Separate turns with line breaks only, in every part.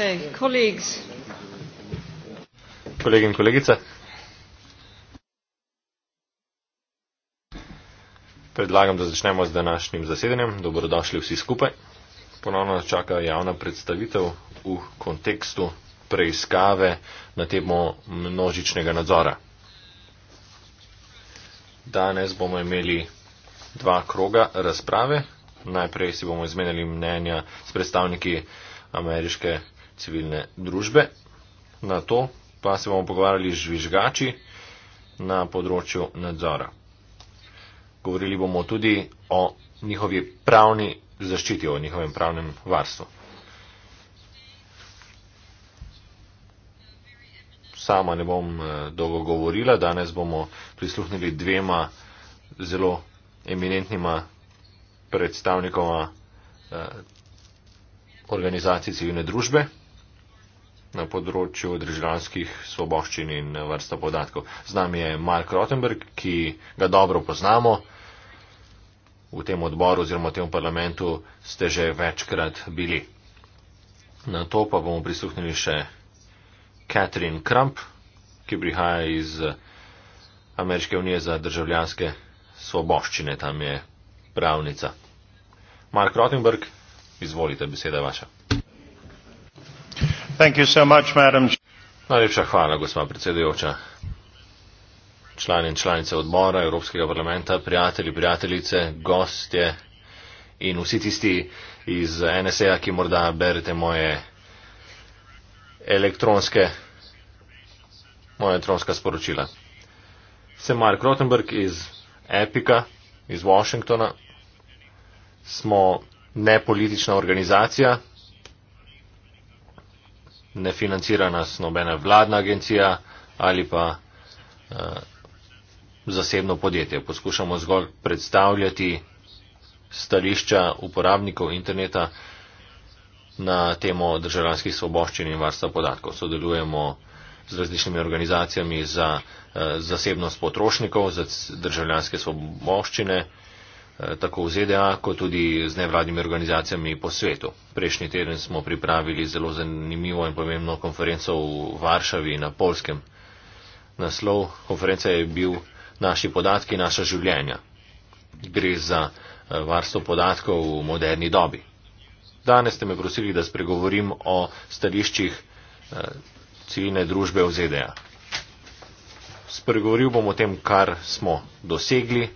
Okay, colleagues.
Kolegi in kolegice. Predlagam, da začnemo z današnjim zasedanjem. Dobrodošli vsi skupaj. Ponovno čaka javna predstavitev v kontekstu preiskave na temo množičnega nadzora. Danes bomo imeli dva kroga razprave. Najprej si bomo izmenjali mnenja s predstavniki ameriške civilne družbe. Na to pa se bomo pogovarjali z žvižgači na področju nadzora. Govorili bomo tudi o njihovi pravni zaščiti, o njihovem pravnem varstvu. Sama ne bom eh, dolgo govorila, danes bomo prisluhnili dvema zelo eminentnima predstavnikoma eh, organizacij civilne družbe na področju državljanskih svoboščin in vrsta podatkov. Z nami je Mark Rottenberg, ki ga dobro poznamo. V tem odboru oziroma v tem parlamentu ste že večkrat bili. Na to pa bomo prisluhnili še Catherine Crump, ki prihaja iz Ameriške unije za državljanske svoboščine. Tam je pravnica. Mark Rottenberg, izvolite, beseda je vaša. Najlepša hvala, gospod predsedujoča. Člani in članice odbora Evropskega parlamenta, prijatelji, prijateljice, gostje in vsi tisti iz NSA, ki morda berete moje elektronske, moje elektronska sporočila. Sem Mark Rotenberg iz Epika, iz Washingtona. Smo nepolitična organizacija, ne financira nas nobena vladna agencija ali pa uh, zasebno podjetje. Poskušamo zgolj predstavljati stališča uporabnikov interneta na temo državljanskih svoboščin in varstva podatkov. Sodelujemo z različnimi organizacijami za uh, zasebnost potrošnikov, za državljanske svoboščine. Eh, tako v ZDA, kot tudi z nevladnimi organizacijami po svetu. Prejšnji teden smo pripravili zelo zanimivo in pomembno konferenco v Varšavi na polskem. Naslov konference je bil Naši podatki, naša življenja. Gre za eh, varstvo podatkov v moderni dobi. Danes ste me prosili, da spregovorim o stališčih eh, civilne družbe v ZDA. Spregovoril bom o tem, kar smo dosegli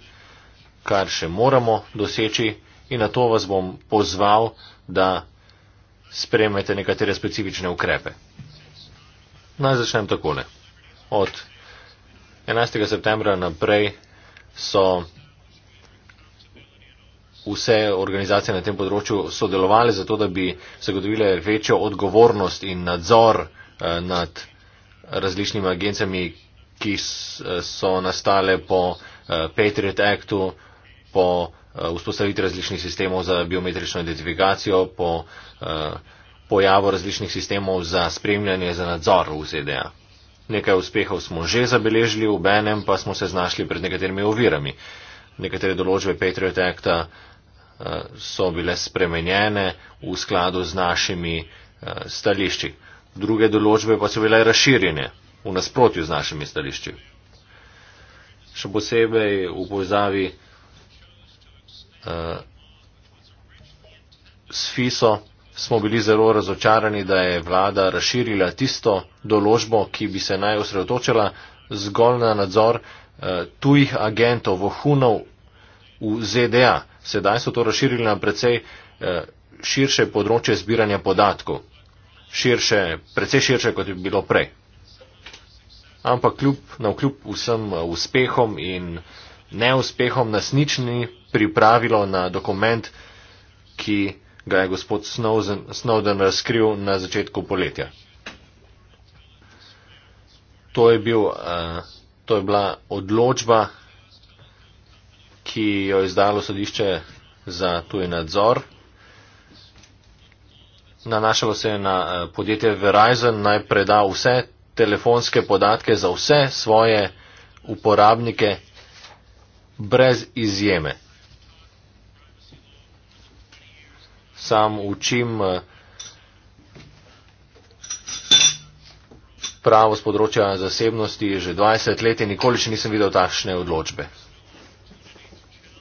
kar še moramo doseči in na to vas bom pozval, da spremete nekatere specifične ukrepe. Naj začnem takole. Od 11. septembra naprej so vse organizacije na tem področju sodelovali za to, da bi zagotovile večjo odgovornost in nadzor eh, nad različnimi agencijami, ki eh, so nastale po eh, Patriot Actu po eh, vzpostaviti različnih sistemov za biometrično identifikacijo, po eh, pojavu različnih sistemov za spremljanje, za nadzor v ZDA. Nekaj uspehov smo že zabeležili, v enem pa smo se znašli pred nekaterimi ovirami. Nekatere določbe Patriot Acta eh, so bile spremenjene v skladu z našimi stališči. Druge določbe pa so bile razširjene v nasprotju z našimi stališči. Še posebej v povezavi s FISO smo bili zelo razočarani, da je vlada razširila tisto določbo, ki bi se naj osredotočila zgolj na nadzor eh, tujih agentov, vohunov v ZDA. Sedaj so to razširili na precej eh, širše področje zbiranja podatkov, širše, precej širše, kot je bilo prej. Ampak kljub, na kljub vsem eh, uspehom in neuspehom nas nič ni pripravilo na dokument, ki ga je gospod Snowden, Snowden razkril na začetku poletja. To je, bil, eh, to je bila odločba, ki jo je izdalo sodišče za tuji nadzor. Nanašalo se je na eh, podjetje Verizon, naj preda vse telefonske podatke za vse svoje uporabnike brez izjeme. sam učim eh, pravo z področja zasebnosti že 20 let in nikoli še nisem videl takšne odločbe.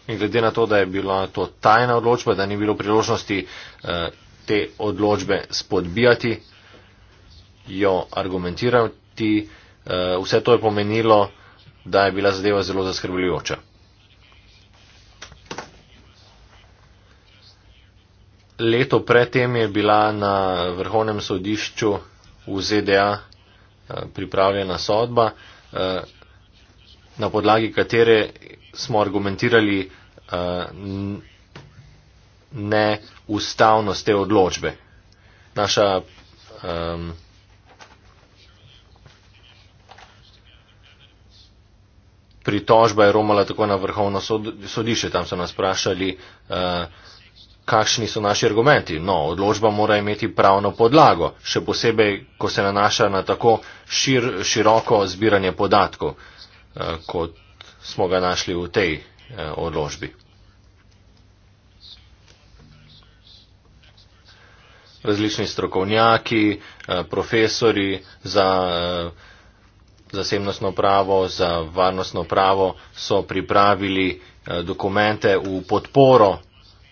In glede na to, da je bila to tajna odločba, da ni bilo priložnosti eh, te odločbe spodbijati, jo argumentirati, eh, vse to je pomenilo, da je bila zadeva zelo zaskrbljujoča. leto predtem je bila na vrhovnem sodišču v ZDA eh, pripravljena sodba, eh, na podlagi katere smo argumentirali eh, neustavnost te odločbe. Naša um, pritožba je romala tako na vrhovno sodišče, tam so nas vprašali, uh, kakšni so naši argumenti. No, odločba mora imeti pravno podlago, še posebej, ko se nanaša na tako šir, široko zbiranje podatkov, eh, kot smo ga našli v tej eh, odložbi. Različni strokovnjaki, eh, profesori za zasebnostno pravo, za varnostno pravo so pripravili dokumente v podporo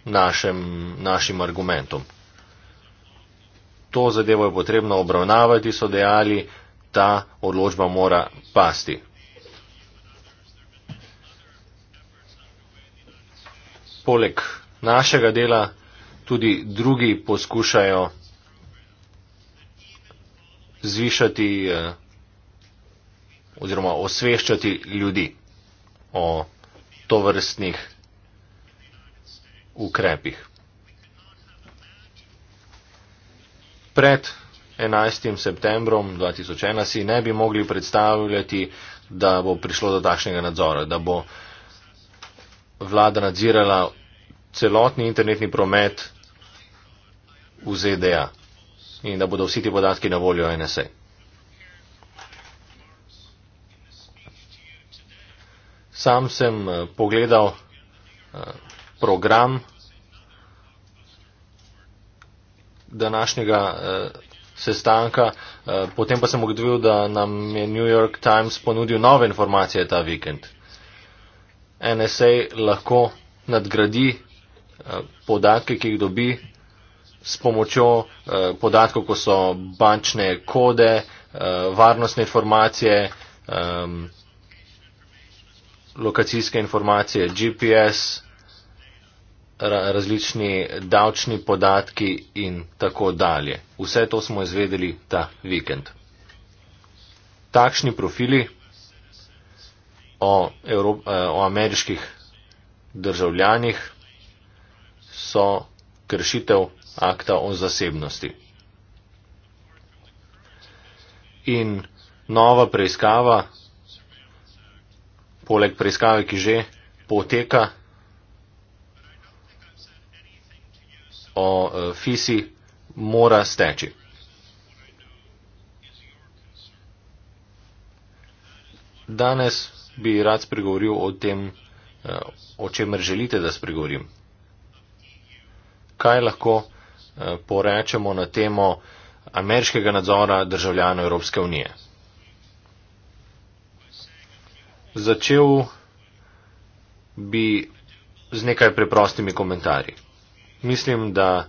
našem, našim argumentom. To zadevo je potrebno obravnavati, so dejali, ta odločba mora pasti. Poleg našega dela tudi drugi poskušajo zvišati eh, oziroma osveščati ljudi o to vrstnih ukrepih. Pred 11. septembrom 2001 si ne bi mogli predstavljati, da bo prišlo do takšnega nadzora, da bo vlada nadzirala celotni internetni promet v ZDA in da bodo vsi ti podatki na voljo NSA. Sam sem eh, pogledal eh, program današnjega eh, sestanka. Eh, potem pa sem ugotovil, da nam je New York Times ponudil nove informacije ta vikend. NSA lahko nadgradi eh, podatke, ki jih dobi s pomočjo eh, podatkov, ko so bančne kode, eh, varnostne informacije, eh, lokacijske informacije, GPS različni davčni podatki in tako dalje. Vse to smo izvedeli ta vikend. Takšni profili o, Evrop eh, o ameriških državljanih so kršitev akta o zasebnosti. In nova preiskava, poleg preiskave, ki že poteka, o e, FISI mora steči. Danes bi rad spregovoril o tem, e, o čemer želite, da spregovorim. Kaj lahko e, porečemo na temo ameriškega nadzora državljanov Evropske unije? Začel bi z nekaj preprostimi komentarji. Mislim, da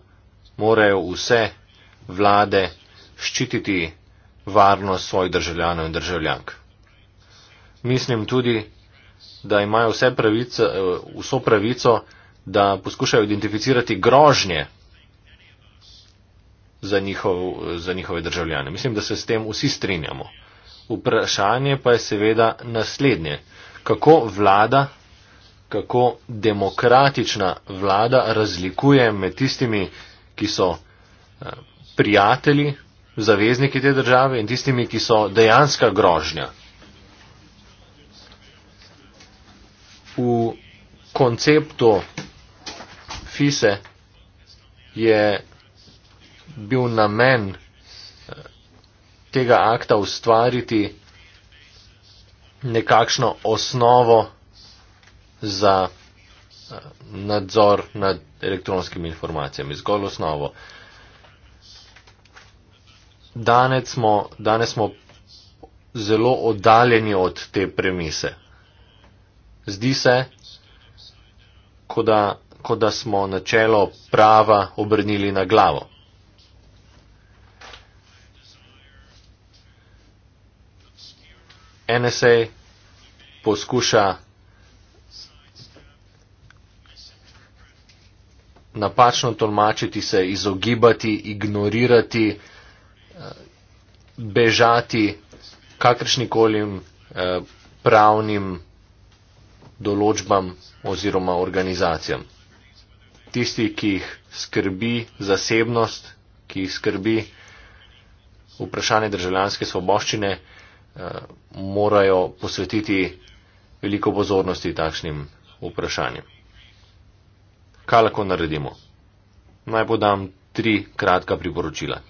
morajo vse vlade ščititi varnost svojih državljanov in državljank. Mislim tudi, da imajo vse pravico, vso pravico, da poskušajo identificirati grožnje za, njihov, za njihove državljane. Mislim, da se s tem vsi strinjamo. Vprašanje pa je seveda naslednje. Kako vlada kako demokratična vlada razlikuje med tistimi, ki so eh, prijatelji, zavezniki te države in tistimi, ki so dejanska grožnja. V konceptu FISE je bil namen eh, tega akta ustvariti nekakšno osnovo za eh, nadzor nad elektronskimi informacijami, zgolj osnovo. Danes smo, danes smo zelo oddaljeni od te premise. Zdi se, kot da, ko da smo načelo prava obrnili na glavo. NSA poskuša napačno tolmačiti se, izogibati, ignorirati, eh, bežati kakršnikolim eh, pravnim določbam oziroma organizacijam. Tisti, ki jih skrbi zasebnost, ki jih skrbi vprašanje državljanske svoboščine, eh, morajo posvetiti veliko pozornosti takšnim vprašanjem kaj lahko naredimo? Naj podam tri kratka priporočila.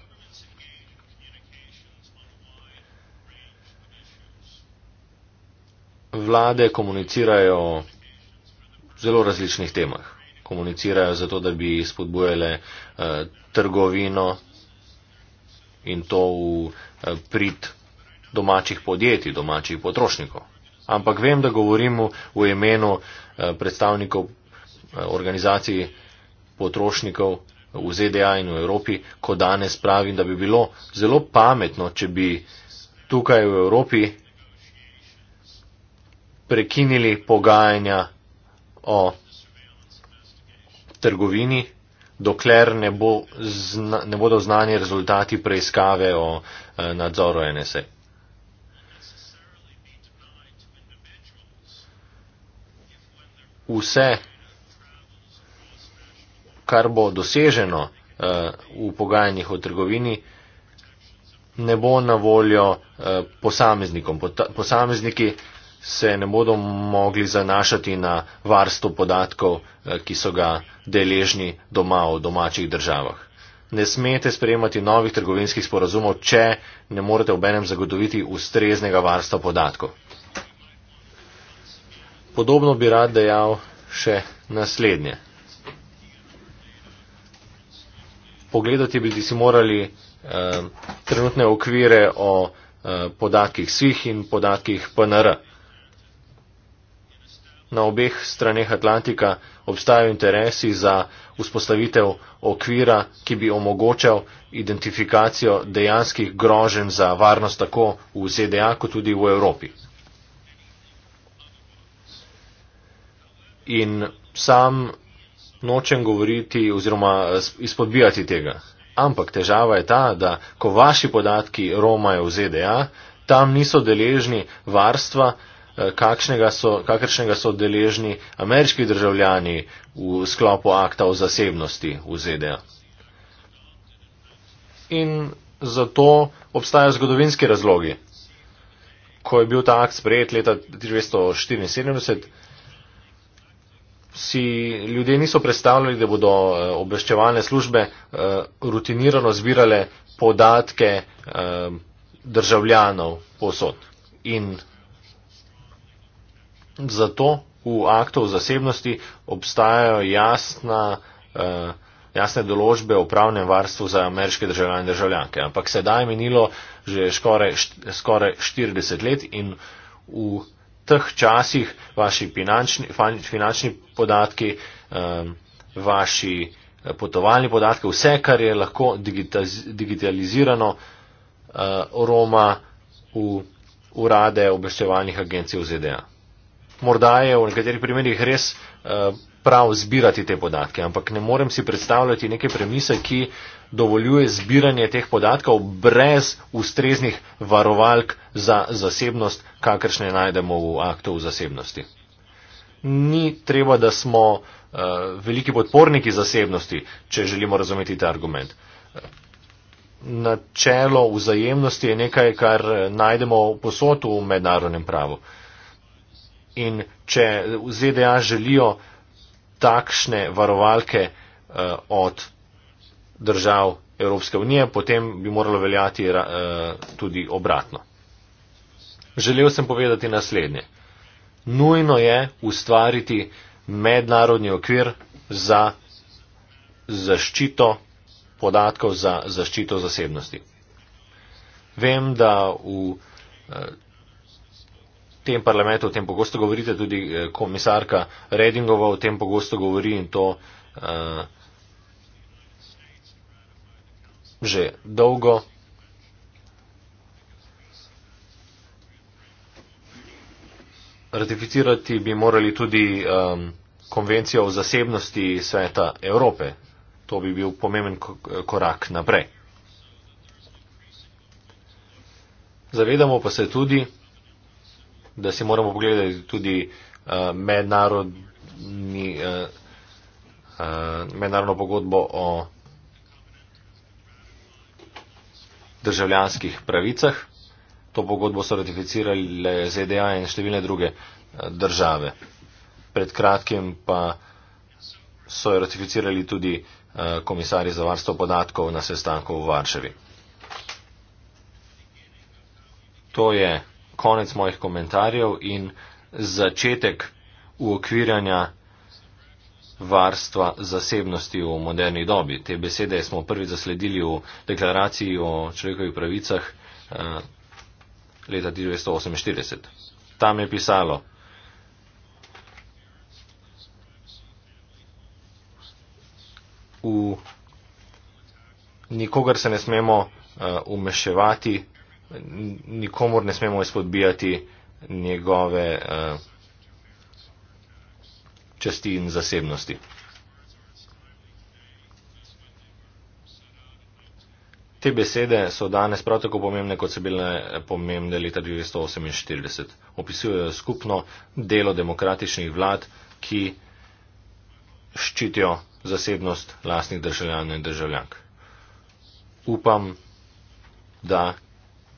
Vlade komunicirajo o zelo različnih temah. Komunicirajo zato, da bi spodbujale eh, trgovino in to v eh, prid domačih podjetij, domačih potrošnikov. Ampak vem, da govorimo v imenu eh, predstavnikov Eh, organizaciji potrošnikov v ZDA in v Evropi, ko danes pravim, da bi bilo zelo pametno, če bi tukaj v Evropi prekinili pogajanja o trgovini, dokler ne, bo zna, ne bodo znani rezultati preiskave o eh, nadzoru NSA. Vse kar bo doseženo eh, v pogajanjih o trgovini, ne bo na voljo eh, posameznikom. Posamezniki se ne bodo mogli zanašati na varstvo podatkov, eh, ki so ga deležni doma v domačih državah. Ne smete sprejemati novih trgovinskih sporazumov, če ne morete obenem zagotoviti ustreznega varstva podatkov. Podobno bi rad dejal še naslednje. pogledati bi si morali eh, trenutne okvire o eh, podatkih svih in podatkih PNR. Na obeh straneh Atlantika obstajajo interesi za vzpostavitev okvira, ki bi omogočal identifikacijo dejanskih grožen za varnost tako v ZDA kot tudi v Evropi. In sam nočem govoriti oziroma eh, izpodbijati tega. Ampak težava je ta, da ko vaši podatki romajo v ZDA, tam niso deležni varstva, eh, so, kakršnega so deležni ameriški državljani v sklopu akta o zasebnosti v ZDA. In zato obstajajo zgodovinski razlogi. Ko je bil ta akt sprejet leta 1974, si ljudje niso predstavljali, da bodo eh, obveščevalne službe eh, rutinirano zbirale podatke eh, državljanov posod. In zato v aktu o zasebnosti obstajajo jasna, jasne določbe o pravnem varstvu za ameriške državljane in državljanke. Ampak sedaj je minilo že skoraj, skoraj 40 let in v teh časih vaši finančni, finančni podatki, ehm, vaši eh, potovalni podatki, vse, kar je lahko digitalizirano, eh, roma v urade obveščevalnih agencij v ZDA. Morda je v nekaterih primerjih res eh, prav zbirati te podatke, ampak ne morem si predstavljati neke premise, ki dovoljuje zbiranje teh podatkov brez ustreznih varovalk za zasebnost, kakršne najdemo v aktu o zasebnosti. Ni treba, da smo uh, veliki podporniki zasebnosti, če želimo razumeti ta argument. Načelo vzajemnosti je nekaj, kar najdemo posod v mednarodnem pravu. In če v ZDA želijo uh, takšne varovalke uh, od držav Evropske unije, potem bi moralo veljati uh, tudi obratno. Želel sem povedati naslednje. Nujno je ustvariti mednarodni okvir za zaščito podatkov, za zaščito zasebnosti. Vem, da v uh, tem parlamentu, o tem pogosto govorite, tudi eh, komisarka Redingova o tem pogosto govori in to uh, že dolgo. Ratificirati bi morali tudi um, konvencijo o zasebnosti sveta Evrope. To bi bil pomemben korak naprej. Zavedamo pa se tudi, da si moramo pogledati tudi uh, mednarodni, uh, uh, mednarodno pogodbo o državljanskih pravicah. To pogodbo so ratificirale ZDA in številne druge uh, države. Pred kratkim pa so jo ratificirali tudi uh, komisari za varstvo podatkov na sestanku v Varševi. To je konec mojih komentarjev in začetek uokviranja varstva zasebnosti v moderni dobi. Te besede smo prvi zasledili v deklaraciji o človekovih pravicah eh, leta 1948. Tam je pisalo, v nikogar se ne smemo eh, umeševati nikomor ne smemo izpodbijati njegove eh, časti in zasebnosti. Te besede so danes prav tako pomembne, kot so bile pomembne leta 1948. Opisujejo skupno delo demokratičnih vlad, ki ščitijo zasebnost lastnih državljanov in državljank. Upam, da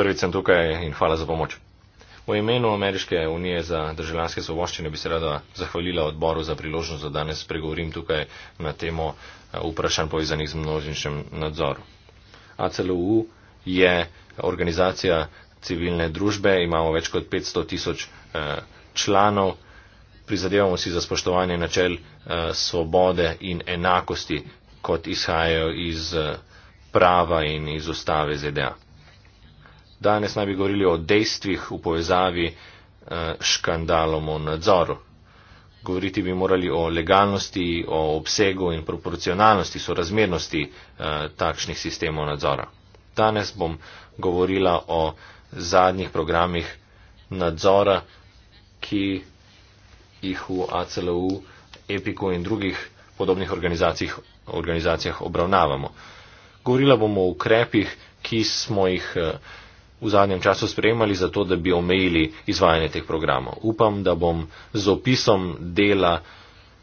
Prvič sem tukaj in hvala za pomoč. V imenu Ameriške unije za državljanske svoboščine bi se rada zahvalila odboru za priložnost, da danes pregovorim tukaj na temo eh, vprašanj povezanih z množičnim nadzorom. ACLU je organizacija civilne družbe, imamo več kot 500 tisoč eh, članov, prizadevamo si za spoštovanje načel eh, svobode in enakosti, kot izhajajo iz prava in iz ustave ZDA. Danes naj bi govorili o dejstvih v povezavi eh, s škandalom o nadzoru. Govoriti bi morali o legalnosti, o obsegu in proporcionalnosti, sorazmernosti eh, takšnih sistemov nadzora. Danes bom govorila o zadnjih programih nadzora, ki jih v ACLU, EPIKU in drugih podobnih organizacijah, organizacijah obravnavamo. Govorila bom o ukrepih, ki smo jih eh, v zadnjem času sprejemali za to, da bi omejili izvajanje teh programov. Upam, da bom z opisom dela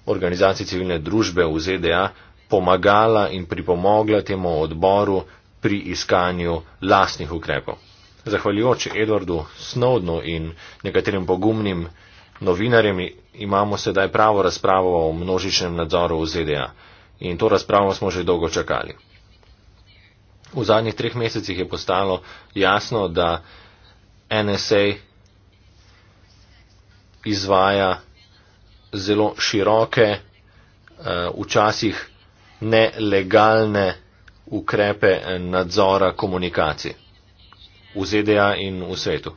organizacij civilne družbe v ZDA pomagala in pripomogla temu odboru pri iskanju lastnih ukrepov. Zahvaljujoč Edwardu Snowdnu in nekaterim pogumnim novinarjem imamo sedaj pravo razpravo o množičnem nadzoru v ZDA. In to razpravo smo že dolgo čakali v zadnjih treh mesecih je postalo jasno, da NSA izvaja zelo široke, eh, včasih nelegalne ukrepe eh, nadzora komunikacij v ZDA in v svetu.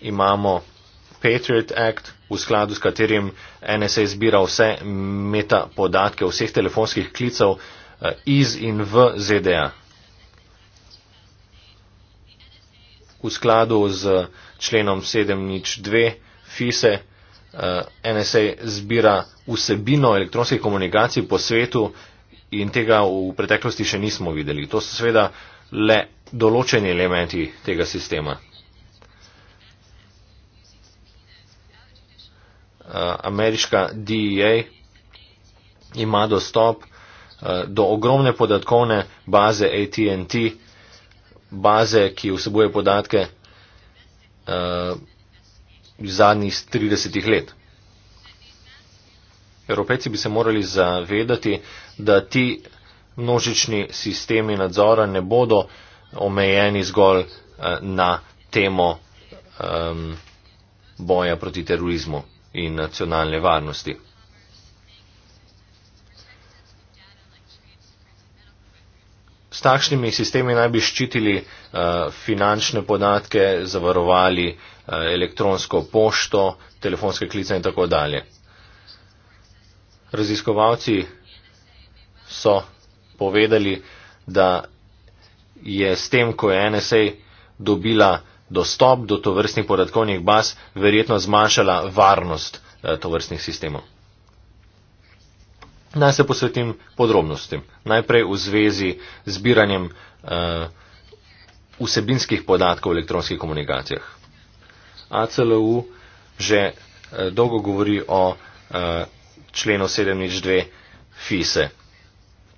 Imamo Patriot Act, v skladu s katerim NSA zbira vse metapodatke vseh telefonskih klicev, Eh, iz in v ZDA. V skladu z členom 702 FISE NSA zbira vsebino elektronskih komunikacij po svetu in tega v preteklosti še nismo videli. To so seveda le določeni elementi tega sistema. Eh, ameriška DEA ima dostop Eh, do ogromne podatkovne baze ATT, baze, ki vsebuje podatke uh, zadnjih 30 let. Evropejci bi se morali zavedati, da ti množični sistemi nadzora ne bodo omejeni zgolj uh, na temo um, boja proti terorizmu in nacionalne varnosti. S takšnimi sistemi naj bi ščitili uh, finančne podatke, zavarovali uh, elektronsko pošto, telefonske klice in tako dalje. Raziskovalci so povedali, da je s tem, ko je NSA dobila dostop do tovrstnih podatkovnih baz, verjetno zmanjšala varnost uh, tovrstnih sistemov. Naj se posvetim podrobnostim. Najprej v zvezi z zbiranjem uh, vsebinskih podatkov v elektronskih komunikacijah. ACLU že uh, dolgo govori o uh, členu 702 FISE,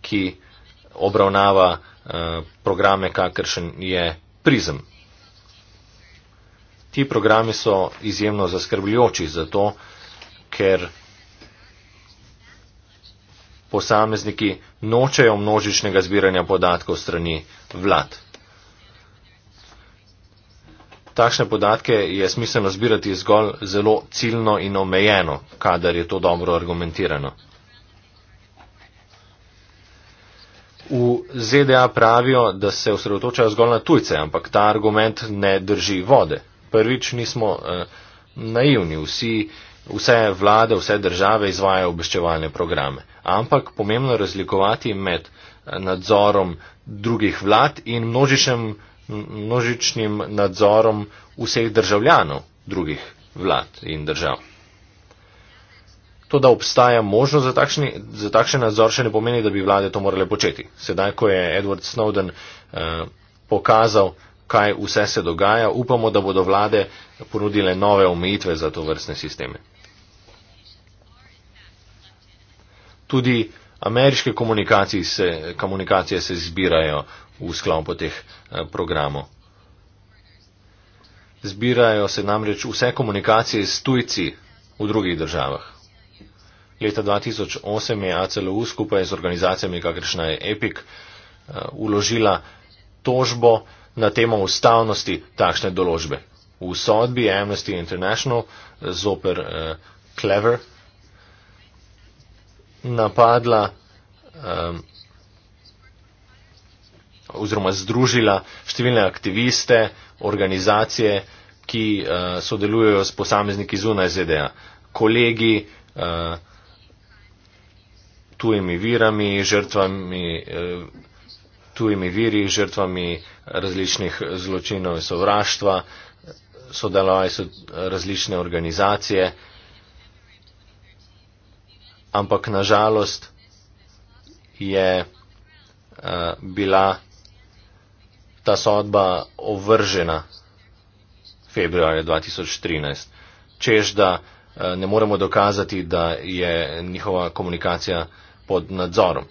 ki obravnava uh, programe, kakršen je prizem. Ti programi so izjemno zaskrbljujoči zato, ker posamezniki nočejo množičnega zbiranja podatkov strani vlad. Takšne podatke je smiselno zbirati zgolj zelo ciljno in omejeno, kadar je to dobro argumentirano. V ZDA pravijo, da se osredotočajo zgolj na tujce, ampak ta argument ne drži vode. Prvič nismo eh, naivni, vsi eh, vse vlade, vse države izvajajo obveščevalne programe. Ampak pomembno je razlikovati med eh, nadzorom drugih vlad in množičnim, množičnim nadzorom vseh državljanov drugih vlad in držav. To, da obstaja možnost za, takšni, za takšen nadzor, še ne pomeni, da bi vlade to morale početi. Sedaj, ko je Edward Snowden uh, pokazal, kaj vse se dogaja, upamo, da bodo vlade ponudile nove omejitve za to vrstne sisteme. tudi ameriške se, komunikacije se zbirajo v sklopu teh eh, programov. Zbirajo se namreč vse komunikacije s tujci v drugih državah. Leta 2008 je ACLU skupaj z organizacijami, kakršna je EPIC, uložila eh, tožbo na temo ustavnosti takšne določbe. V sodbi Amnesty International eh, zoper uh, Clever uh, napadla um, oziroma združila številne aktiviste, organizacije, ki uh, sodelujejo s posamezniki zunaj ZDA, kolegi, uh, tujimi virami, žrtvami. Uh, tujimi viri, žrtvami različnih zločinov in sovraštva, sodelovali so različne organizacije, uh, ampak nažalost je eh, bila ta sodba ovržena februarja 2013, čež da eh, ne moremo dokazati, da je njihova komunikacija pod nadzorom.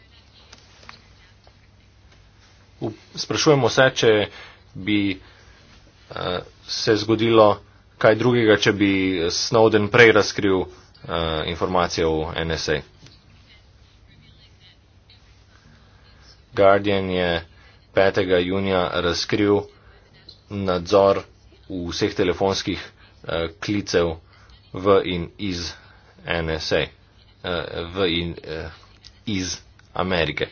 Sprašujemo se, če bi eh, se zgodilo kaj drugega, če bi Snowden prej razkril uh, informacije u NSA. Guardian je 5. junija razkril nadzor vseh telefonskih uh, klicev v in iz NSA, uh, eh, v in uh, iz Amerike.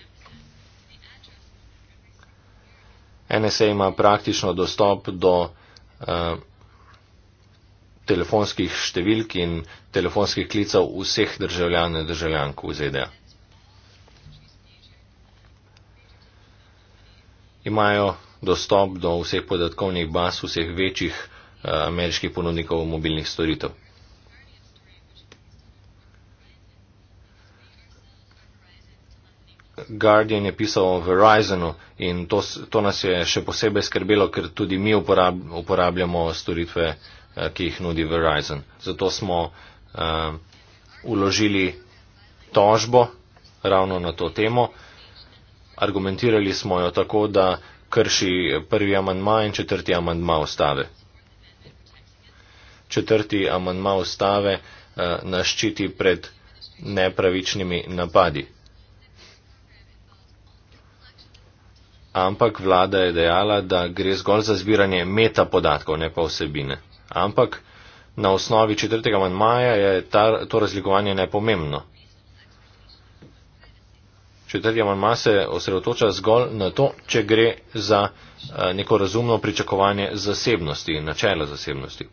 NSA ima praktično dostop do uh, telefonskih številk in telefonskih klicev vseh državljanov in državljank v ZDA. Imajo dostop do vseh podatkovnih baz vseh večjih eh, ameriških ponudnikov mobilnih storitev. Guardian je pisal o Verizonu in to, to nas je še posebej skrbelo, ker tudi mi uporab, uporabljamo storitve Eh, ki jih nudi Verizon. Zato smo eh, uložili tožbo ravno na to temo. Argumentirali smo jo tako, da krši prvi amandma in četrti amandma ustave. Četrti amandma ustave eh, naščiti pred nepravičnimi napadi. Ampak vlada je dejala, da gre zgolj za zbiranje metapodatkov, ne pa vsebine ampak na osnovi četrtega manjmaja je ta, to razlikovanje nepomembno. Četrti manjma se osredotoča zgolj na to, če gre za eh, neko razumno pričakovanje zasebnosti, načela zasebnosti.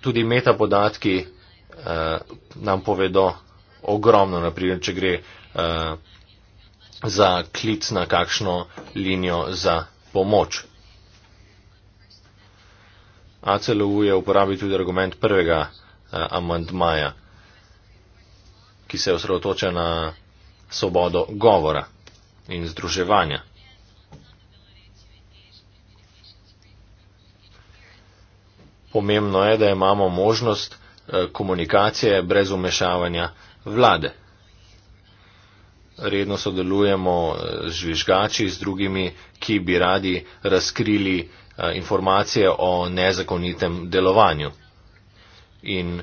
Tudi metapodatki eh, nam povedo ogromno, naprimer, če gre eh, za klic na kakšno linijo za pomoč. ACLU je uporabil tudi argument prvega eh, amandmaja, ki se osredotoča na svobodo govora in združevanja. Pomembno je, da imamo možnost eh, komunikacije brez umešavanja vlade redno sodelujemo eh, z žvižgači, z drugimi, ki bi radi razkrili eh, informacije o nezakonitem delovanju. In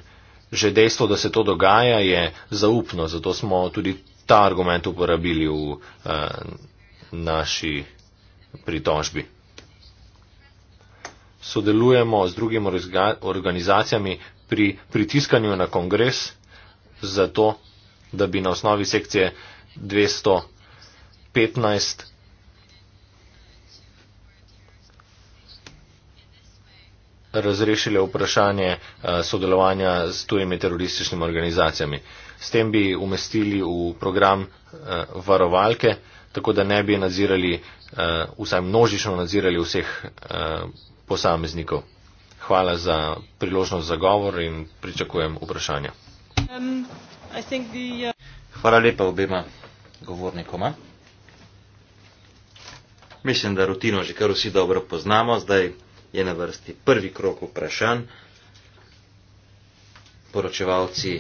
že dejstvo, da se to dogaja, je zaupno, zato smo tudi ta argument uporabili v eh, naši pritožbi. Sodelujemo z drugimi organizacijami pri pritiskanju na kongres, zato da bi na osnovi sekcije 215. razrešile vprašanje eh, sodelovanja s tujimi terorističnimi organizacijami. S tem bi umestili v program eh, varovalke, tako da ne bi nadzirali, eh, vsaj množično nadzirali vseh posameznikov. Hvala za priložnost za govor in pričakujem vprašanja.
Um, the,
Hvala lepa obema govornikoma. Mislim, da rutino že kar vsi dobro poznamo. Zdaj je na vrsti prvi krok vprašanj. Poročevalci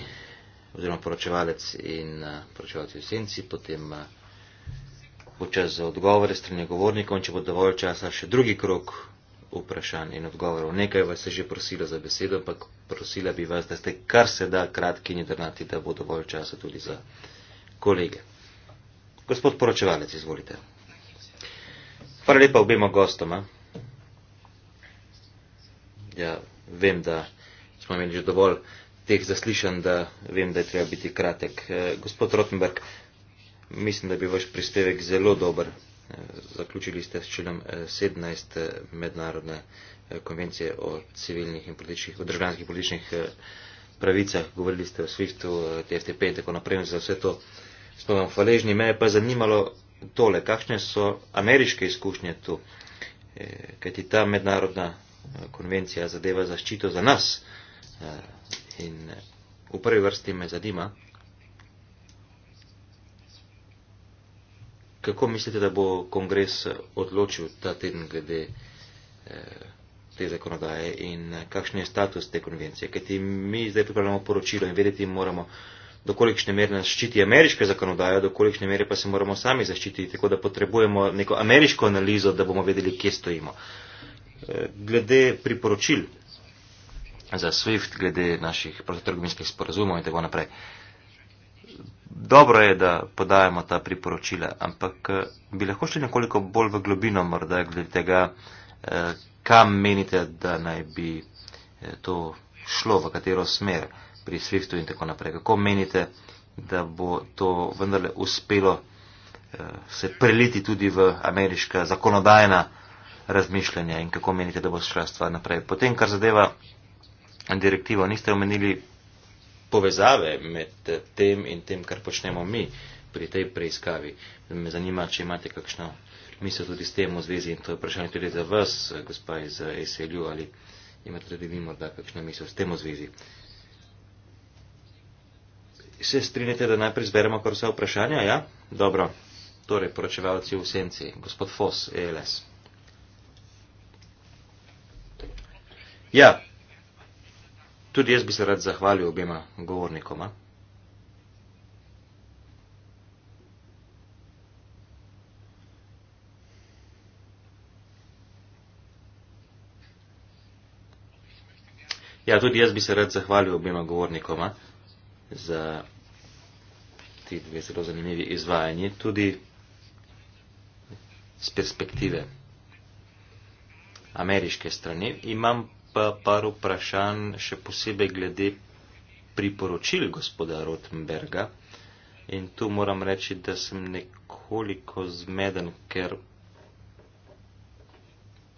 oziroma poročevalec in eh, poročevalci v senci, potem eh, bo čas za odgovore strani govornikov in če bo dovolj časa še drugi krok vprašanj in odgovorov. Nekaj vas je že prosilo za besedo, ampak prosila bi vas, da ste kar se da kratki in drnati, da bo dovolj časa tudi za odgovore kolege. Gospod poročevalec, izvolite. Hvala lepa obema gostoma. Ja, vem, da smo imeli že dovolj teh zaslišanj, da vem, da je treba biti kratek. Eh, gospod Rotenberg, mislim, da bi vaš prispevek zelo dober. Eh, zaključili ste s členom 17 eh, mednarodne konvencije o civilnih in političnih, o državljanskih političnih pravicah. Govorili ste o SWIFT-u, TFTP in tako naprej. Za vse to uh, smo vam hvaležni, me je pa zanimalo tole, kakšne so ameriške izkušnje tu, e, kaj ti ta mednarodna e, konvencija zadeva zaščito za nas e, in v prvi vrsti me zanima, kako mislite, da bo kongres odločil ta teden glede te zakonodaje in kakšen je status te konvencije, kaj ti mi zdaj pripravljamo poročilo in vedeti moramo, dokolikšne mere nas ščiti ameriška zakonodaja, dokolikšne mere pa se moramo sami zaščititi, tako da potrebujemo neko ameriško analizo, da bomo vedeli, kje stojimo. E, glede priporočil za SWIFT, glede naših protitrgovinskih sporazumov in tako naprej. Dobro je, da podajamo ta priporočila, ampak e, bi lahko šli nekoliko bolj v globino morda glede tega, e, kam menite, da naj bi to šlo, v katero smer pri Swiftu in tako naprej. Kako menite, da bo to vendarle uspelo uh, se preliti tudi v ameriška zakonodajna razmišljanja in kako menite, da bo šla stvar naprej? Potem, kar zadeva direktivo, niste omenili povezave med tem in tem, kar počnemo mi pri tej preiskavi. Me zanima, če imate kakšno misel tudi s tem v zvezi in to je vprašanje tudi za vas, eh, gospa iz eh, SLU, ali imate tudi vi morda kakšno misel s tem v zvezi se strinjate, da najprej zberemo kar vse vprašanja? Ja? Dobro. Torej, poročevalci v senci. Gospod Fos, ELS. Ja. Tudi jaz bi se rad zahvalil obima govornikoma. Ja, tudi jaz bi se rad zahvalil obima govornikoma za ti dve zelo zanimivi izvajanje, tudi z perspektive ameriške strani. Imam pa par vprašanj še posebej glede priporočil gospoda Rotenberga in tu moram reči, da sem nekoliko zmeden, ker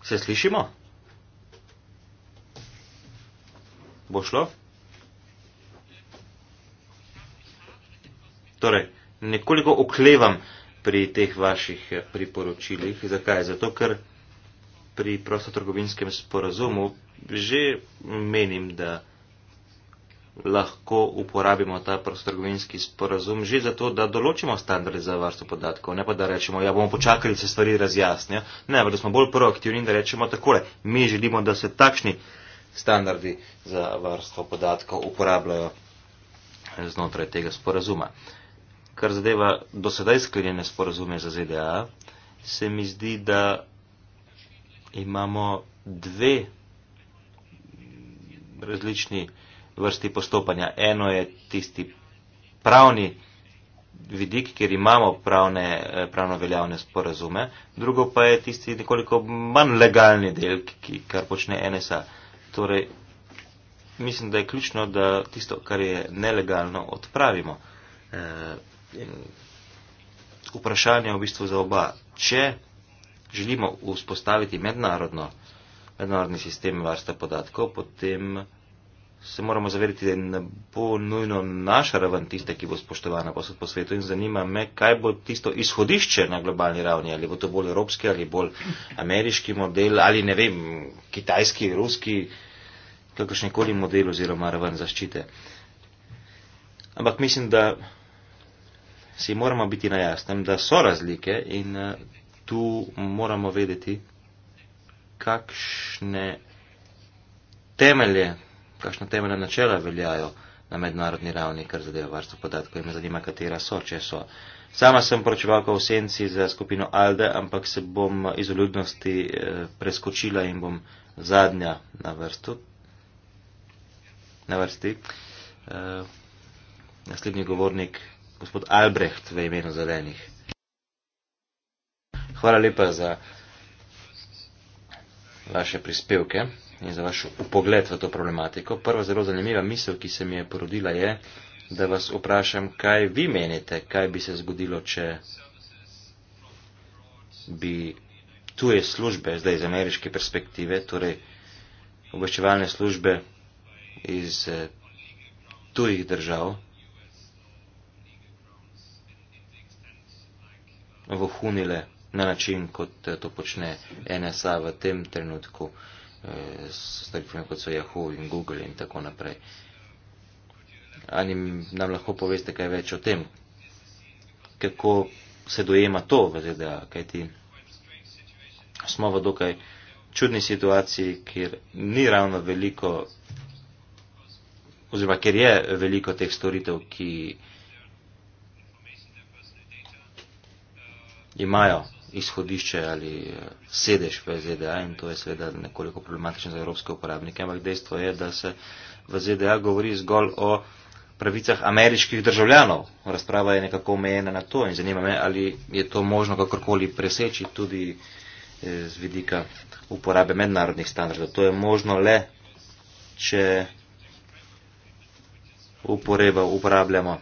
se slišimo. Bo šlo? Torej, nekoliko oklevam pri teh vaših eh, priporočilih. Zakaj? Zato, ker pri prostotrgovinskem sporazumu že menim, da lahko uporabimo ta prostotrgovinski sporazum že zato, da določimo standarde za varstvo podatkov, ne pa da rečemo, ja bomo počakali, da se stvari razjasnijo. Ne, ampak da smo bolj proaktivni in da rečemo takole, mi želimo, da se takšni standardi za varstvo podatkov uporabljajo znotraj tega sporazuma. Uh, kar zadeva dosedaj sklenjene sporozume za ZDA, se mi zdi, da imamo dve različni vrsti postopanja. Eno je tisti pravni vidik, kjer imamo pravne, eh, pravno veljavne sporazume, drugo pa je tisti nekoliko manj legalni del, ki, kar počne NSA. Torej, mislim, da je ključno, da tisto, kar je nelegalno, odpravimo. E, vprašanje v bistvu za oba. Če želimo vzpostaviti mednarodno, mednarodni sistem varstva podatkov, potem se moramo zavedati, da ne bo nujno naša raven tista, ki bo spoštovana posod po svetu in zanima me, kaj bo tisto izhodišče na globalni ravni, ali bo to bolj evropski ali bolj ameriški model ali ne vem, kitajski, ruski, kakršnekoli model oziroma raven zaščite. Ampak mislim, da si moramo biti na jasnem, da so razlike in eh, tu moramo vedeti, kakšne temelje, kakšne temelje načela veljajo na mednarodni ravni, kar zadeva varstvo podatkov in me zanima, katera so, če so. Sama sem poročevalka v senci za skupino Alde, ampak se bom iz oljudnosti eh, preskočila in bom zadnja na vrstu. Na vrsti. Eh, naslednji govornik gospod Albrecht v imenu zelenih. Hvala lepa za vaše prispevke in za vaš upogled v to problematiko. Prva zelo zanimiva misel, ki se mi je porodila, je, da vas vprašam, kaj vi menite, kaj bi se zgodilo, če bi tuje službe, zdaj iz ameriške perspektive, torej obveščevalne službe iz eh, tujih držav, vohunile na način, kot eh, to počne NSA v tem trenutku eh, s stvarmi kot so Yahoo in Google in tako naprej. Ali nam lahko poveste kaj več o tem, kako se dojema to v ZDA, kajti smo v dokaj čudni situaciji, kjer ni ravno veliko, oziroma kjer je veliko teh storitev, ki imajo izhodišče ali eh, sedež v ZDA in to je seveda nekoliko problematično za evropske uporabnike, ampak dejstvo je, da se v ZDA govori zgolj o pravicah ameriških državljanov. Razprava je nekako omejena na to in zanima me, ali je to možno kakorkoli preseči tudi eh, z vidika uporabe mednarodnih standardov. To je možno le, če uporabljamo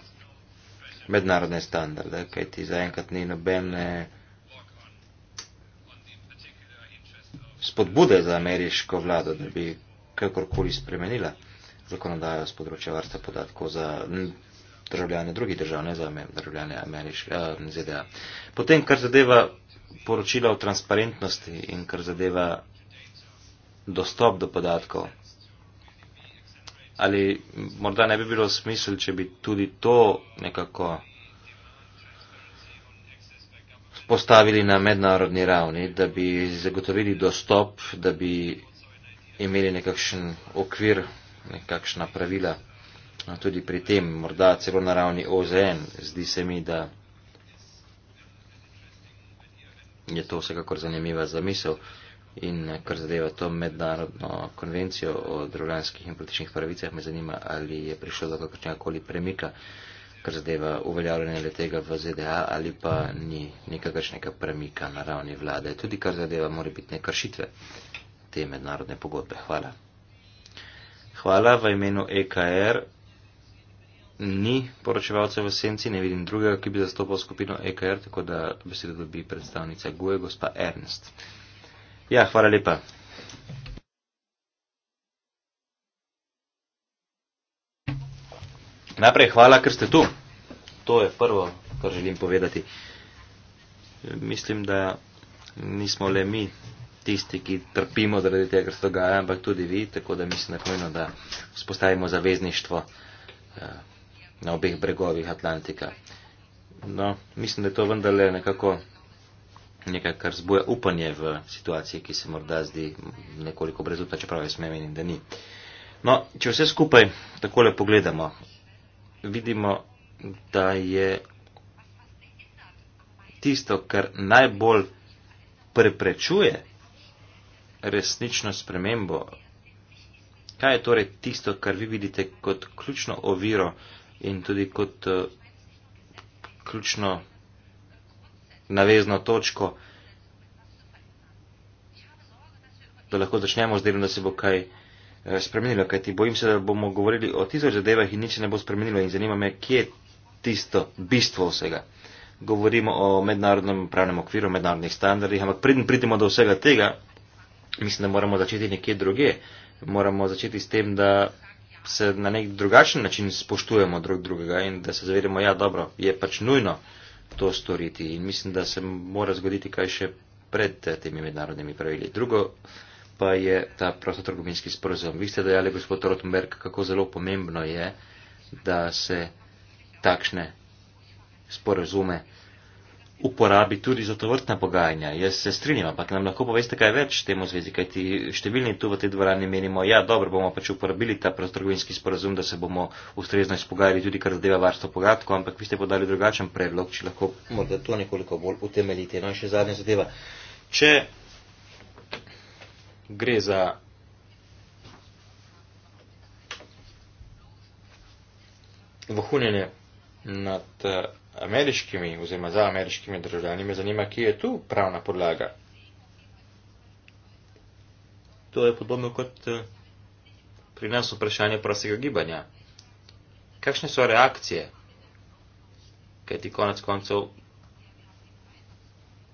mednarodne standarde, kaj ti zaenkrat ni nobene spodbude za ameriško vlado, da bi kakorkoli spremenila zakonodajo z področja varstva podatkov za državljane drugih držav, ne za državljane ameriške, eh, ZDA. Potem, kar zadeva poročila o transparentnosti in kar zadeva dostop do podatkov, ali morda ne bi bilo smisel, če bi tudi to nekako postavili na mednarodni ravni, da bi zagotovili dostop, da bi imeli nekakšen okvir, nekakšna pravila. No, tudi pri tem, morda celo na ravni OZN, zdi se mi, da je to vsekakor zanimiva zamisel. In eh, kar zadeva to mednarodno konvencijo o drugljanskih in političnih pravicah, me zanima, ali je prišlo do kakršnega koli premika, kar zadeva uveljavljanje letega v ZDA, ali pa ni nekakršnega premika na ravni vlade. Tudi kar zadeva mora biti nekršitve te mednarodne pogodbe. Hvala. Hvala v imenu EKR. Ni poročevalce v senci, ne vidim drugega, ki bi zastopal skupino EKR, tako da besedo dobi predstavnica GUE, gospa Ernst. Ja, hvala lepa. Najprej hvala, ker ste tu. To je prvo, kar želim povedati. Mislim, da nismo le mi tisti, ki trpimo zaradi tega, kar se dogaja, ampak tudi vi, tako da mislim, da je pomembno, da vzpostavimo zavezništvo eh, na obeh bregovih Atlantika. No, mislim, da je to vendarle nekako nekaj, kar zbuja upanje v situaciji, ki se morda zdi nekoliko brezupna, čeprav jaz menim, da ni. No, če vse skupaj takole pogledamo, vidimo, da je tisto, kar najbolj preprečuje resnično spremembo, kaj je torej tisto, kar vi vidite kot ključno oviro in tudi kot uh, ključno navezno točko, da lahko začnemo z delom, da se bo kaj eh, spremenilo. Kaj ti bojim se, da bomo govorili o tisoč zadevah in nič se ne bo spremenilo in zanima me, kje je tisto bistvo vsega. Govorimo o mednarodnem pravnem okviru, mednarodnih standardih, ampak preden pridemo do vsega tega, mislim, da moramo začeti nekje druge. Moramo začeti s tem, da se na nek drugačen način spoštujemo drug drugega in da se zavedamo, ja, dobro, je pač nujno to storiti. In mislim, da se mora zgoditi kaj še pred eh, temi mednarodnimi pravili. Drugo pa je ta prostotrgovinski sporozum. Vi ste dejali, gospod Rotenberg, kako zelo pomembno je, da se takšne sporozume uporabi tudi za to vrtna pogajanja. Jaz se strinjam, ampak nam lahko poveste kaj več temu zvezi, kajti številni tu v tej dvorani menimo, ja, dobro, bomo pač uporabili ta prostorovinski sporazum, da se bomo ustrezno izpogajali tudi, kar zadeva varstvo podatkov, ampak vi ste podali drugačen predlog, če lahko morda to nekoliko bolj utemeljite. No in še zadnja zadeva. Če gre za. Vohunjenje nad uh, ameriškimi oziroma za ameriškimi državljani, me zanima, kje je tu pravna podlaga. To je podobno kot eh, pri nas vprašanje prostega gibanja. Kakšne so reakcije? Kaj ti konec koncev?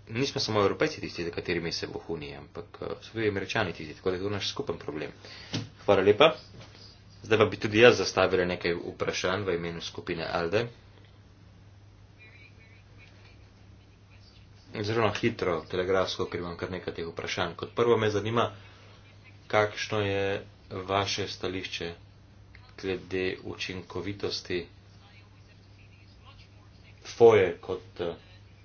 Nismo samo evropejci tisti, za katerimi se bohuni, ampak eh, so tudi američani tisti, tako da je to naš skupen problem. Hvala lepa. Zdaj pa bi tudi jaz zastavila nekaj vprašanj v imenu skupine Alde. zelo hitro telegrafsko, ker imam kar nekaj teh vprašanj. Kot prvo me zanima, kakšno je vaše stališče glede učinkovitosti foje kot eh,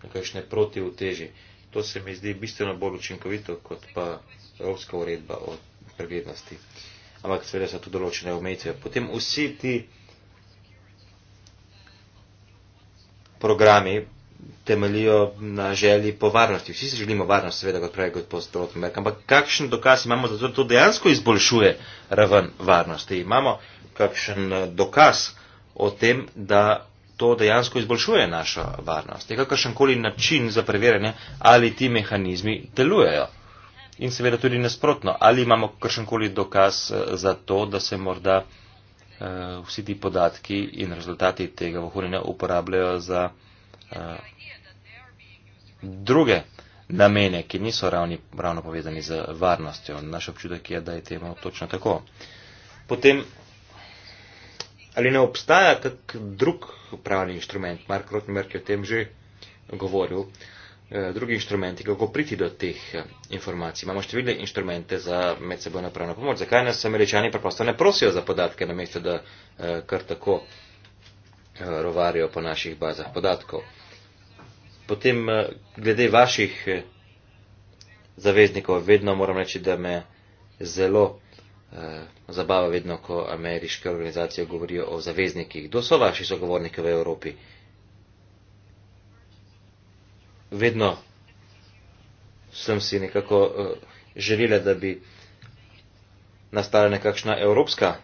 nekakšne protivteži. To se mi zdi bistveno bolj učinkovito kot pa evropska uredba o preglednosti. Ampak seveda so tu določene omejitve. Potem vsi ti programi, temeljijo na želji po varnosti. Vsi si želimo varnost, seveda, kot pravi gospod Stoltenberg. Ampak kakšen dokaz imamo, da to dejansko izboljšuje raven varnosti? Imamo kakšen eh, dokaz o tem, da to dejansko izboljšuje našo varnost? Je kakšen koli način za preverjanje, ali ti mehanizmi delujejo? In seveda tudi nasprotno, ali imamo kakšen koli dokaz eh, za to, da se morda uh, vsi ti podatki in rezultati tega vohunjenja uporabljajo za druge namene, ki niso ravni, ravno povezani z varnostjo. Naš občutek je, da je temu točno tako. Potem, ali ne obstaja kak drug pravni inštrument, Mark Rotenberg je o tem že govoril, e, drugi inštrumenti, kako priti do teh e, informacij. Imamo številne inštrumente za medsebojno pravno pomoč. Zakaj nas američani preprosto ne prosijo za podatke, namesto da e, kar tako rovarijo po naših bazah podatkov? potem eh, glede vaših eh, zaveznikov, vedno moram reči, da me zelo eh, zabava vedno, ko ameriške organizacije govorijo o zaveznikih. Kdo so vaši sogovorniki v Evropi? Vedno sem si nekako eh, želela, da bi nastala nekakšna evropska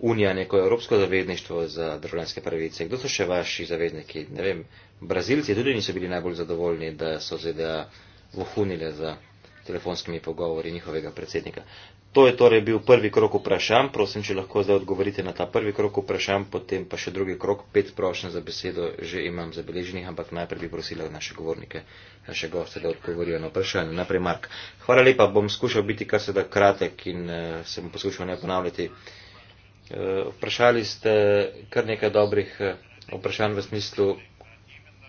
unija, neko evropsko zavezništvo za državljanske pravice. Kdo so še vaši zavezniki? Ne vem, Brazilci tudi niso bili najbolj zadovoljni, da so ZDA vohunile za telefonskimi pogovori njihovega predsednika. To je torej bil prvi krok vprašan. Prosim, če lahko zdaj odgovorite na ta prvi krok vprašan, potem pa še drugi krok. Pet prošen za besedo že imam zabeleženih, ampak najprej bi prosila naše govornike, naše goste, da odgovorijo na vprašanje. Naprej Mark. Hvala lepa, bom skušal biti kar se da kratek in eh, se bom poskušal ne ponavljati. Uh, Eh, vprašali ste kar nekaj dobrih eh, vprašanj v smislu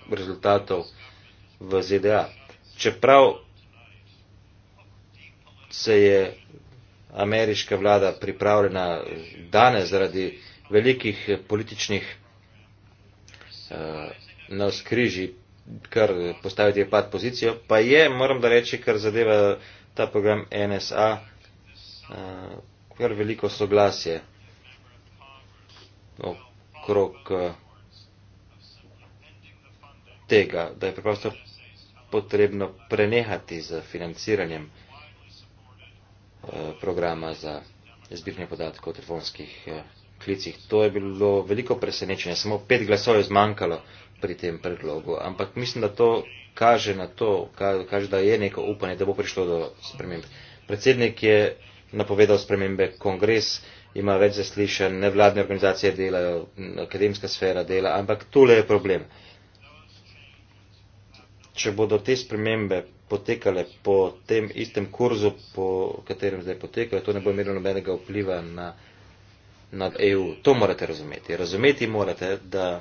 rezultatov v ZDA. Čeprav se je ameriška vlada pripravljena danes zaradi velikih političnih eh, navskriži, kar postaviti je pad pozicijo, pa je, moram da reči, kar zadeva ta program NSA, kar veliko soglasje okrog eh, tega, da je preprosto potrebno prenehati z financiranjem eh, programa za zbirne podatke o telefonskih eh, klicih. To je bilo veliko presenečenje, samo pet glasov je zmanjkalo pri tem predlogu, ampak mislim, da to kaže na to, kaže, da je neko upanje, da bo prišlo do sprememb. Predsednik je napovedal spremembe, kongres ima več zaslišanj, nevladne organizacije delajo, akademska sfera dela, ampak tole je problem. Če bodo te spremembe potekale po tem istem kurzu, po katerem zdaj potekajo, to ne bo imelo nobenega vpliva na, na EU. To morate razumeti. Razumeti morate, da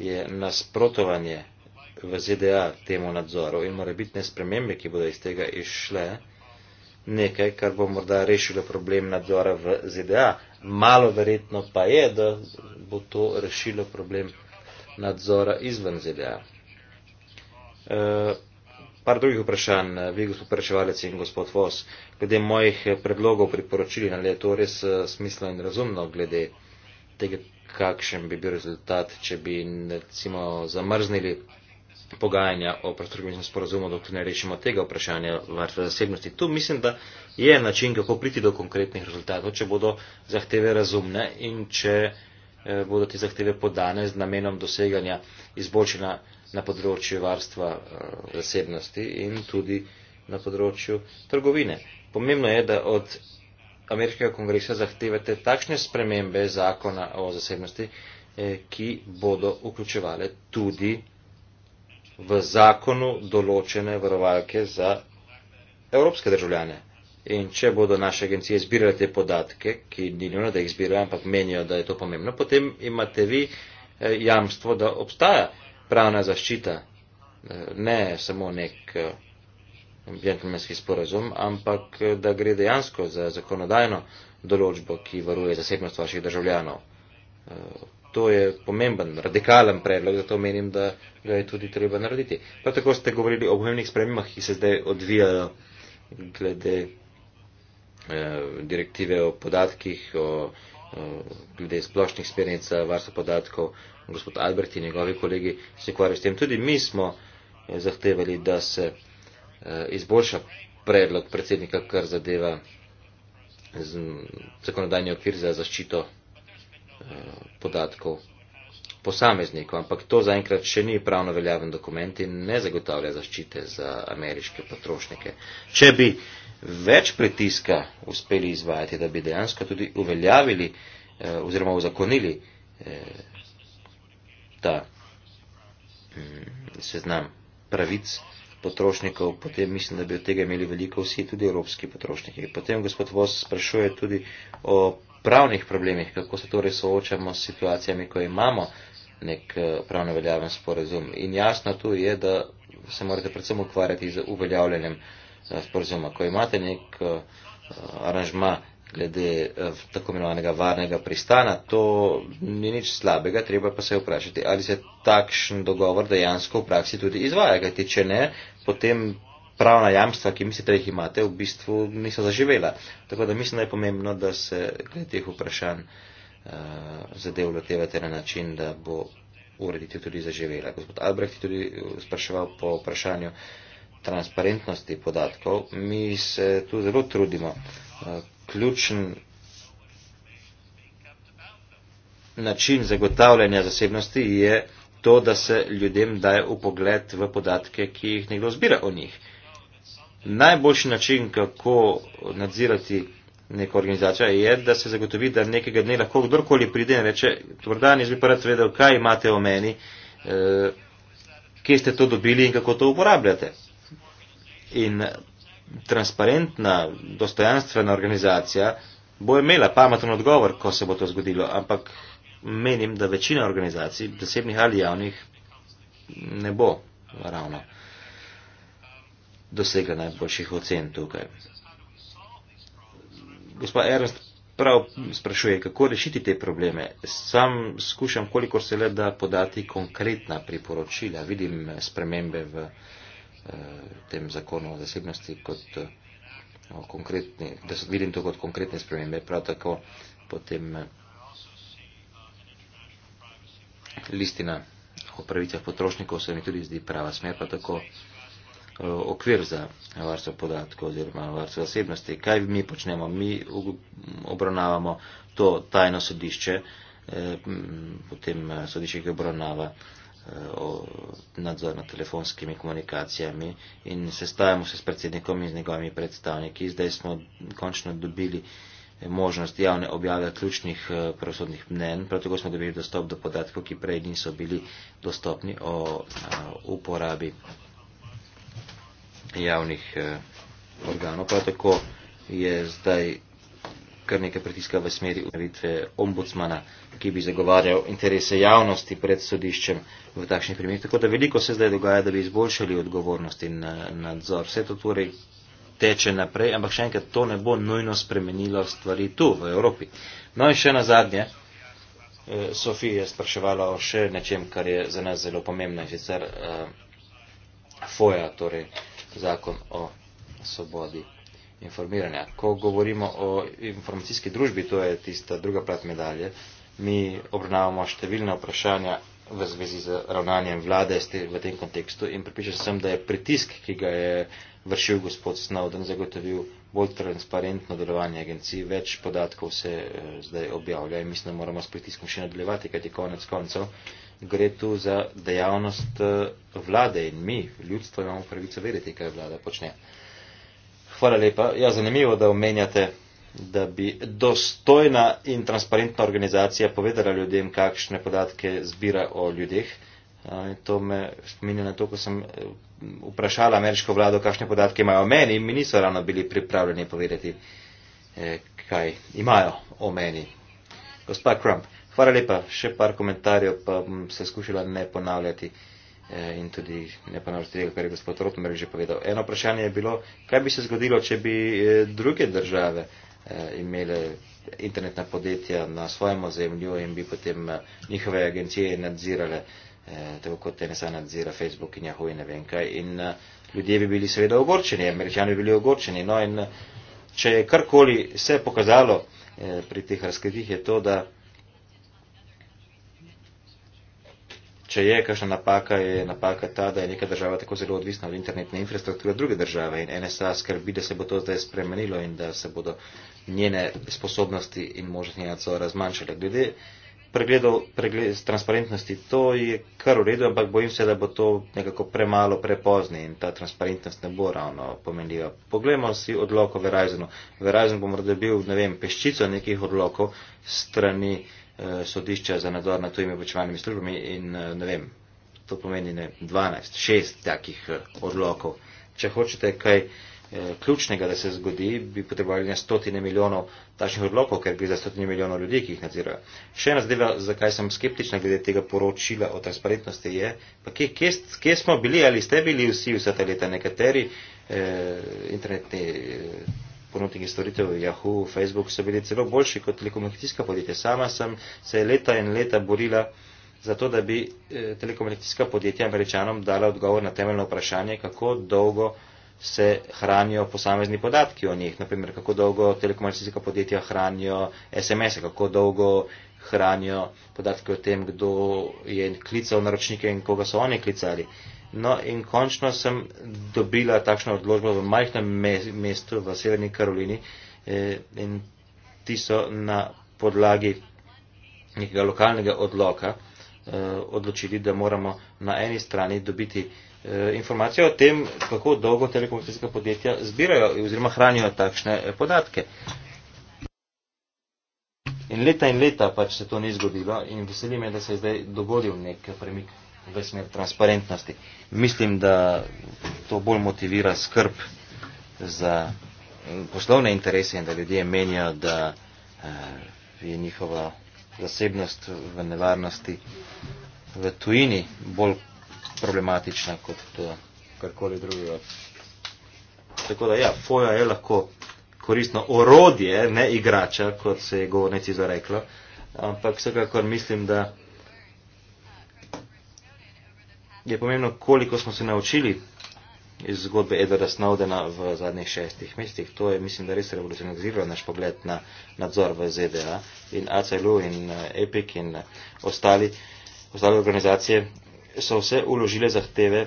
je nasprotovanje v ZDA temu nadzoru in mora biti ne spremembe, ki bodo iz tega išle. Iz nekaj, kar bo morda rešilo problem nadzora v ZDA. Malo verjetno pa je, da bo to rešilo problem nadzora izven ZDA. E, par drugih vprašanj, e, vi gospod preševalec in gospod Vos, glede mojih e, predlogov priporočili, ali je to res e, smislo in razumno glede tega, kakšen bi bil rezultat, če bi recimo zamrznili pogajanja o prostorkovničnem sporazumu, dokler ne rešimo tega vprašanja varstva zasebnosti. Tu mislim, da je način, kako priti do konkretnih rezultatov, če bodo zahteve razumne in če eh, bodo te zahteve podane z namenom doseganja izboljšanja na področju varstva eh, zasebnosti in tudi na področju trgovine. Pomembno je, da od ameriškega kongresa zahtevate takšne spremembe zakona o zasebnosti, eh, ki bodo vključevale tudi v zakonu določene varovalke za evropske državljane. In če bodo naše agencije zbirale te podatke, ki ni nujno, da jih zbirajo, ampak menijo, da je to pomembno, potem imate vi eh, jamstvo, da obstaja pravna zaščita, eh, ne samo nek eh, gentlemanski sporazum, ampak da gre dejansko za zakonodajno določbo, ki varuje zasebnost vaših državljanov. To je pomemben, radikalen predlog, zato menim, da ga je tudi treba narediti. Prav tako ste govorili o pomembnih spremembah, ki se zdaj odvijajo glede eh, direktive o podatkih, o, eh, glede splošnih smernic varstva podatkov. Gospod Albert in njegovi kolegi se ukvarjajo s tem. Tudi mi smo eh, zahtevali, da se eh, izboljša predlog predsednika, kar zadeva zakonodajni okvir za zaščito podatkov posameznikov, ampak to zaenkrat še ni pravno veljaven dokument in ne zagotavlja zaščite za ameriške potrošnike. Če bi več pritiska uspeli izvajati, da bi dejansko tudi uveljavili eh, oziroma uzakonili eh, ta mm, seznam pravic potrošnikov, potem mislim, da bi od tega imeli veliko vsi, tudi evropski potrošniki. Potem gospod Vos sprašuje tudi o pravnih problemih, kako se torej soočamo s situacijami, ko imamo nek eh, pravno veljaven sporazum. In jasno tu je, da se morate predvsem ukvarjati z uveljavljanjem eh, sporazuma. Ko imate nek eh, aranžma glede tako imenovanega varnega pristana, to ni nič slabega, treba pa se vprašati, ali se takšen dogovor dejansko v praksi tudi izvaja, kajti če ne, potem pravna jamstva, ki mislite, da jih imate, v bistvu niso zaživela. Tako da mislim, da je pomembno, da se glede teh vprašanj uh, zadev lotevate na način, da bo ureditev tudi zaživela. Gospod Albrecht je tudi eh, spraševal po vprašanju transparentnosti podatkov. Mi se tu zelo trudimo. Uh, ključen način zagotavljanja zasebnosti je to, da se ljudem daje upogled v podatke, ki jih nekdo zbira o njih najboljši način, kako nadzirati neko organizacijo, je, da se zagotovi, da nekega dne lahko kdorkoli pride in reče, tvrdan, jaz bi pa rad vedel, kaj imate o meni, eh, kje ste to dobili in kako to uporabljate. In transparentna, dostojanstvena organizacija bo imela pameten odgovor, ko se bo to zgodilo, ampak menim, da večina organizacij, zasebnih ali javnih, ne bo ravno dosega najboljših ocen tukaj. Gospa Ernst prav sprašuje, kako rešiti te probleme. Sam skušam, kolikor se le da, podati konkretna priporočila. Vidim spremembe v eh, tem zakonu o zasebnosti, kot, eh, o da vidim to kot konkretne spremembe. Prav tako potem eh, listina o pravicah potrošnikov se mi tudi zdi prava smer, pa tako Eh, okvir za varstvo podatkov oziroma varstvo osebnosti. Kaj mi počnemo? Mi obravnavamo to tajno sodišče, eh, potem eh, sodišče, ki obravnava nadzor nad telefonskimi komunikacijami in sestavljamo se s predsednikom in z njegovimi predstavniki. Zdaj smo končno dobili možnost javne objave ključnih pravosodnih mnen, prav tako smo dobili dostop do podatkov, ki prej niso bili dostopni o uporabi javnih eh, organov. Prav tako je zdaj kar nekaj pritiska v smeri ustanovitve ombudsmana, ki bi zagovarjal interese javnosti pred sodiščem v takšnih primerih. Tako da veliko se zdaj dogaja, da bi izboljšali odgovornost in eh, nadzor. Vse to torej teče naprej, ampak še enkrat to ne bo nujno spremenilo stvari tu v Evropi. No in še na zadnje. Eh, Sofija je spraševala o še nečem, kar je za nas zelo pomembno in sicer uh, eh, foja, e torej uh, zakon o svobodi informiranja. Ko govorimo o informacijski družbi, to je tista druga plat medalje, mi obravnavamo številne vprašanja v zvezi z ravnanjem vlade v tem kontekstu in pripričal sem, da je pritisk, ki ga je vršil gospod Snowden, zagotovil bolj transparentno delovanje agencij, več podatkov se eh, zdaj objavlja in mislim, da moramo s pritiskom še nadaljevati, kajti konec koncev gre tu za dejavnost eh, vlade in mi, ljudstvo, imamo pravico vedeti, kaj vlada počne. Hvala lepa. Ja, zanimivo, da omenjate, da bi dostojna in transparentna organizacija povedala ljudem, kakšne podatke zbira o ljudeh. To me spominja na to, ko sem eh, vprašala ameriško vlado, kakšne podatke imajo o meni in mi niso ravno bili pripravljeni povedati, eh, kaj imajo o meni. Gospod Krump. Hvala lepa, še par komentarjev, pa bom se skušala ne ponavljati eh, in tudi ne ponavljati tega, kar je gospod Rotmer že povedal. Eno vprašanje je bilo, kaj bi se zgodilo, če bi eh, druge države eh, imele internetna podjetja na svojem ozemlju in bi potem njihove agencije nadzirale, tako kot TNSA nadzira Facebook in Yahoo in ne vem kaj. In ljudje bi bili seveda ogorčeni, američani bi bili ogorčeni. No in če je karkoli se pokazalo pri teh razkritih, je to, da če je kakšna napaka, je napaka ta, da je neka država tako zelo odvisna od internetne infrastrukture druge države in NSA skrbi, da se bo to zdaj spremenilo in da se bodo njene sposobnosti in možnosti nadzora zmanjšale. Glede pregledov, pregled, transparentnosti, to je kar v redu, ampak bojim se, da bo to nekako premalo, prepozni in ta transparentnost ne bo ravno pomenljiva. Poglejmo si odloko Verizonu. Verizon bo morda dobil, ne vem, peščico nekih odlokov strani. Eh, sodišča za nadzor nad tujimi obveščevalnimi službami in eh, ne vem, to pomeni ne 12, 6 takih eh, odlokov. Če hočete kaj ključnega, da se zgodi, bi potrebovali na stotine milijonov takšnih odlokov, ker gre za stotine milijonov ljudi, ki jih nadzirajo. Še ena zadeva, zakaj sem skeptična glede tega poročila o transparentnosti, je, pa kje, kje, kje smo bili ali ste bili vsi vsa ta leta nekateri eh, internetni. Eh, ponudniki storitev Yahoo, Facebook so bili celo boljši kot telekomunikacijska podjetja. Sama sem se leta in leta borila za to, da bi eh, telekomunikacijska podjetja američanom dala odgovor na temeljno vprašanje, kako dolgo se hranijo posamezni podatki o njih. Naprimer, kako dolgo telekomunikacijska podjetja hranijo SMS-e, kako dolgo hranijo podatke o tem, kdo je klical naročnike in koga so oni klicali. No in končno sem dobila takšno odložbo v majhnem mestu v Severni Karolini eh, in ti so na podlagi nekega lokalnega odloka eh, odločili, da moramo na eni strani dobiti eh, informacijo o tem, kako dolgo telekomunikacijska podjetja zbirajo oziroma hranijo takšne eh, podatke. In leta in leta pač se to ni zgodilo in veseli me, da se je zdaj dogodil nek premik v smer transparentnosti. Mislim, da to bolj motivira skrb za eh, poslovne interese in da ljudje menijo, da eh, je njihova zasebnost v nevarnosti v tujini bolj problematična kot to eh, karkoli drugega. Tako da ja, foja je lahko koristno orodje, ne igrača, kot se je govornici zareklo, ampak vsekakor mislim, da je pomembno, koliko smo se naučili iz zgodbe Edwarda Snowdena v zadnjih šestih mesecih. To je, mislim, da res revolucionariziralo naš pogled na nadzor v ZDA in ACLU in eh, EPIC in eh, ostali, ostale organizacije so vse uložile zahteve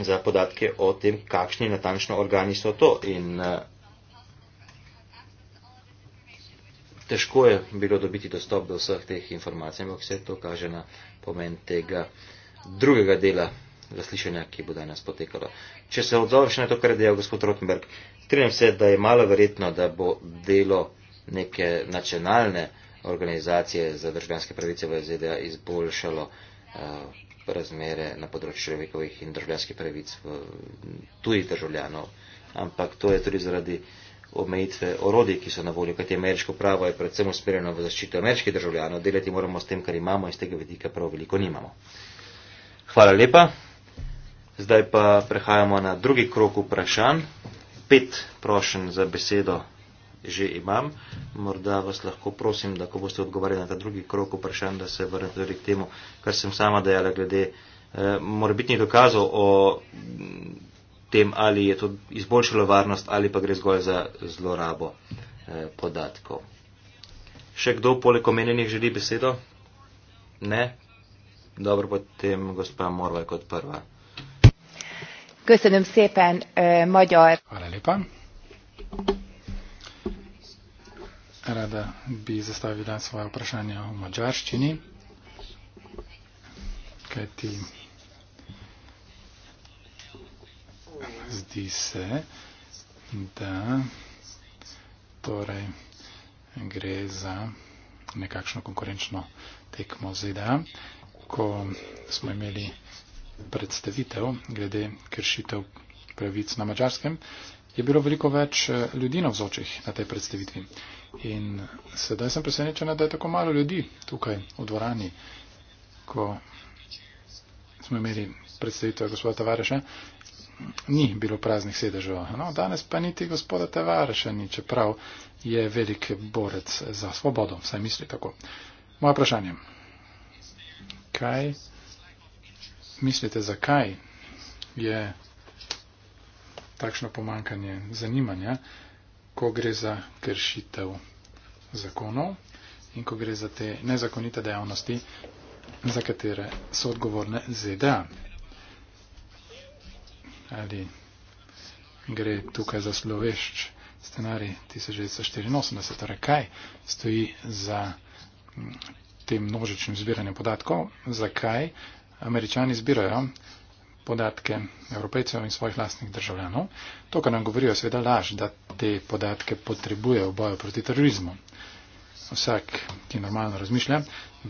za podatke o tem, kakšni natančno organi so to. In eh, težko je bilo dobiti dostop do vseh teh informacij, ampak vse to kaže na pomen tega drugega dela zaslišanja, ki bo danes potekalo. Če se odzoveš na to, kar je dejal gospod Rotenberg, strinjam se, da je malo verjetno, da bo delo neke nacionalne organizacije za državljanske pravice v ZDA izboljšalo uh, razmere na področju človekovih in državljanskih pravic v tujih državljanov. Ampak to je tudi zaradi omejitve orodij, ki so na voljo, kajti ameriško pravo je predvsem usmerjeno v zaščito ameriških državljanov, delati moramo s tem, kar imamo in z tega vidika prav veliko nimamo. Hvala lepa. Zdaj pa prehajamo na drugi krok vprašanj. Pet prošen za besedo že imam. Morda vas lahko prosim, da ko boste odgovarjali na ta drugi krok vprašanj, da se vrnete k temu, kar sem sama dejala glede eh, morebitnih dokazov o mm, tem, ali je to izboljšalo varnost ali pa gre zgolj za zlorabo eh, podatkov. Še kdo poleg omenjenih želi besedo? Ne, Dobro, potem gospa Morva kot prva.
Köszönöm szépen, magyar. Hvala lepa. Rada bi zastavila svoje vprašanje o mačarščini, kajti zdi se, da torej gre za nekakšno konkurenčno tekmo ZDA ko smo imeli predstavitev glede kršitev pravic na mačarskem, je bilo veliko več eh, ljudi na vzočih na tej predstavitvi. In sedaj sem presenečena, da je tako malo ljudi tukaj v dvorani, ko smo imeli predstavitev gospoda Tavareša, ni bilo praznih sedežev. No, danes pa niti gospoda Tavareša ni, čeprav je velik borec za svobodo, vsaj misli tako. Moje vprašanje kaj mislite, zakaj je takšno pomankanje zanimanja, ko gre za kršitev zakonov in ko gre za te nezakonite dejavnosti, za katere so odgovorne ZDA. Ali gre tukaj za slovešč scenarij 1984, torej kaj stoji za tem množičnem zbiranju podatkov, zakaj američani zbirajo podatke evropejcev in svojih lastnih državljanov. To, kar nam govorijo, je seveda laž, da te podatke potrebujejo v boju proti terorizmu. Vsak, ki normalno razmišlja,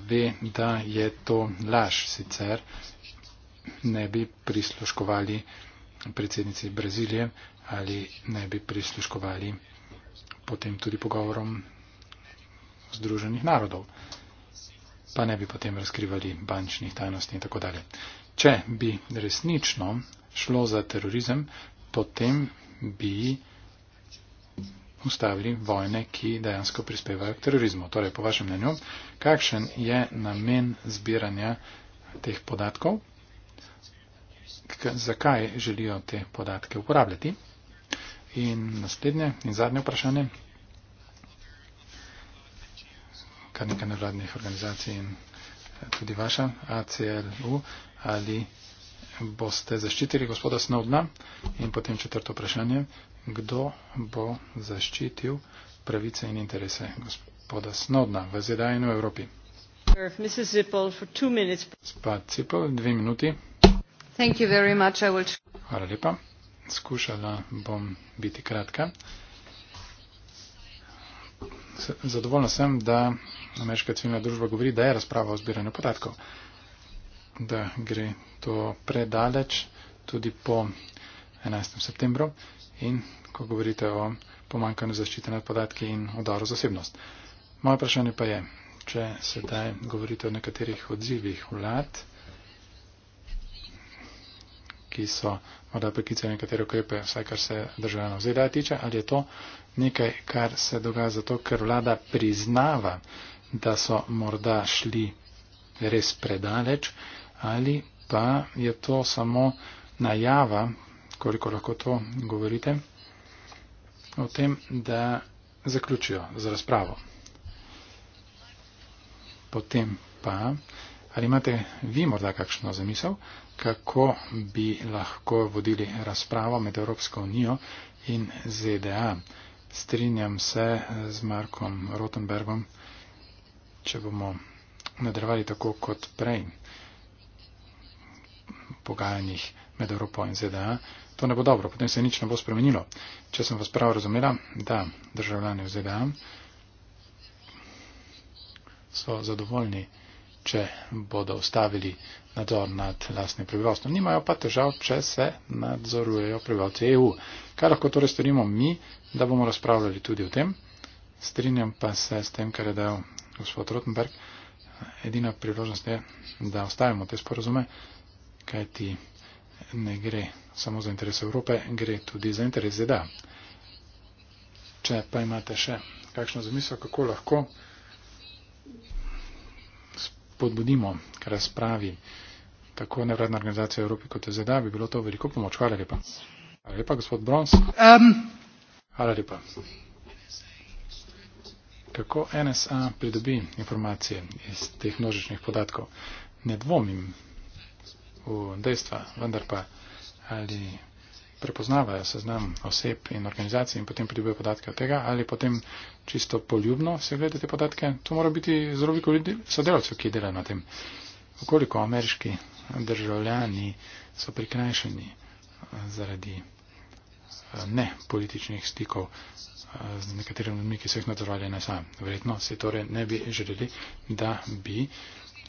ve, da je to laž, sicer ne bi prisluškovali predsednici Brazilije ali ne bi prisluškovali potem tudi pogovorom Združenih narodov pa ne bi potem razkrivali bančnih tajnosti in tako dalje. Če bi resnično šlo za terorizem, potem bi ustavili vojne, ki dejansko prispevajo k terorizmu. Torej, po vašem mnenju, kakšen je namen zbiranja teh podatkov? K zakaj želijo te podatke uporabljati? In naslednje in zadnje vprašanje. kar nekaj nevladnih organizacij in eh, tudi vaša ACLU, ali boste zaščitili gospoda Snowdna? In potem četrto vprašanje, kdo bo zaščitil pravice in interese gospoda Snowdna v ZDA in v Evropi? Gospa Cipel, dve minuti. Hvala lepa. Skušala bom biti kratka zadovoljna sem, da ameriška civilna družba govori, da je razprava o zbiranju podatkov, da gre to predaleč tudi po 11. septembru in ko govorite o pomankanju zaščite nad podatki in odoru zasebnost. Moje vprašanje pa je, če sedaj govorite o nekaterih odzivih vlad, ki so morda priklicali nekatere ukrepe, vsaj kar se državljanov zdaj daje tiče, ali je to nekaj, kar se dogaja zato, ker vlada priznava, da so morda šli res predaleč, ali pa je to samo najava, koliko lahko to govorite, o tem, da zaključijo z razpravo. Potem pa, ali imate vi morda kakšno zamisel? kako bi lahko vodili razpravo med Evropsko unijo in ZDA. Strinjam se z Markom Rotenbergom, če bomo nadrevali tako kot prej pogajanjih med Evropo in ZDA, to ne bo dobro, potem se nič ne bo spremenilo. Če sem vas prav razumela, da državljani v ZDA so zadovoljni če bodo ustavili nadzor nad lastnim prebivalstvom. Nimajo pa težav, če se nadzorujejo prebivalci EU. Kaj lahko torej storimo mi, da bomo razpravljali tudi o tem? Strinjam pa se s tem, kar je dejal gospod Rotenberg. Edina priložnost je, da ostavimo te sporozume, kaj ti ne gre samo za interes Evrope, gre tudi za interes ZDA. Če pa imate še kakšno zamisel, kako lahko podbudimo k razpravi tako nevladne organizacije Evropi kot ZDA, bi bilo to veliko pomoč. Hvala lepa. Hvala lepa, gospod Brons. Hvala lepa. Kako NSA pridobi informacije iz teh množičnih podatkov? Ne dvomim v dejstva, vendar pa ali prepoznavajo seznam oseb in organizacij in potem pridobijo podatke od tega, ali potem čisto poljubno se gledajo te podatke. To mora biti zelo veliko ljudi, sodelavcev, ki delajo na tem. Koliko ameriški državljani so prikrajšani eh, zaradi eh, ne političnih stikov eh, z nekaterimi ljudmi, ki so jih nadzorovali na sam. Verjetno se torej ne bi želeli, da bi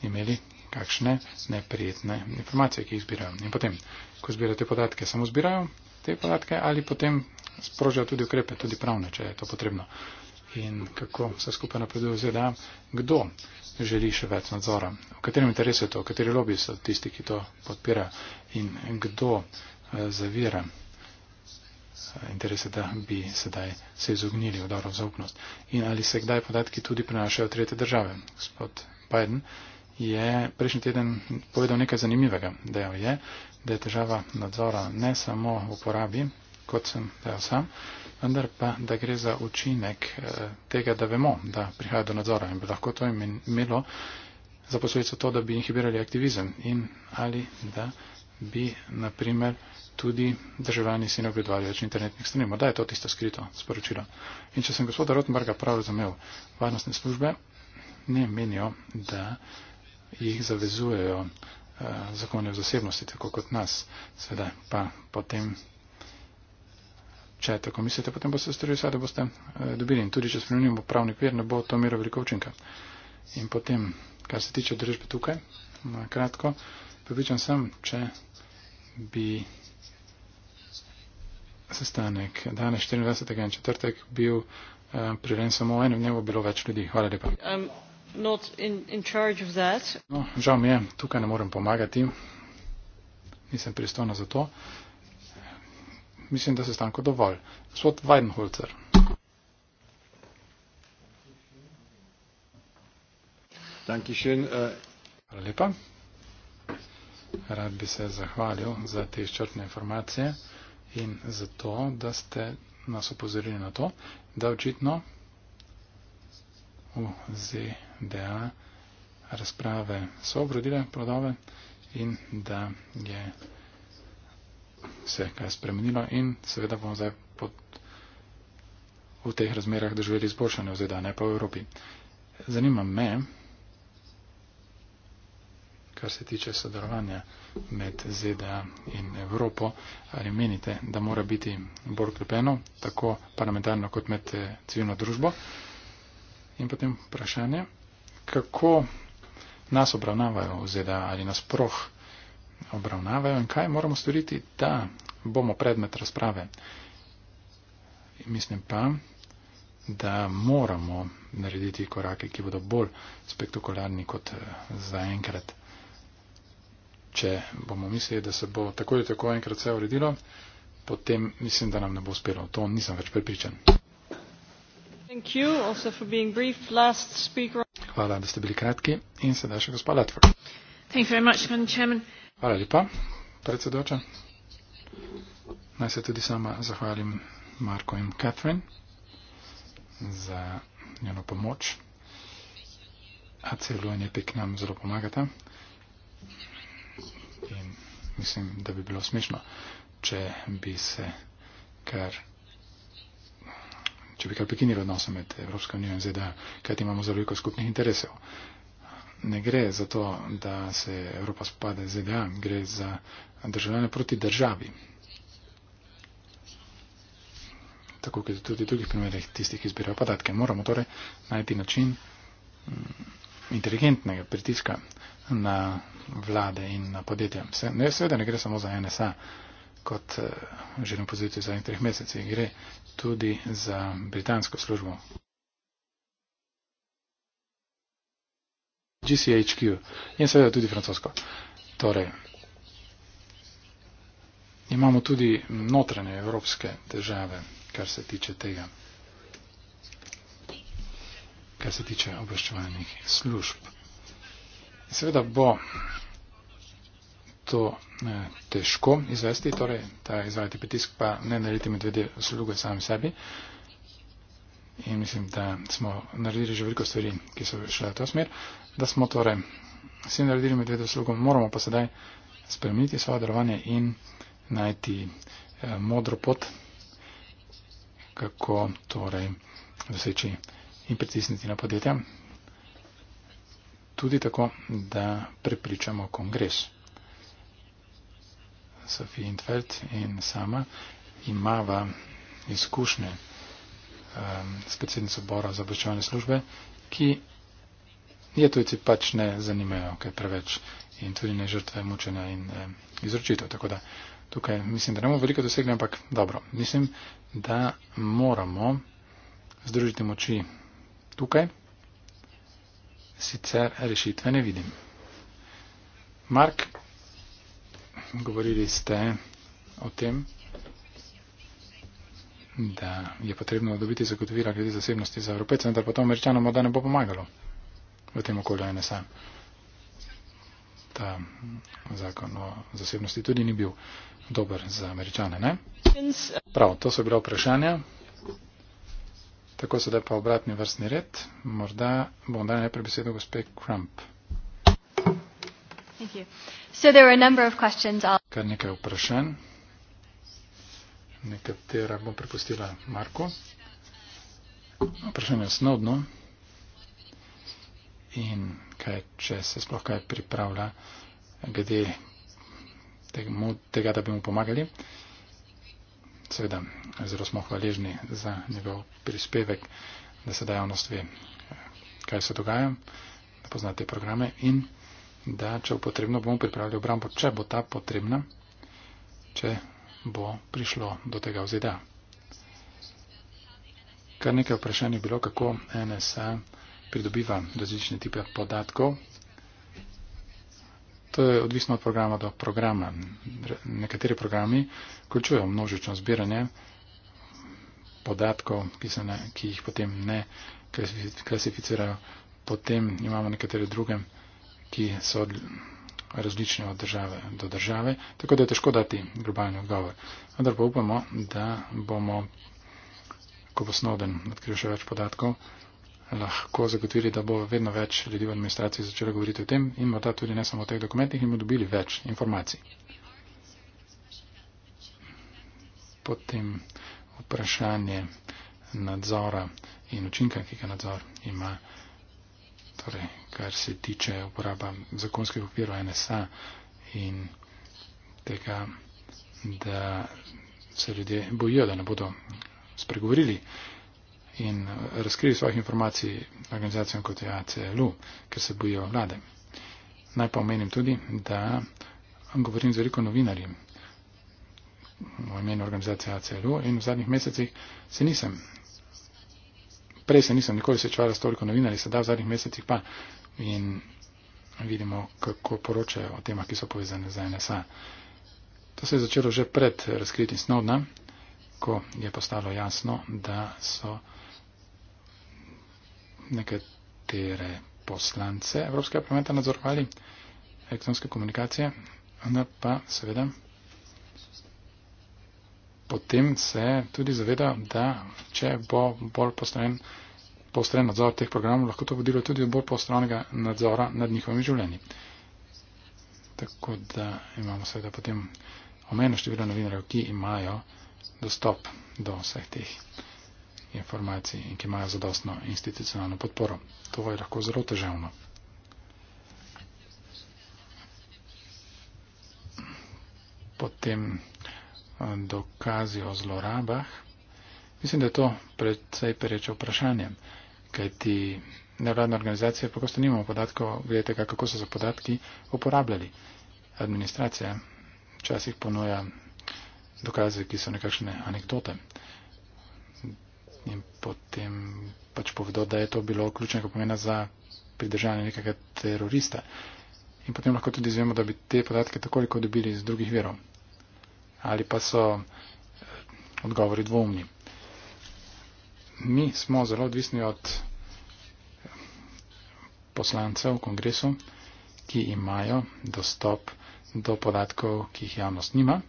imeli kakšne neprijetne informacije, ki jih zbirajo. In potem, ko zbirajo te podatke, samo zbirajo, te podatke ali potem sprožijo tudi ukrepe, tudi pravne, če je to potrebno. In kako se skupaj napreduje v ZDA, kdo želi še več nadzora, v katerem interesu je to, kateri lobby so tisti, ki to podpira in kdo eh, zavira eh, interese, da bi sedaj se izognili v dobro zaupnost. In ali se kdaj podatki tudi prenašajo v tretje države. Gospod Biden je prejšnji teden povedal nekaj zanimivega. Dejal je, da je težava nadzora ne samo v uporabi, kot sem dejal sam, vendar pa, da gre za učinek eh, tega, da vemo, da prihaja do nadzora in bi lahko to imelo za posledico to, da bi inhibirali aktivizem in ali da bi, na primer, tudi državljani si ne ogledovali več internetnih strani. Morda je to tisto skrito sporočilo. In če sem gospoda Rotenberga prav razumel, varnostne službe ne menijo, da jih zavezujejo Eh, zakone zasebnosti, tako kot nas. Seveda pa potem, če tako mislite, potem boste storili vse, da boste eh, dobili in tudi, če spremenimo pravni kvir, ne bo to mero veliko učinka. In potem, kar se tiče držbe tukaj, na kratko, pripričan sem, če bi sestanek danes 24. in četrtek bil uh, eh, priren samo enem dnevu, bilo več ljudi. Hvala lepa.
Um not in, in charge of that.
No, žal mi je, tukaj ne morem pomagati, nisem pristojna za to. Mislim, da se stanko dovolj. Gospod Weidenholzer. Dankeschön. Äh, Hvala lepa. Rad bi se zahvalil za te izčrpne informacije in za to, da ste nas opozorili na to, da očitno v ZDA razprave so obrodile plodove in da je vse kaj spremenilo in seveda bomo zdaj pod, v teh razmerah doživeli izboljšanje v ZDA, ne pa v Evropi. Zanima me, kar se tiče sodelovanja med ZDA in Evropo, ali menite, da mora biti bolj krepeno, tako parlamentarno kot med eh, civilno družbo? In potem vprašanje, kako nas obravnavajo v ZDA ali nas proh obravnavajo in kaj moramo storiti, da bomo predmet razprave. In mislim pa, da moramo narediti korake, ki bodo bolj spektakularni kot eh, zaenkrat. Če bomo mislili, da se bo tako in tako enkrat vse uredilo, potem mislim, da nam ne bo uspelo. To nisem več pripričan. Hvala, da ste bili kratki. In sedaj še gospod Latvor. Hvala lepa, predsedoča. Naj se tudi sama zahvalim Marko in Catherine za njeno pomoč. ACL in EPIK nam zelo pomagata. In mislim, da bi bilo smešno, če bi se kar če bi kar prekinili odnose med Evropsko unijo in ZDA, kajti imamo zelo veliko skupnih interesov. Ne gre za to, da se Evropa spopade z ZDA, gre za državljane proti državi. Tako kot tudi v drugih primerih tistih, ki zbirajo podatke. Moramo torej najti način mm, inteligentnega pritiska na vlade in na podjetja. Seveda ne gre samo za NSA kot eh, želim pozivati v zadnjih treh mesecih, gre tudi za britansko službo. GCHQ in seveda tudi francosko. Torej, imamo tudi notranje evropske države, kar se tiče tega, kar se tiče obveščevalnih služb. Seveda bo to eh, težko izvesti, torej ta izvajati pritisk pa ne narediti medvedje sluge sami sebi. In mislim, da smo naredili že veliko stvari, ki so šle v to smer, da smo torej vsi naredili medvedje sluge, moramo pa sedaj spremeniti svoje darovanje in najti eh, modro pot, kako torej doseči in pritisniti na podjetja. Tudi tako, da prepričamo kongres. Sofija Intfeld in sama imava izkušnje um, s predsednico Bora za obveščevanje službe, ki je tujci pač ne zanimajo kaj preveč in tudi ne žrtve mučenja in um, izročitev. Tako da tukaj mislim, da ne bomo veliko dosegli, ampak dobro, mislim, da moramo združiti moči tukaj, sicer rešitve ne vidim. Mark govorili ste o tem, da je potrebno dobiti zagotovila glede zasebnosti za Evropejce, vendar pa to američanom morda ne bo pomagalo v tem okolju NSA. Ta zakon o zasebnosti tudi ni bil dober za američane, ne? Prav, to so bila vprašanja. Tako sedaj pa obratni vrstni red. Morda bom dal najprej besedo gospe Krump.
Kar
nekaj vprašanj. Nekatera bom prepustila Marko. Vprašanje je snodno. In kaj, če se sploh kaj pripravlja, glede tega, da bi mu pomagali. Seveda, zelo smo hvaležni za njegov prispevek, da se dajavnost ve, kaj se dogaja, da pozna te programe in da če bo potrebno, bomo pripravili obrambo, če bo ta potrebna, če bo prišlo do tega vzida. Kar nekaj vprašanj je bilo, kako NSA pridobiva različne tipe podatkov. To je odvisno od programa do programa. Nekateri programi vključujejo množično zbiranje podatkov, ki, ne, ki jih potem ne klasificirajo. Potem imamo nekatere druge ki so različne od države do države, tako da je težko dati globalni odgovor. Vendar pa upamo, da bomo, ko bo Snowden odkril še več podatkov, lahko zagotovili, da bo vedno več ljudi v administraciji začelo govoriti o tem in morda tudi ne samo o teh dokumentih in bomo dobili več informacij. Potem vprašanje nadzora in učinka, ki ga nadzor ima torej, kar se tiče uporaba zakonskih okvirov NSA in tega, da se ljudje bojijo, da ne bodo spregovorili in razkrili svojih informacij organizacijam kot je ACLU, ker se bojijo vlade. Naj pa omenim tudi, da govorim z veliko novinarjem v imenu organizacije ACLU in v zadnjih mesecih se nisem prej se nisem nikoli srečevala s toliko novinarji, sedaj v zadnjih mesecih pa in vidimo, kako poročajo o temah, ki so povezane z NSA. To se je začelo že pred razkritjem Snowdna, ko je postalo jasno, da so nekatere poslance Evropskega parlamenta nadzorovali elektronske komunikacije, ona pa seveda potem se tudi zaveda, da če bo bolj postrojen postren nadzor teh programov, lahko to vodilo tudi do bolj postrojenega nadzora nad njihovimi življenji. Tako da imamo seveda potem omenjeno število novinarjev, ki imajo dostop do vseh teh informacij in ki imajo zadostno institucionalno podporo. To je lahko zelo težavno. Potem dokazi o zlorabah, mislim, da je to predvsej pereče vprašanje, kaj ti nevladne organizacije, pa kosto nimamo podatkov, vidite, kako so za podatki uporabljali. Administracija včasih ponuja dokaze, ki so nekakšne anekdote in potem pač povedo, da je to bilo ključnega pomena za pridržanje nekega terorista. In potem lahko tudi izvemo, da bi te podatke takoliko dobili iz drugih verov ali pa so eh, odgovori dvomni. Mi smo zelo odvisni od poslancev v kongresu, ki imajo dostop do podatkov, ki jih javnost nima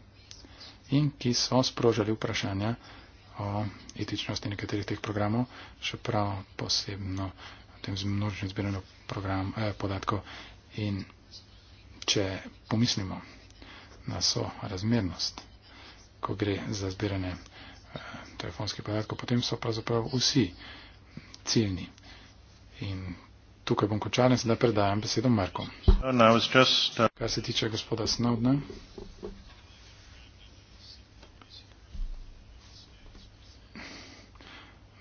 in ki so sprožali vprašanja o etičnosti nekaterih teh programov, še prav posebno v tem zmnožnem zbiranju eh, podatkov. In če pomislimo, na sorazmernost, ko gre za zbiranje eh, telefonskih podatkov, potem so pravzaprav vsi ciljni. In tukaj bom končal, zdaj predajam besedo Marko. Uh, Kar se tiče gospoda Snowdna.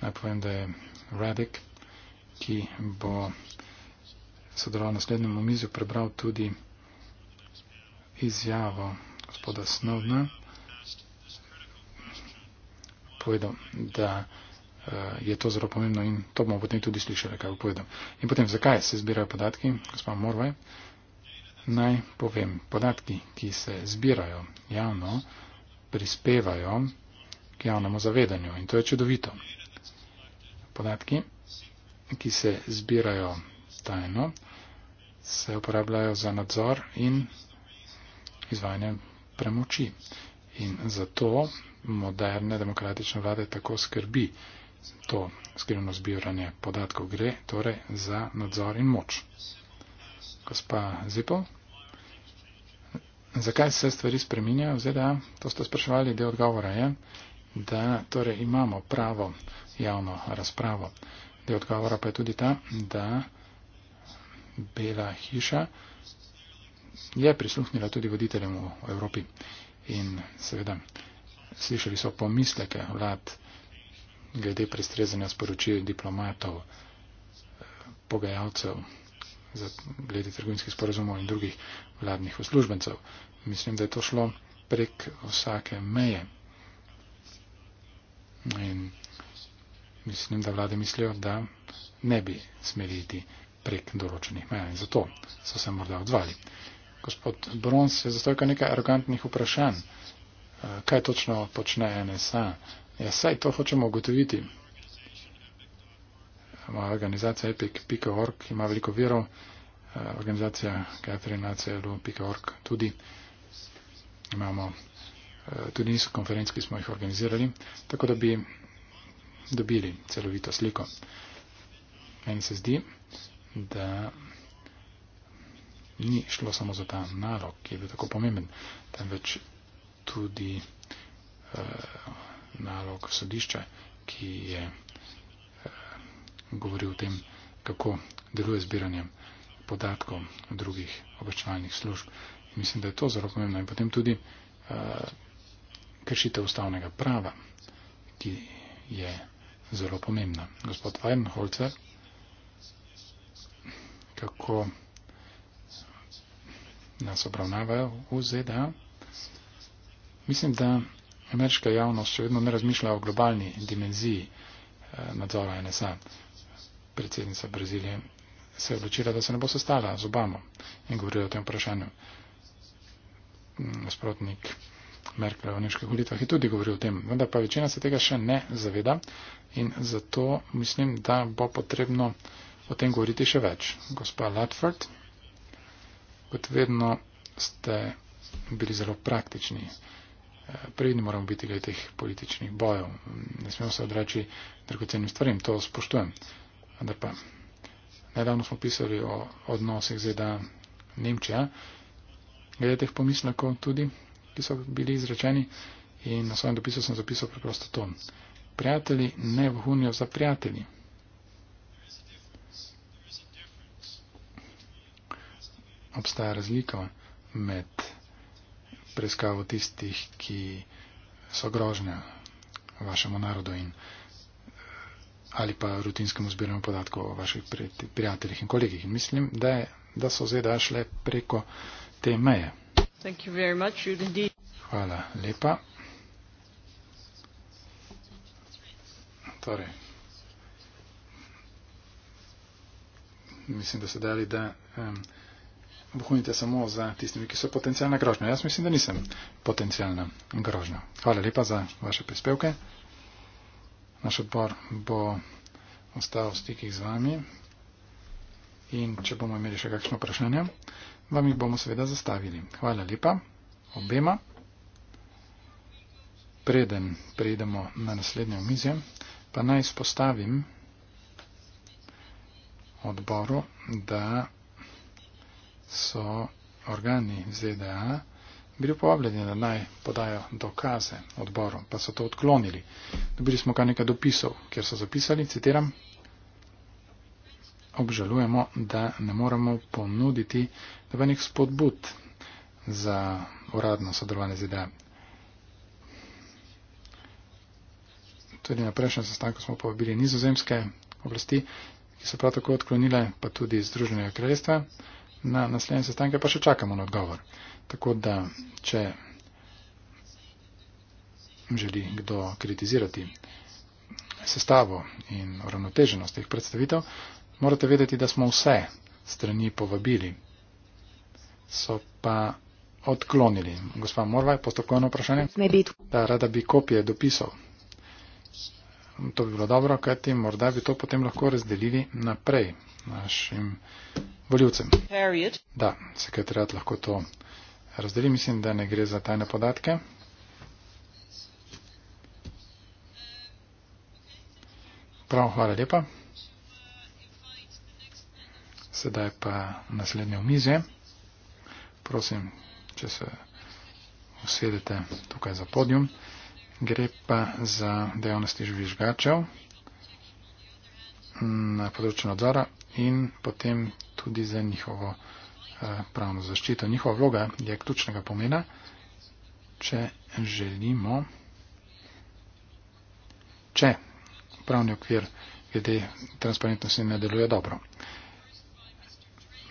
Naj povem, da je Radek, ki bo sodeloval na naslednjem omizju, prebral tudi izjavo gospoda Snovna, povedal, da eh, je to zelo pomembno in to bomo potem tudi slišali, kaj bo povedal. In potem, zakaj se zbirajo podatki, gospod Morvaj? Naj povem, podatki, ki se zbirajo javno, prispevajo k javnemu zavedanju in to je čudovito. Podatki, ki se zbirajo tajno, se uporabljajo za nadzor in izvajanje premoči. In zato moderne demokratične vlade tako skrbi to skrivno zbiranje podatkov. Gre torej za nadzor in moč. Gospa Zipo, zakaj se stvari spreminjajo v ZDA? To ste spraševali, del odgovora je, da torej imamo pravo javno razpravo. Del odgovora pa je tudi ta, da Bela hiša je prisluhnila tudi voditeljem v Evropi. In seveda slišali so pomisleke vlad glede prestrezanja sporočil diplomatov, pogajalcev, glede trgovinskih sporazumov in drugih vladnih uslužbencev. Mislim, da je to šlo prek vsake meje. In mislim, da vlade mislijo, da ne bi smeli iti prek določenih meja. In zato so se morda odzvali gospod Brons, je zato nekaj arrogantnih vprašanj. E, kaj točno počne NSA? Ja, saj to hočemo ugotoviti. Moja organizacija epic.org ima veliko virov, e, organizacija gatherinacelu.org tudi. Imamo e, tudi niso konferenc, ki smo jih organizirali, tako da bi dobili celovito sliko. Meni se zdi, da ni šlo samo za ta narok, ki je bil tako pomemben, temveč tudi eh, narok sodišča, ki je eh, govoril o tem, kako deluje zbiranje podatkov drugih obveščevalnih služb. In mislim, da je to zelo pomembno. In potem tudi eh, kršitev ustavnega prava, ki je zelo pomembna. Gospod Weinholzer, kako nas obravnavajo v ZDA. Mislim, da ameriška javnost še vedno ne razmišlja o globalni dimenziji eh, nadzora NSA. Predsednica Brazilije se je odločila, da se ne bo sestala z Obamo in govorila o tem vprašanju. Mm, nasprotnik Merkel v nemških volitvah je tudi govoril o tem, vendar pa večina se tega še ne zaveda in zato mislim, da bo potrebno o tem govoriti še več. Gospa Latford kot vedno ste bili zelo praktični. Eh, Previdni moramo biti glede teh političnih bojev. Ne smemo se odreči dragocenim stvarim, to spoštujem. Vendar pa, nedavno smo pisali o odnosih ZDA Nemčija, glede teh pomislekov tudi, ki so bili izrečeni in na svojem dopisu sem zapisal preprosto to. Prijatelji ne vhunijo za prijatelji. obstaja razlika med preiskavo tistih, ki so grožnja vašemu narodu in ali pa rutinskemu zbiranju podatkov o vaših prijateljih in kolegih. In mislim, da, je, da so ZDA šle preko te meje.
Thank you very much,
Hvala lepa. Torej, mislim, da so dali, da um, bohunite samo za tistimi, ki so potencijalna grožnja. Jaz mislim, da nisem potencijalna grožnja. Hvala lepa za vaše prispevke. Naš odbor bo ostal v stikih z vami in če bomo imeli še kakšno vprašanje, vam jih bomo seveda zastavili. Hvala lepa obema. Preden prejdemo na naslednje omizje, pa naj spostavim odboru, da so organi ZDA bili povabljeni, da naj podajo dokaze odborom, pa so to odklonili. Dobili smo kar nekaj dopisov, kjer so zapisali, citiram, obžalujemo, da ne moremo ponuditi dobenih spodbud za uradno sodelovanje ZDA. Tudi na prejšnjem sestanku smo povabili nizozemske oblasti, ki so prav tako odklonile, pa tudi Združenega kraljestva na naslednje sestanke, pa še čakamo na odgovor. Tako da, če želi kdo kritizirati sestavo in ravnoteženost teh predstavitev, morate vedeti, da smo vse strani povabili, so pa odklonili. Gospa Morvaj, postopkovno vprašanje. Da, rada bi kopije dopisov to bi bilo dobro, kajti morda bi to potem lahko razdelili naprej našim voljivcem. Da, sekretariat lahko to razdeli, mislim, da ne gre za tajne podatke. Prav, hvala lepa. Sedaj pa naslednje omizje. Prosim, če se usedete tukaj za podium gre pa za dejavnosti žvižgačev na področju nadzora in potem tudi za njihovo eh, pravno zaščito. Njihova vloga je ključnega pomena, če želimo, če pravni okvir glede transparentnosti ne deluje dobro.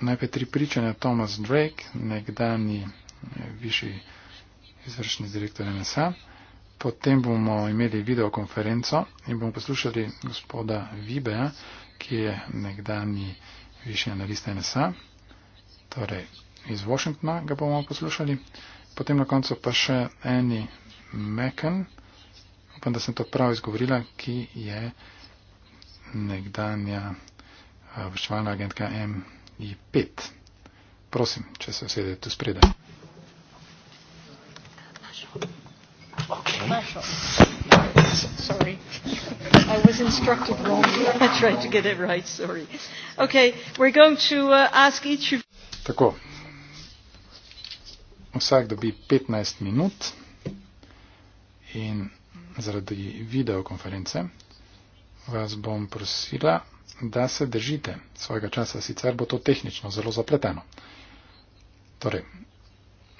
Najprej tri pričanja Thomas Drake, nekdani eh, višji izvršni direktor NSA. Potem bomo imeli videokonferenco in bomo poslušali gospoda Vibeja, ki je nekdani višji analist NSA, torej iz Washingtona ga bomo poslušali. Potem na koncu pa še Annie Mecken, upam, da sem to prav izgovorila, ki je nekdanja eh, obveščevalna agentka MI5. Prosim, če se usedete tu spredaj.
Thank you special. sorry. I was instructed wrong. I tried to get it right, sorry. Okay, we're going to uh, ask each of
Tako. Vsak dobi 15 minut in zaradi videokonference vas bom prosila, da se držite svojega časa, sicer bo to tehnično zelo zapleteno. Torej,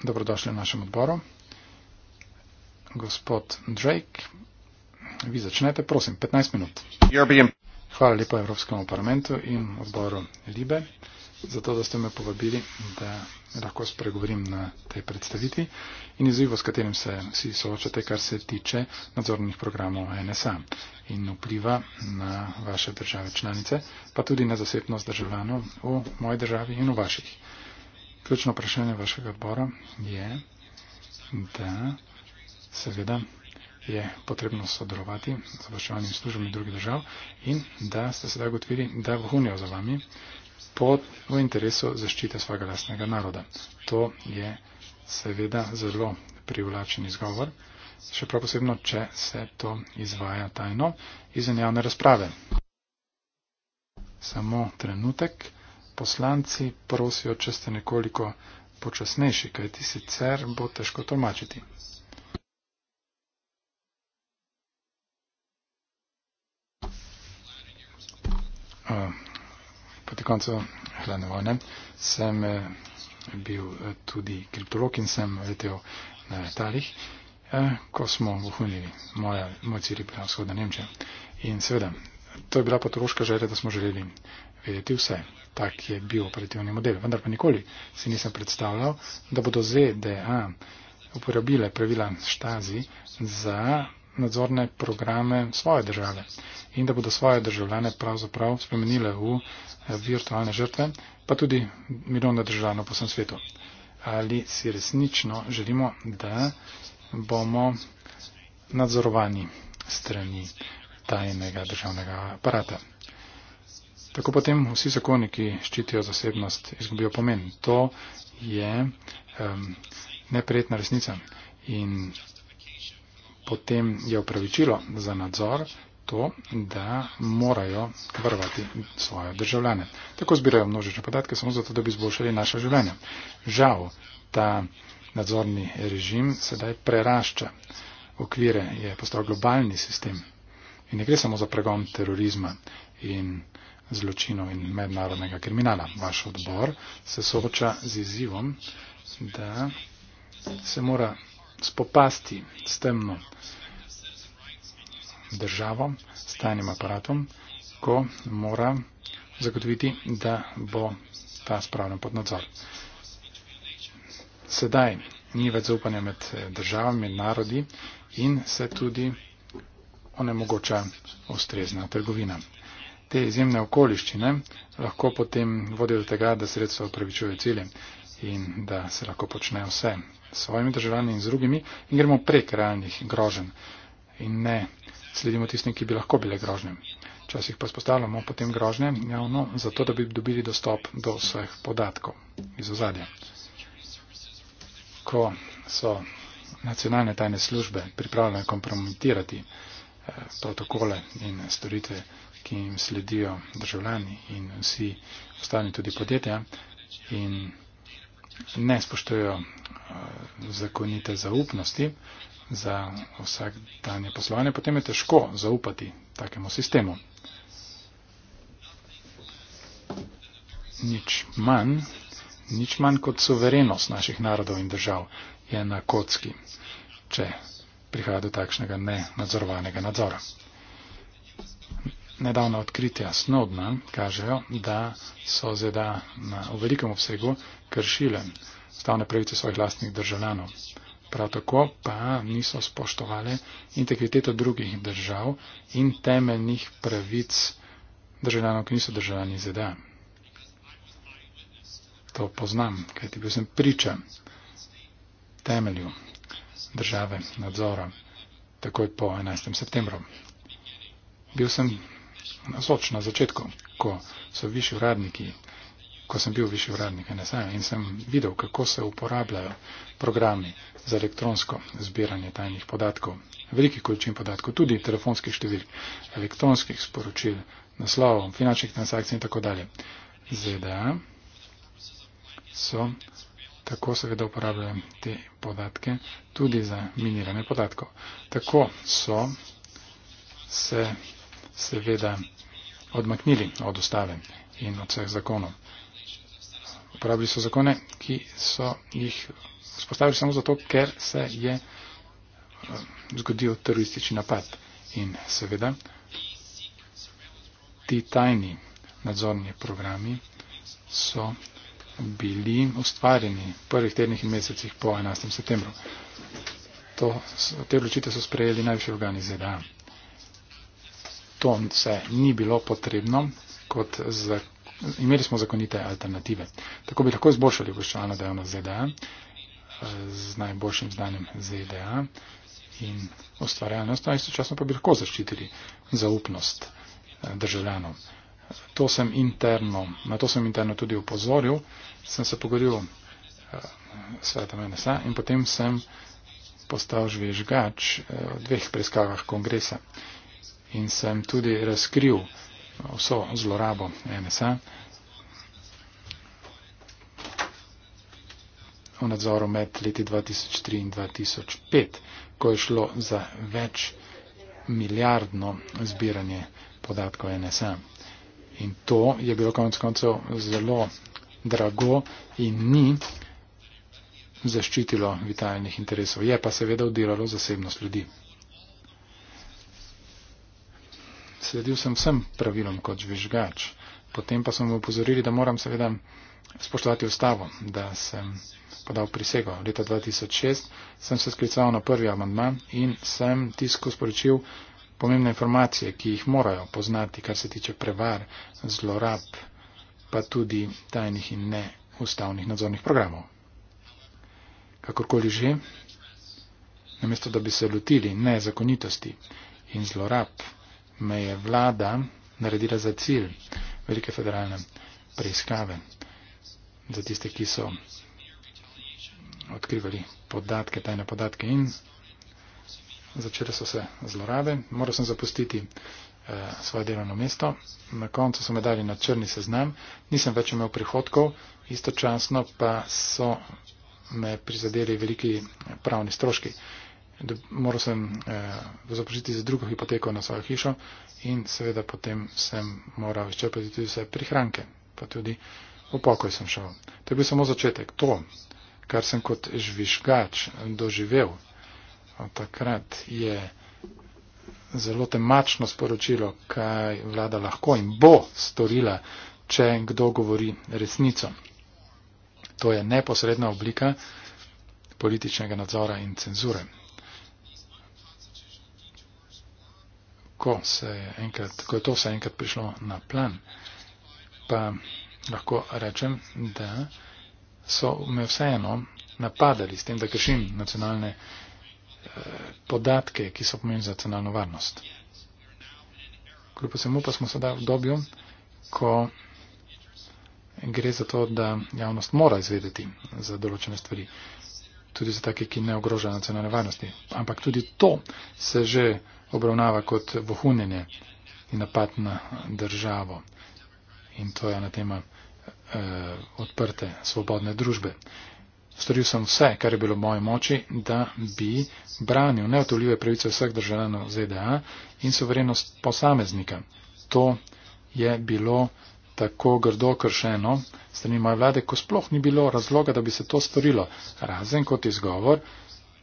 dobrodošli v našem odboru gospod Drake. Vi začnete, prosim, 15 minut. Hvala lepa Evropskemu parlamentu in odboru Libe za to, da ste me povabili, da lahko spregovorim na tej predstavitvi in izzivu, s katerim se vsi soočate, kar se tiče nadzornih programov NSA in vpliva na vaše države članice, pa tudi na zasebnost državljanov v moji državi in v vaših. Ključno vprašanje vašega odbora je, da seveda je potrebno sodelovati z obveščevalnimi službami drugih držav in da ste sedaj gotovili, da vohunijo za vami pod, v interesu zaščite svojega lastnega naroda. To je seveda zelo privlačen izgovor, še prav posebno, če se to izvaja tajno izven javne razprave. Samo trenutek. Poslanci prosijo, če ste nekoliko počasnejši, kajti sicer bo težko tolmačiti. proti koncu hladne vojne sem eh, bil eh, tudi kriptolog in sem letel na letalih, eh, ko smo vohunili moja, moj cilj prav vzhodna Nemčija. In seveda, to je bila potroška želja, da smo želeli vedeti vse. Tak je bil operativni model, vendar pa nikoli si nisem predstavljal, da bodo ZDA uporabile pravila štazi za nadzorne programe svoje države in da bodo svoje državljane pravzaprav spremenile v eh, virtualne žrtve, pa tudi milijone državljanov po vsem svetu. Ali si resnično želimo, da bomo nadzorovani strani tajnega državnega aparata. Tako potem vsi zakoni, ki ščitijo zasebnost, izgubijo pomen. To je um, neprijetna resnica. In potem je upravičilo za nadzor to, da morajo varovati svoje državljane. Tako zbirajo množične podatke samo zato, da bi izboljšali naše življenje. Žal, ta nadzorni režim sedaj prerašča okvire, je postal globalni sistem. In ne gre samo za pregon terorizma in zločinov in mednarodnega kriminala. Vaš odbor se sooča z izzivom, da se mora spopasti s temno državo, s tajnim aparatom, ko mora zagotoviti, da bo ta spravljena pod nadzor. Sedaj ni več zaupanja med eh, državami in narodi in se tudi onemogoča ustrezna trgovina. Te izjemne okoliščine lahko potem vodijo do tega, da sredstvo upravičuje cilje in da se lahko počne vse, svojimi državljani in z drugimi in gremo prek realnih grožen in ne sledimo tistim, ki bi lahko bile grožne. Včasih pa spostavljamo potem grožne javno, zato da bi dobili dostop do vseh podatkov iz ozadja. Ko so nacionalne tajne službe pripravljene kompromitirati eh, protokole in storitve, ki jim sledijo državljani in vsi ostali tudi podjetja in ne spoštujejo eh, zakonite zaupnosti za vsak danje poslovanje, potem je težko zaupati takemu sistemu. Nič manj, nič manj kot suverenost naših narodov in držav je na kocki, če prihaja do takšnega nenadzorovanega nadzora nedavna odkritja Snowdena kažejo, da so ZDA v velikem obsegu kršile stavne pravice svojih lastnih državljanov. Prav tako pa niso spoštovali integriteto drugih držav in temeljnih pravic državljanov, ki niso državljani ZDA. To poznam, kajti bil sem priča temelju države nadzora takoj po 11. septembru. Bil sem nasoč na začetku, ko so višji uradniki, ko sem bil višji uradnik in sem videl, kako se uporabljajo programi za elektronsko zbiranje tajnih podatkov, velikih količin podatkov, tudi telefonskih številk, elektronskih sporočil, naslovov, finančnih transakcij in tako dalje. ZDA so tako seveda uporabljali te podatke tudi za miniranje podatkov. Tako so se seveda odmaknili od ustave in od vseh zakonov. Uporabili so zakone, ki so jih spostavili samo zato, ker se je eh, zgodil teroristični napad. In seveda ti tajni nadzorni programi so bili ustvarjeni v prvih tednih in mesecih po 11. septembru. To, te odločitve so sprejeli najvišji organi ZDA tonce ni bilo potrebno, kot za, imeli smo zakonite alternative. Tako bi lahko izboljšali obveščevalno dejavnost ZDA eh, z najboljšim znanjem ZDA in ustvarjalnost, a istočasno pa bi lahko zaščitili zaupnost eh, državljanov. To sem interno, na to sem interno tudi upozoril, sem se pogovoril eh, s svetom NSA in potem sem postal žvižgač v dveh preiskavah kongresa in sem tudi razkril vso zlorabo NSA v nadzoru med leti 2003 in 2005, ko je šlo za več milijardno zbiranje podatkov NSA. In to je bilo konec koncev zelo drago in ni zaščitilo vitalnih interesov. Je pa seveda odiralo zasebnost ljudi. sledil sem vsem pravilom kot žvižgač. Potem pa so me upozorili, da moram seveda spoštovati ustavo, da sem podal prisego. Leta 2006 sem se skrical na prvi amandma in sem tisko sporočil pomembne informacije, ki jih morajo poznati, kar se tiče prevar, zlorab, pa tudi tajnih in neustavnih nadzornih programov. Kakorkoli že, namesto da bi se lotili nezakonitosti in zlorab, me je vlada naredila za cilj velike federalne preiskave za tiste, ki so odkrivali podatke, tajne podatke in začele so se zlorabe. Moral sem zapustiti eh, svoje delovno mesto. Na koncu so me dali na črni seznam. Nisem več imel prihodkov, istočasno pa so me prizadeli veliki pravni stroški. Eh, da moral sem eh, zapožiti za drugo hipoteko na svojo hišo in seveda potem sem moral izčrpati tudi vse prihranke, pa tudi v pokoj sem šel. To je bil samo začetek. To, kar sem kot žvižgač doživel, takrat je zelo temačno sporočilo, kaj vlada lahko in bo storila, če kdo govori resnico. To je neposredna oblika političnega nadzora in cenzure. ko, se je enkrat, ko je to vse enkrat prišlo na plan, pa lahko rečem, da so me vseeno napadali s tem, da kršim nacionalne eh, podatke, ki so pomembni za nacionalno varnost. Kljub vsemu pa smo sedaj v dobju, ko gre za to, da javnost mora izvedeti za določene stvari, tudi za take, ki ne ogrožajo nacionalne varnosti. Ampak tudi to se že obravnava kot vohunjenje in napad na državo. In to je ena tema eh, odprte, svobodne družbe. Storil sem vse, kar je bilo v moje moči, da bi branil neotoljive pravice vseh državljanov ZDA in soverenost posameznika. To je bilo tako grdo kršeno strani moje vlade, ko sploh ni bilo razloga, da bi se to storilo, razen kot izgovor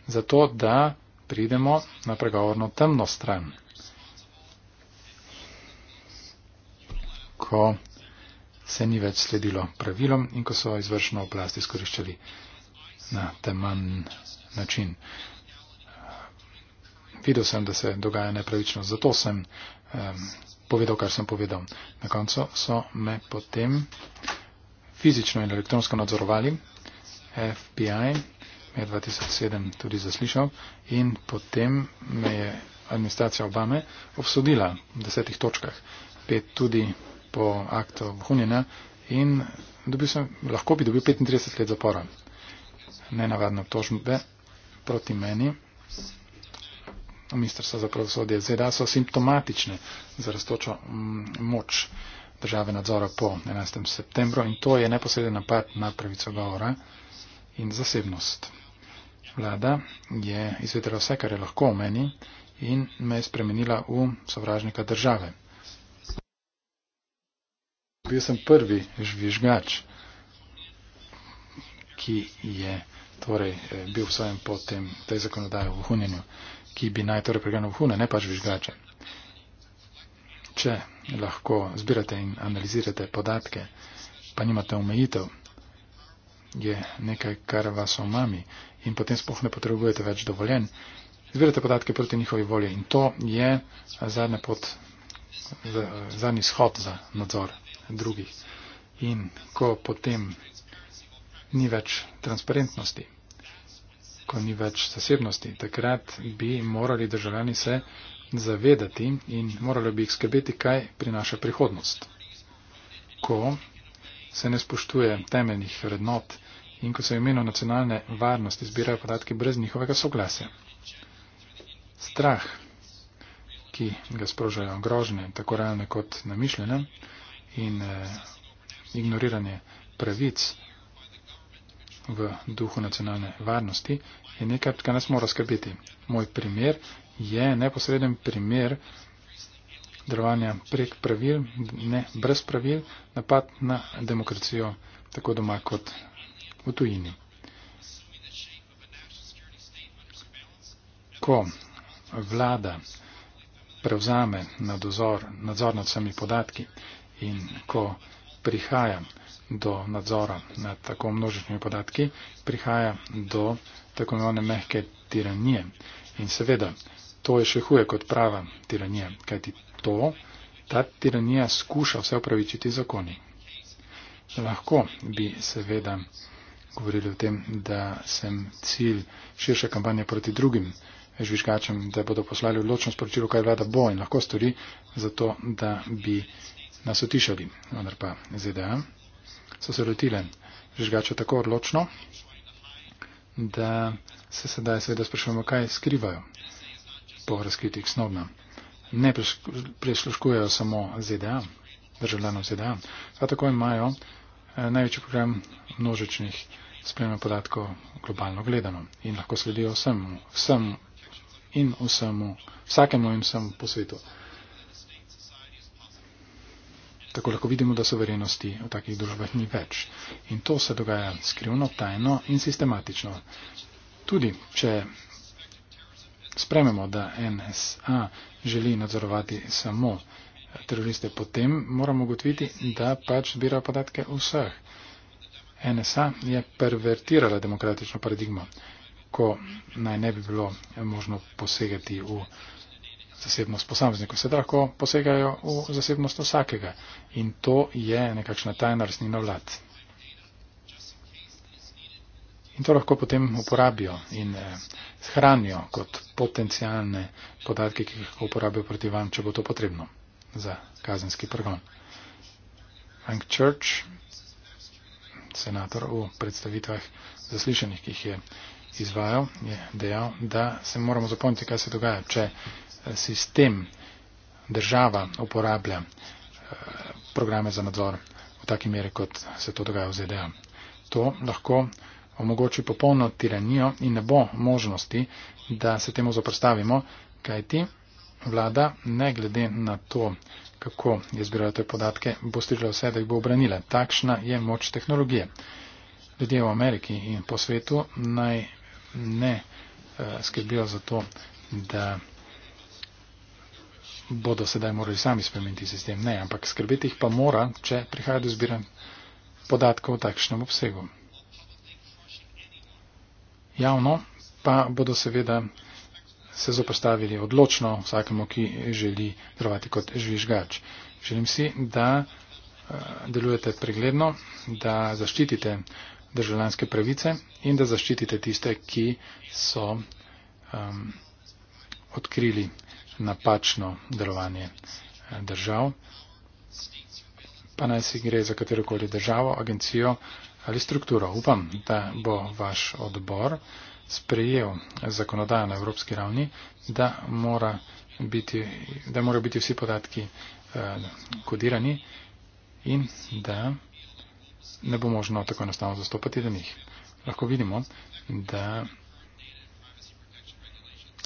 za to, da pridemo na pregovorno temno stran. Ko se ni več sledilo pravilom in ko so izvršno oblast izkoriščali na temen način. Videl sem, da se dogaja nepravično, zato sem um, povedal, kar sem povedal. Na koncu so me potem fizično in elektronsko nadzorovali, FBI, me je 2007 tudi zaslišal in potem me je administracija Obame obsodila v desetih točkah, pet tudi po aktu Hunjena in sem, lahko bi dobil 35 let zapora. Nenavadne obtožbe proti meni ministrstva za pravosodje ZDA so simptomatične za raztočo mm, moč države nadzora po 11. septembru in to je neposreden napad na pravico govora in zasebnost vlada je izvedela vse, kar je lahko o meni in me je spremenila v sovražnika države. Bil sem prvi žvižgač, ki je torej, eh, bil v svojem potem tej zakonodaji v hunjenju, ki bi naj torej preganjal hune, ne pa žvižgače. Če lahko zbirate in analizirate podatke, pa nimate omejitev, je nekaj, kar vas omami in potem spoh ne potrebujete več dovoljen. Izbirate podatke proti njihovi volji in to je zadnja pot, zadnji shod za nadzor drugih. In ko potem ni več transparentnosti, ko ni več zasebnosti, takrat bi morali državljani se zavedati in morali bi jih skrbeti, kaj prinaša prihodnost. Ko se ne spoštuje temeljnih vrednot, in ko se v imenu nacionalne varnosti zbirajo podatki brez njihovega soglasja. Strah, ki ga sprožajo grožne, tako realne kot namišljene, in eh, ignoriranje pravic v duhu nacionalne varnosti je nekaj, kar nas mora skrbiti. Moj primer je neposreden primer delovanja prek pravil, ne brez pravil, napad na demokracijo, tako doma kot v tujini. Ko vlada prevzame nadzor, nadzor nad vsemi podatki in ko prihaja do nadzora nad tako množičnimi podatki, prihaja do tako imenovane mehke tiranije. In seveda, to je še huje kot prava tiranija, kajti to, ta tiranija skuša vse upravičiti zakoni. Lahko bi seveda govorili o tem, da sem cilj širše kampanje proti drugim žvižgačem, da bodo poslali odločno sporočilo, kaj vlada bo in lahko stori, zato da bi nas otišali. Vendar pa ZDA so se lotile žvižgača tako odločno, da se sedaj seveda sprašujemo, kaj skrivajo po razkritih snovna. Ne prisluškujejo samo ZDA, državljanov ZDA, pa tako imajo Eh, največji program množičnih spremljanja podatkov globalno gledano in lahko sledijo vsem, vsem in vsemu, vsakemu in vsem po svetu. Tako lahko vidimo, da soverenosti v takih družbah ni več. In to se dogaja skrivno, tajno in sistematično. Tudi, če sprememo, da NSA želi nadzorovati samo teroriste. Potem moramo ugotoviti, da pač zbira podatke vseh. NSA je pervertirala demokratično paradigmo, ko naj ne bi bilo možno posegati v zasebnost posameznikov. Sedaj lahko posegajo v zasebnost vsakega in to je nekakšna tajna vrstnina vlad. In to lahko potem uporabijo in eh, shranijo kot potencijalne podatke, ki jih uporabijo proti vam, če bo to potrebno za kazenski pregon. Frank Church, senator v predstavitvah zaslišanih, ki jih je izvajal, je dejal, da se moramo zapomniti, kaj se dogaja, če eh, sistem država uporablja eh, programe za nadzor v taki meri, kot se to dogaja v ZDA. To lahko omogoči popolno tiranijo in ne bo možnosti, da se temu zaprstavimo, kajti vlada, ne glede na to, kako je zbirala te podatke, bo strižila vse, da jih bo obranila. Takšna je moč tehnologije. Ljudje v Ameriki in po svetu naj ne uh, skrbijo za to, da bodo sedaj morali sami spremeniti sistem. Ne, ampak skrbeti jih pa mora, če prihaja do zbiran podatkov v takšnem obsegu. Javno pa bodo seveda se zoprstavili odločno vsakemu, ki želi delovati kot žvižgač. Želim si, da eh, delujete pregledno, da zaščitite državljanske pravice in da zaščitite tiste, ki so um, odkrili napačno delovanje eh, držav. Pa naj si gre za katerokoli državo, agencijo ali strukturo. Upam, da bo vaš odbor sprejel zakonodajo na evropski ravni, da mora biti, da mora biti vsi podatki eh, kodirani in da ne bo možno tako enostavno zastopati do njih. Lahko vidimo, da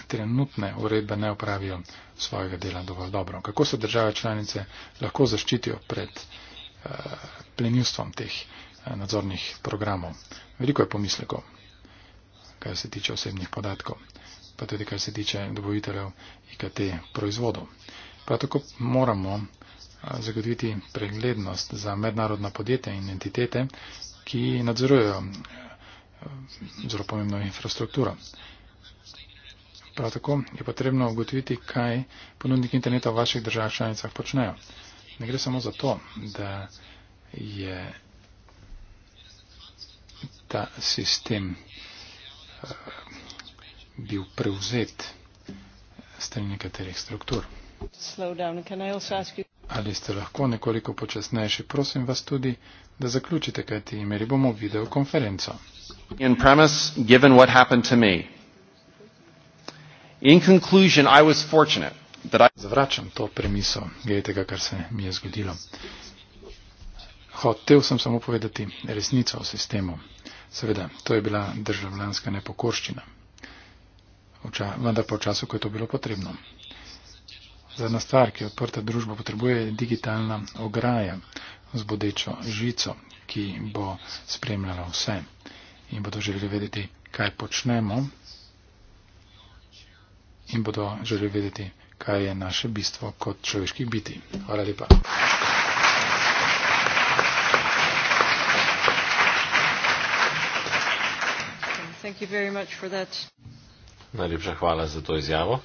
trenutne uredbe ne upravijo svojega dela dovolj dobro. Kako se države članice lahko zaščitijo pred eh, plenilstvom teh eh, nadzornih programov? Veliko je pomislekov kar se tiče osebnih podatkov, pa tudi kar se tiče dobaviteljev IKT proizvodov. Prav tako moramo zagotoviti preglednost za mednarodna podjetja in entitete, ki nadzorujejo zelo pomembno infrastrukturo. Prav tako je potrebno ugotoviti, kaj ponudniki interneta v vaših državah članicah počnejo. Ne gre samo za to, da je ta sistem bil prevzet strani nekaterih struktur. Ali ste lahko nekoliko počasnejši, prosim vas tudi, da zaključite, kajti imeli bomo videokonferenco. Zavračam to premiso, gledajte, kar se mi je zgodilo. Hotel sem samo povedati resnico o sistemu. Seveda, to je bila državljanska nepokorščina, Oča, vendar pa v času, ko je to bilo potrebno. Zadnja stvar, ki jo odprta družba potrebuje, je digitalna ograja z bodečo žico, ki bo spremljala vse in bodo želeli vedeti, kaj počnemo in bodo želeli vedeti, kaj je naše bistvo kot človeških biti. Hvala lepa.
Najlepša hvala za to izjavo.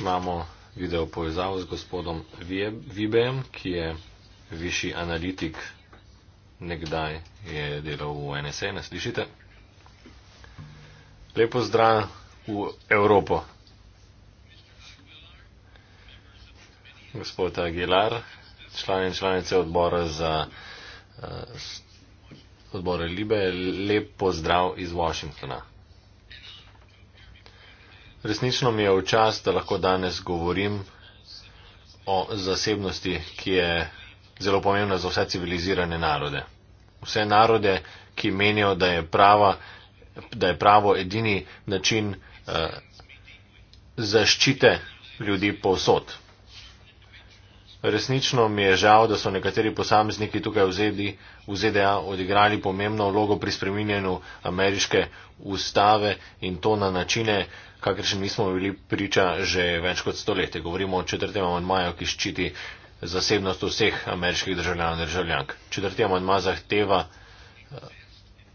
Imamo video povezavo z gospodom Vibem, ki je višji analitik, nekdaj je delal v NSE, ne slišite? Lepo zdrav v Evropo. Gospod Aguilar, član in članice odbora za uh, Odbore Libe, lep pozdrav iz Washingtona. Resnično mi je v čast, da lahko danes govorim o zasebnosti, ki je zelo pomembna za vse civilizirane narode. Vse narode, ki menijo, da je, prava, da je pravo edini način eh, zaščite ljudi povsod. Resnično mi je žal, da so nekateri posamezniki tukaj v ZDA odigrali pomembno vlogo pri spreminjanju ameriške ustave in to na načine, kakršen nismo bili priča že več kot stoletje. Govorimo o četrtem amandmaju, ki ščiti zasebnost vseh ameriških državljanov in državljank. Četrti amandma zahteva eh,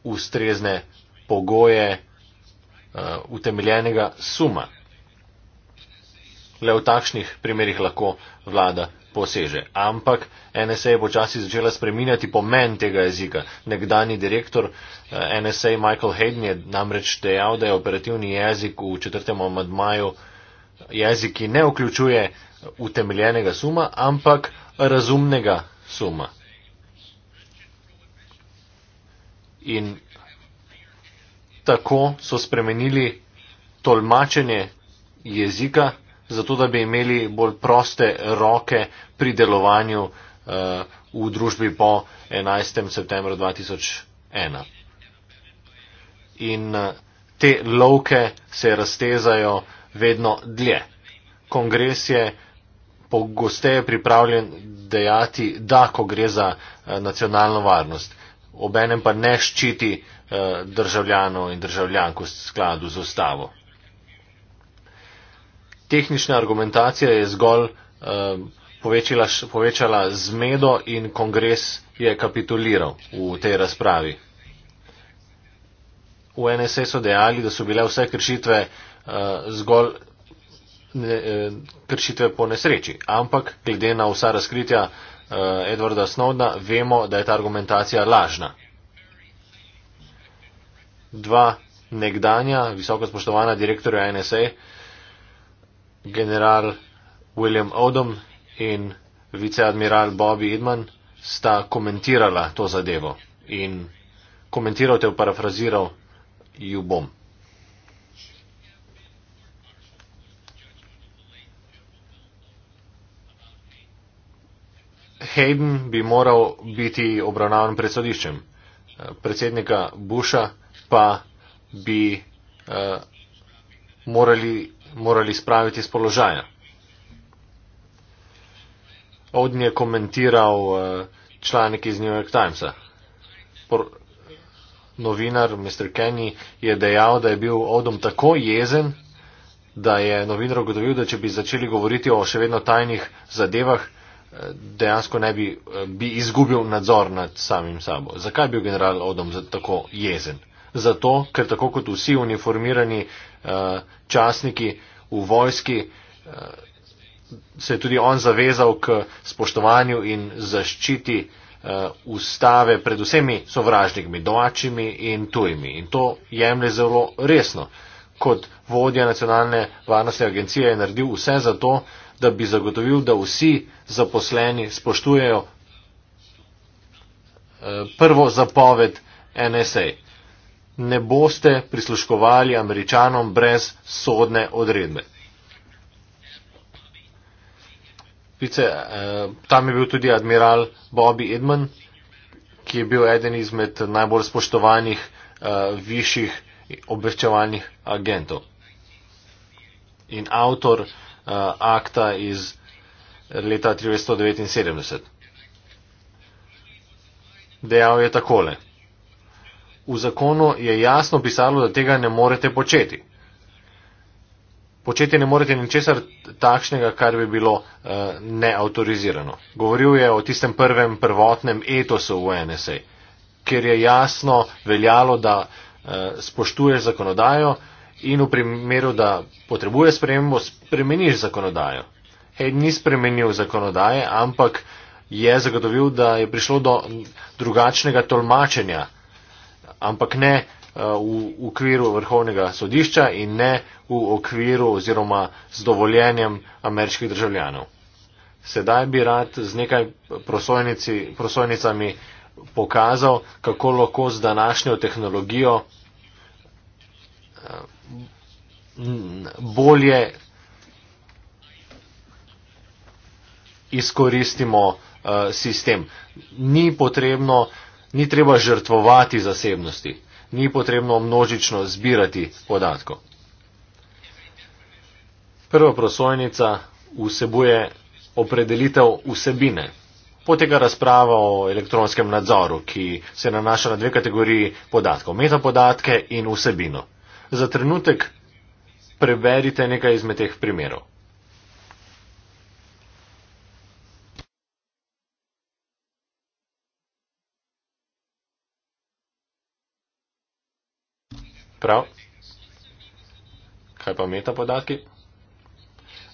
ustrezne pogoje uh, utemeljenega suma. Le v takšnih primerjih lahko vlada poseže. Ampak NSA je počasi začela spreminjati pomen tega jezika. Nekdani direktor eh, NSA Michael Hayden je namreč dejal, da je operativni jezik v četrtem amadmaju jezik, ki ne vključuje utemeljenega suma, ampak razumnega suma. In tako so spremenili tolmačenje jezika zato da bi imeli bolj proste roke pri delovanju uh, v družbi po 11. septembru 2001. In uh, te lovke se raztezajo vedno dlje. Kongres je pogosteje pripravljen dejati, da, ko gre za uh, nacionalno varnost, obenem pa ne ščiti uh, državljanov in državljank v skladu z ustavo tehnična argumentacija je zgolj eh, povečala, povečala zmedo in kongres je kapituliral v tej razpravi. V NSA so dejali, da so bile vse kršitve eh, zgolj eh, kršitve po nesreči. Ampak glede na vsa razkritja Edwarda Snowdna vemo, da je ta argumentacija lažna. Dva nekdanja, visoko spoštovana direktorja NSA, uh, general William Odom in viceadmiral Bobby Edman sta komentirala to zadevo in komentiral te v parafraziral, ju bom. Hayden bi moral biti obravnavan pred sodiščem, predsednika Busha pa bi uh, morali morali spraviti iz položaja. Odn je komentiral eh, članek iz New York Timesa. Por novinar Mr. Kenny je dejal, da je bil Odom tako jezen, da je novinar ugotovil, da če bi začeli govoriti o še vedno tajnih zadevah, eh, dejansko ne bi, eh, bi izgubil nadzor nad samim sabo. Zakaj je bil general Odom tako jezen? zato, ker tako kot vsi uniformirani eh, častniki v vojski eh, se je tudi on zavezal k spoštovanju in zaščiti eh, ustave pred vsemi sovražnikmi, domačimi in tujimi. In to jemlje zelo resno. Kot vodja nacionalne varnostne agencije je naredil vse za to, da bi zagotovil, da vsi zaposleni spoštujejo prvo zapoved NSA ne boste prisluškovali američanom brez sodne odredbe. Pice, eh, tam je bil tudi admiral Bobby Edman, ki je bil eden izmed najbolj spoštovanih eh, višjih obveščevalnih agentov in avtor eh, akta iz leta 1979. Dejal je takole v zakonu je jasno pisalo, da tega ne morete početi. Početi ne morete ničesar takšnega, kar bi bilo uh, eh, neautorizirano. Govoril je o tistem prvem prvotnem etosu v NSA, kjer je jasno veljalo, da uh, spoštuješ zakonodajo in v primeru, da potrebuje spremembo, spremeniš zakonodajo. Hej, ni spremenil zakonodaje, ampak je zagotovil, da je prišlo do drugačnega tolmačenja ampak ne eh, v okviru vrhovnega sodišča in ne v okviru oziroma z dovoljenjem ameriških državljanov. Sedaj bi rad z nekaj prosojnicami pokazal, kako lahko z današnjo tehnologijo eh, bolje izkoristimo eh, sistem. Ni potrebno ni treba žrtvovati zasebnosti, ni potrebno množično zbirati podatkov. Prva prosojnica vsebuje opredelitev vsebine. Poteka razprava o elektronskem nadzoru, ki se nanaša na dve kategoriji podatkov, metapodatke in vsebino. Za trenutek preberite nekaj izmed teh primerov. Prav. Kaj pa meta podatki?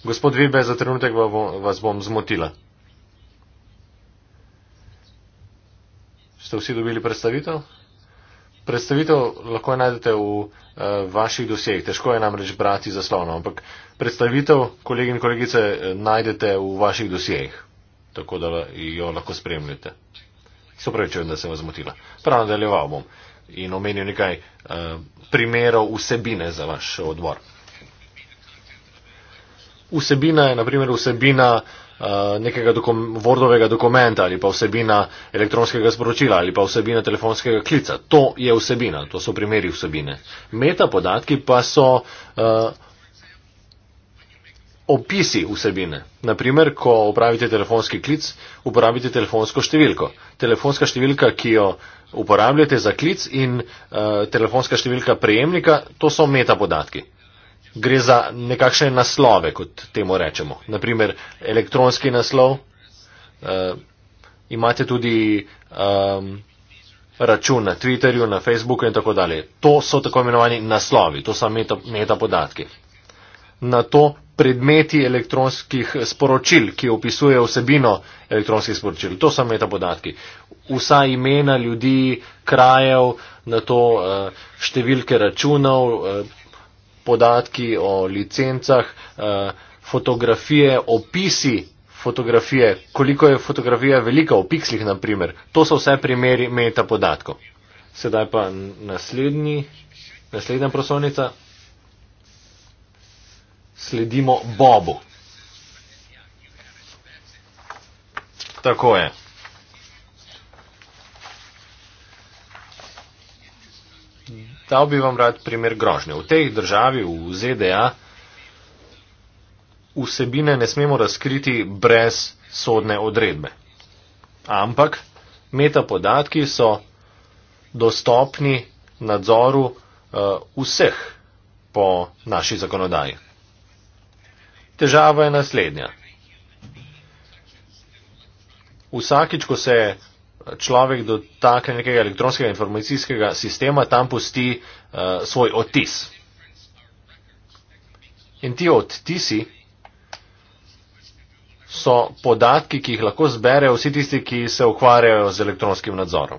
Gospod Vibe, za trenutek vas bom zmotila. Ste vsi dobili predstavitev? Predstavitev lahko najdete v uh, vaših dosjejih. Težko je nam reči brati zaslonov, ampak predstavitev, kolegi in kolegice, eh, najdete v vaših dosjejih, tako da jo lahko spremljate. Se pravi, če vem, da sem vas zmotila. Prav nadaljeval bom. Uh, in omenil nekaj eh, primerov vsebine za vaš odbor. Vsebina je naprimer vsebina eh, nekega dokum, Wordovega dokumenta ali pa vsebina elektronskega sporočila ali pa vsebina telefonskega klica. To je vsebina, to so primeri vsebine. Metapodatki pa so uh, opisi vsebine. Naprimer, ko upravite telefonski klic, uporabite telefonsko številko. Telefonska številka, ki jo uporabljate za klic in uh, telefonska številka prejemnika, to so metapodatki. Gre za nekakšne naslove, kot temu rečemo. Naprimer, elektronski naslov. Uh, imate tudi um, račun na Twitterju, na Facebooku in tako dalje. To so tako imenovani naslovi, to so metapodatki. Meta na to predmeti elektronskih sporočil, ki opisujejo vsebino elektronskih sporočil. To so metapodatki. Vsa imena ljudi, krajev, na to eh, številke računov, eh, podatki o licencah, eh, fotografije, opisi fotografije, koliko je fotografija velika v pikslih, naprimer. To so vse primeri metapodatkov. Sedaj pa naslednji, naslednja prosovnica sledimo Bobu. Tako je. Dal bi vam rad primer grožnje. V tej državi, v ZDA, vsebine ne smemo razkriti brez sodne odredbe. Ampak metapodatki so dostopni nadzoru uh, vseh po naši zakonodaji. Težava je naslednja. Vsakič, ko se človek dotakne nekega elektronskega informacijskega sistema, tam pusti uh, svoj otis. In ti odtisi so podatki, ki jih lahko zberejo vsi tisti, ki se ukvarjajo z elektronskim nadzorom.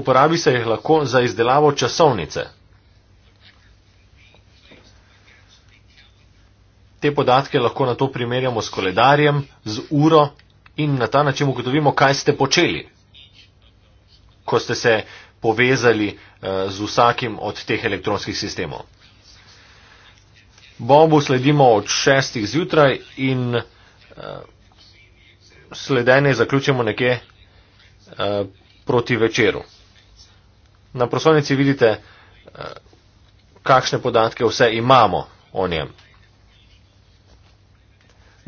Uporabi se jih lahko za izdelavo časovnice. Te podatke lahko na to primerjamo s koledarjem, z uro in na ta način ugotovimo, kaj ste počeli, ko ste se povezali eh, z vsakim od teh elektronskih sistemov. Bobu sledimo od šestih zjutraj in eh, sledenje zaključimo nekje eh, proti večeru. Na prosovnici vidite, kakšne podatke vse imamo o njem.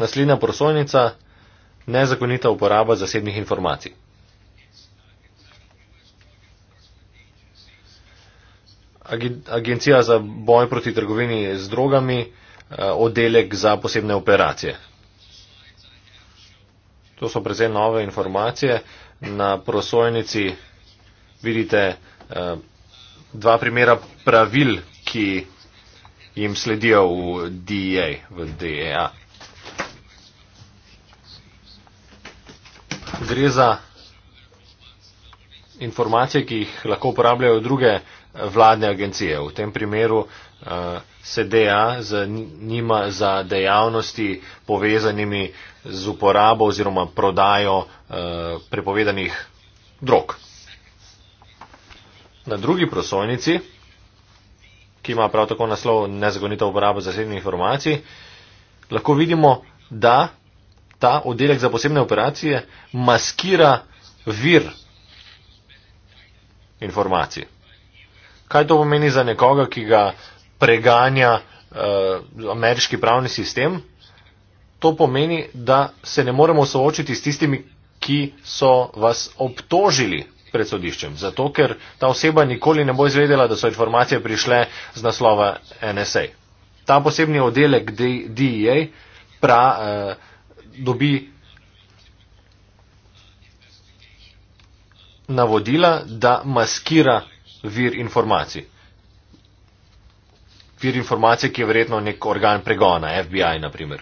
Naslednja prosojnica - nezakonita uporaba zasebnih informacij. Agencija za boj proti trgovini z drogami, eh, oddelek za posebne operacije. To so precej nove informacije. Na prosojnici vidite eh, dva primera pravil, ki jim sledijo v DEA. V DEA. gre za informacije, ki jih lahko uporabljajo druge eh, vladne agencije. V tem primeru uh, se DA z njima za dejavnosti povezanimi z uporabo oziroma prodajo uh, prepovedanih drog. Na drugi prosojnici, ki ima prav tako naslov nezakonita uporaba zasebnih informacij, lahko vidimo, da ta oddelek za posebne operacije maskira vir informacij. Kaj to pomeni za nekoga, ki ga preganja uh, ameriški pravni sistem? To pomeni, da se ne moremo soočiti s tistimi, ki so vas obtožili pred sodiščem, zato ker ta oseba nikoli ne bo izvedela, da so informacije prišle z naslova NSA. Ta posebni oddelek DEA pravi, uh, eh, dobi navodila, da maskira vir informacij. Vir informacije, ki je verjetno nek organ pregona, FBI naprimer.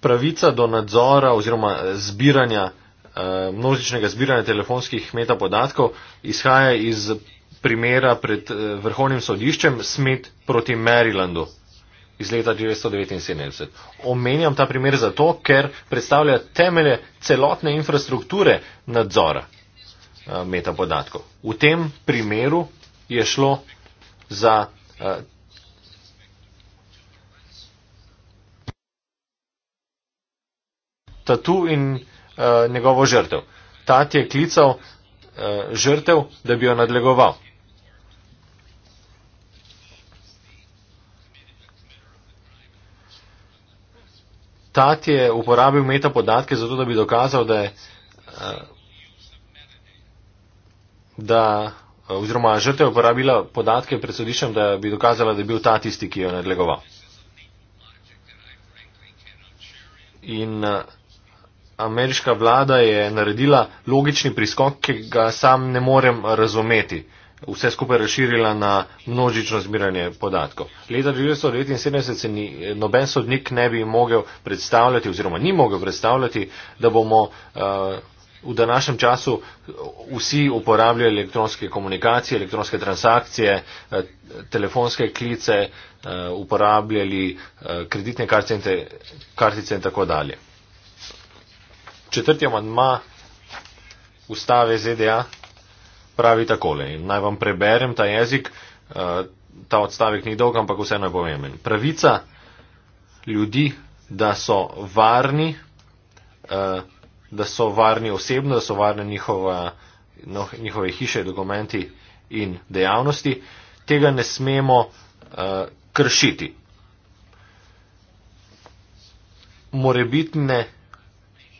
Pravica do nadzora oziroma zbiranja, eh, množičnega zbiranja telefonskih metapodatkov izhaja iz primera pred eh, vrhovnim sodiščem Smith proti Marylandu iz leta 1979. Omenjam ta primer zato, ker predstavlja temelje celotne infrastrukture nadzora eh, metapodatkov. V tem primeru je šlo za. Eh, tatu in uh, njegovo žrtev. Tat je klical uh, žrtev, da bi jo nadlegoval. Tat je uporabil metapodatke zato, da bi dokazal, da je, eh, da, eh, oziroma žrtev uporabila podatke pred sodiščem, da bi dokazala, da je bil ta tisti, ki jo je nadlegoval. In eh, ameriška vlada je naredila logični priskok, ki ga sam ne morem razumeti vse skupaj razširila na množično zbiranje podatkov. Leta 1979 se ni, noben sodnik ne bi mogel predstavljati oziroma ni mogel predstavljati, da bomo uh, v današnjem času eh, vsi uporabljali elektronske komunikacije, elektronske transakcije, uh, telefonske klice, uh, uporabljali uh, kreditne kartice in, te, kartice in tako dalje. Četrti amandma ustave ZDA pravi takole. In naj vam preberem ta jezik, eh, ta odstavek ni dolg, ampak vseeno je pomemben. Pravica ljudi, da so varni, eh, da so varni osebno, da so varne njihova, njihove hiše, dokumenti in dejavnosti, tega ne smemo eh, kršiti. Morebitne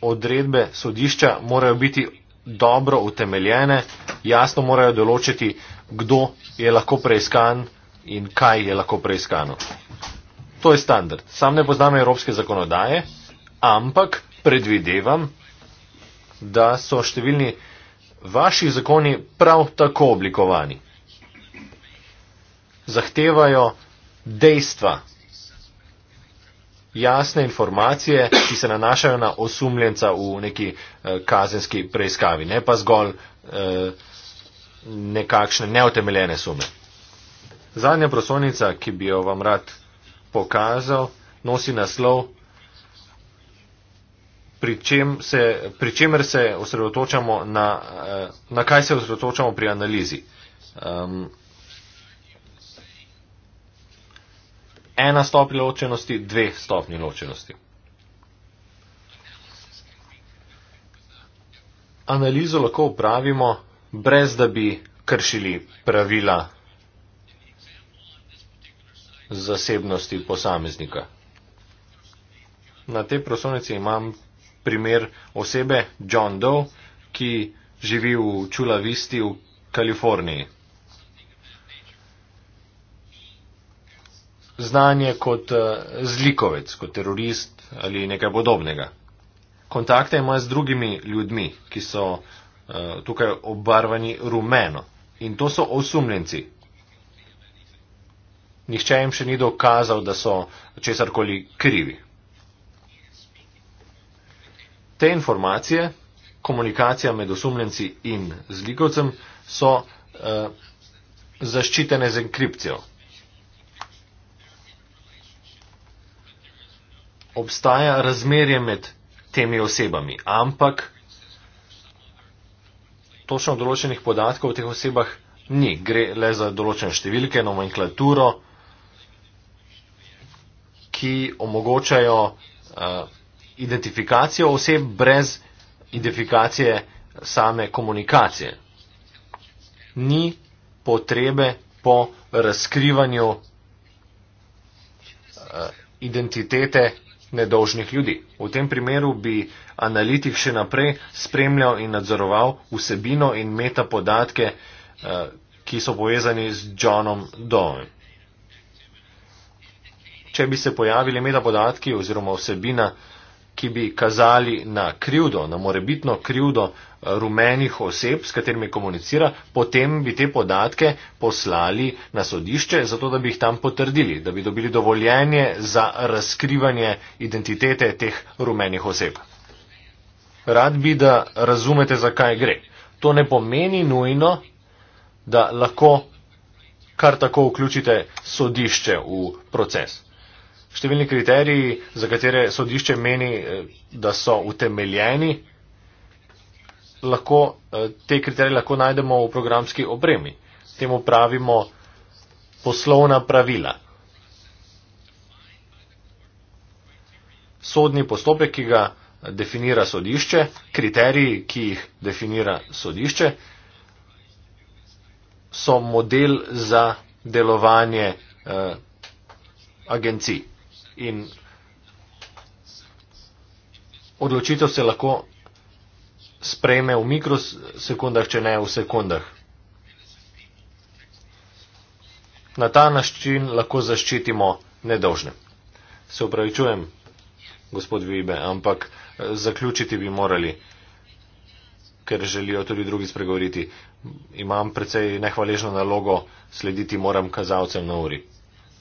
odredbe sodišča morajo biti dobro utemeljene, jasno morajo določiti, kdo je lahko preiskan in kaj je lahko preiskano. To je standard. Sam ne poznam evropske zakonodaje, ampak predvidevam, da so številni vaši zakoni prav tako oblikovani. Zahtevajo dejstva, jasne informacije, ki se nanašajo na osumljenca v neki eh, kazenski preiskavi, ne pa zgolj eh, nekakšne neotemeljene sume. Zadnja prosonica, ki bi jo vam rad pokazal, nosi naslov, pri, čem se, pri čemer se osredotočamo na, eh, na kaj se osredotočamo pri analizi. Ehm, ena stopnja ločenosti, dve stopnje ločenosti. Analizo lahko upravimo, brez da bi kršili pravila zasebnosti posameznika. Na tej prosonici imam primer osebe John Doe, ki živi v Čula Visti v Kaliforniji. znanje kot eh, zlikovec, kot terorist ali nekaj podobnega. Kontakte ima z drugimi ljudmi, ki so eh, tukaj obarvani rumeno in to so osumljenci. Nihče jim še ni dokazal, da so česarkoli krivi. Te informacije, komunikacija med osumljenci in zlikovcem so uh, zaščitene z enkripcijo, obstaja razmerje med temi osebami, ampak točno določenih podatkov o teh osebah ni. Gre le za določene številke, nomenklaturo, ki omogočajo uh, identifikacijo oseb brez identifikacije same komunikacije. Ni potrebe po razkrivanju eh, identitete nedožnih ljudi. V tem primeru bi analitik še naprej spremljal in nadzoroval vsebino in meta podatke, eh, ki so povezani z Johnom Doe. Če bi se pojavili meta podatki oziroma vsebina, ki bi kazali na krivdo, na morebitno krivdo eh, rumenih oseb, s katerimi komunicira, potem bi te podatke poslali na sodišče, zato da bi jih tam potrdili, da bi dobili dovoljenje za razkrivanje identitete teh rumenih oseb. Rad bi, da razumete, zakaj gre. To ne pomeni nujno, da lahko kar tako vključite sodišče v proces številni kriteriji, za katere sodišče meni, eh, da so utemeljeni, lahko, eh, te kriterije lahko najdemo v programski opremi. Temu pravimo poslovna pravila. Sodni postopek, ki ga eh, definira sodišče, kriteriji, ki jih definira sodišče, so model za delovanje eh, agencij in odločitev se lahko sprejme v mikrosekundah, če ne v sekundah. Na ta način lahko zaščitimo nedolžne. Se upravičujem, gospod Vibe, ampak eh, zaključiti bi morali, ker želijo tudi drugi spregovoriti. Imam precej nehvaležno nalogo slediti moram kazalcem na uri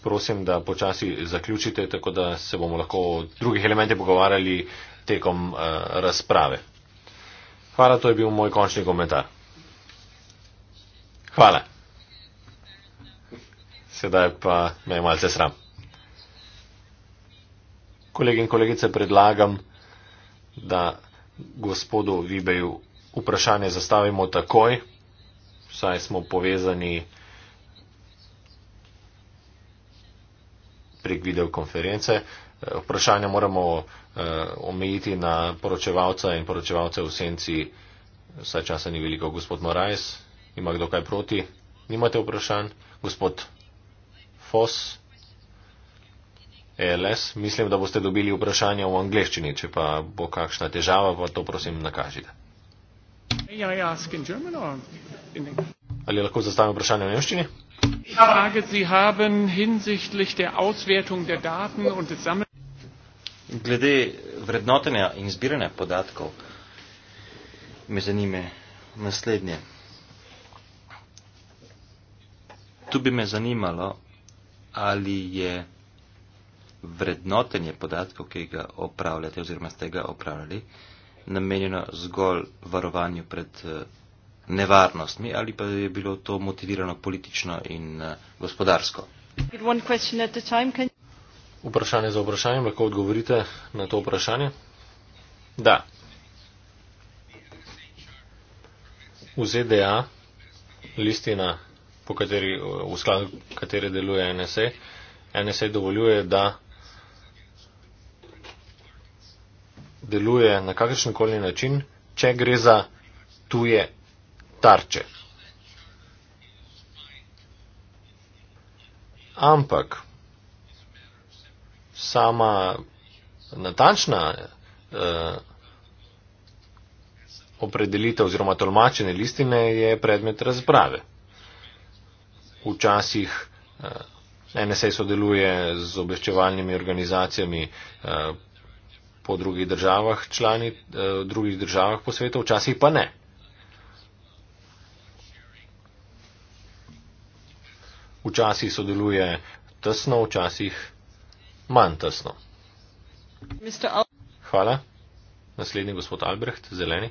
prosim, da počasi zaključite, tako da se bomo lahko o drugih elementih pogovarjali tekom uh, razprave. Hvala, to je bil moj končni komentar. Hvala. Sedaj pa me je malce sram. Kolegi in kolegice, predlagam, da gospodu Vibeju vprašanje zastavimo takoj, saj smo povezani. prek videokonference. Eh, vprašanja moramo eh, omejiti na poročevalca in poročevalce v senci. Vsa časa ni veliko. Gospod Morajs, ima kdo kaj proti? Nimate vprašanj? Gospod Fos, ELS, mislim, da boste dobili vprašanja v angleščini. Če pa bo kakšna težava, pa to prosim nakažite.
May I ask in German or in
English?
Ali lahko zastavim vprašanje
v nemščini? Glede vrednotenja in zbiranja podatkov me zanime naslednje. Tu bi me zanimalo, ali je vrednotenje podatkov, ki ga opravljate oziroma ste ga opravljali, namenjeno zgolj varovanju pred eh, nevarnostmi ali pa je bilo to motivirano politično in eh, gospodarsko.
Vprašanje za vprašanje, lahko odgovorite na to vprašanje? Da. V ZDA listina, kateri, v skladu katere deluje NSA, NSA dovoljuje, da deluje na kakršen koli način, če gre za tuje tarče. Ampak sama natančna eh, opredelitev oziroma tolmačene listine je predmet razprave. Včasih eh, NSA sodeluje z obveščevalnimi organizacijami eh, po drugih državah, člani, eh, drugih državah po svetu, včasih pa ne. včasih sodeluje tesno, včasih manj tesno. Hvala. Naslednji gospod Albrecht, zeleni.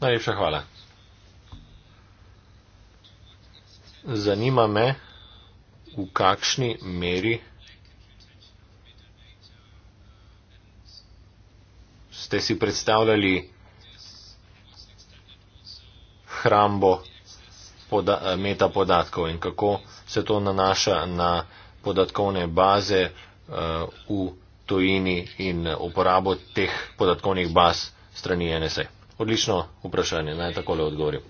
Najlepša hvala. Zanima me, v kakšni meri ste si predstavljali hrambo poda, eh, meta podatkov in kako se to nanaša na podatkovne baze uh, v tojini in uporabo teh podatkovnih baz strani NSA. Odlično vprašanje, naj takole odgovorim.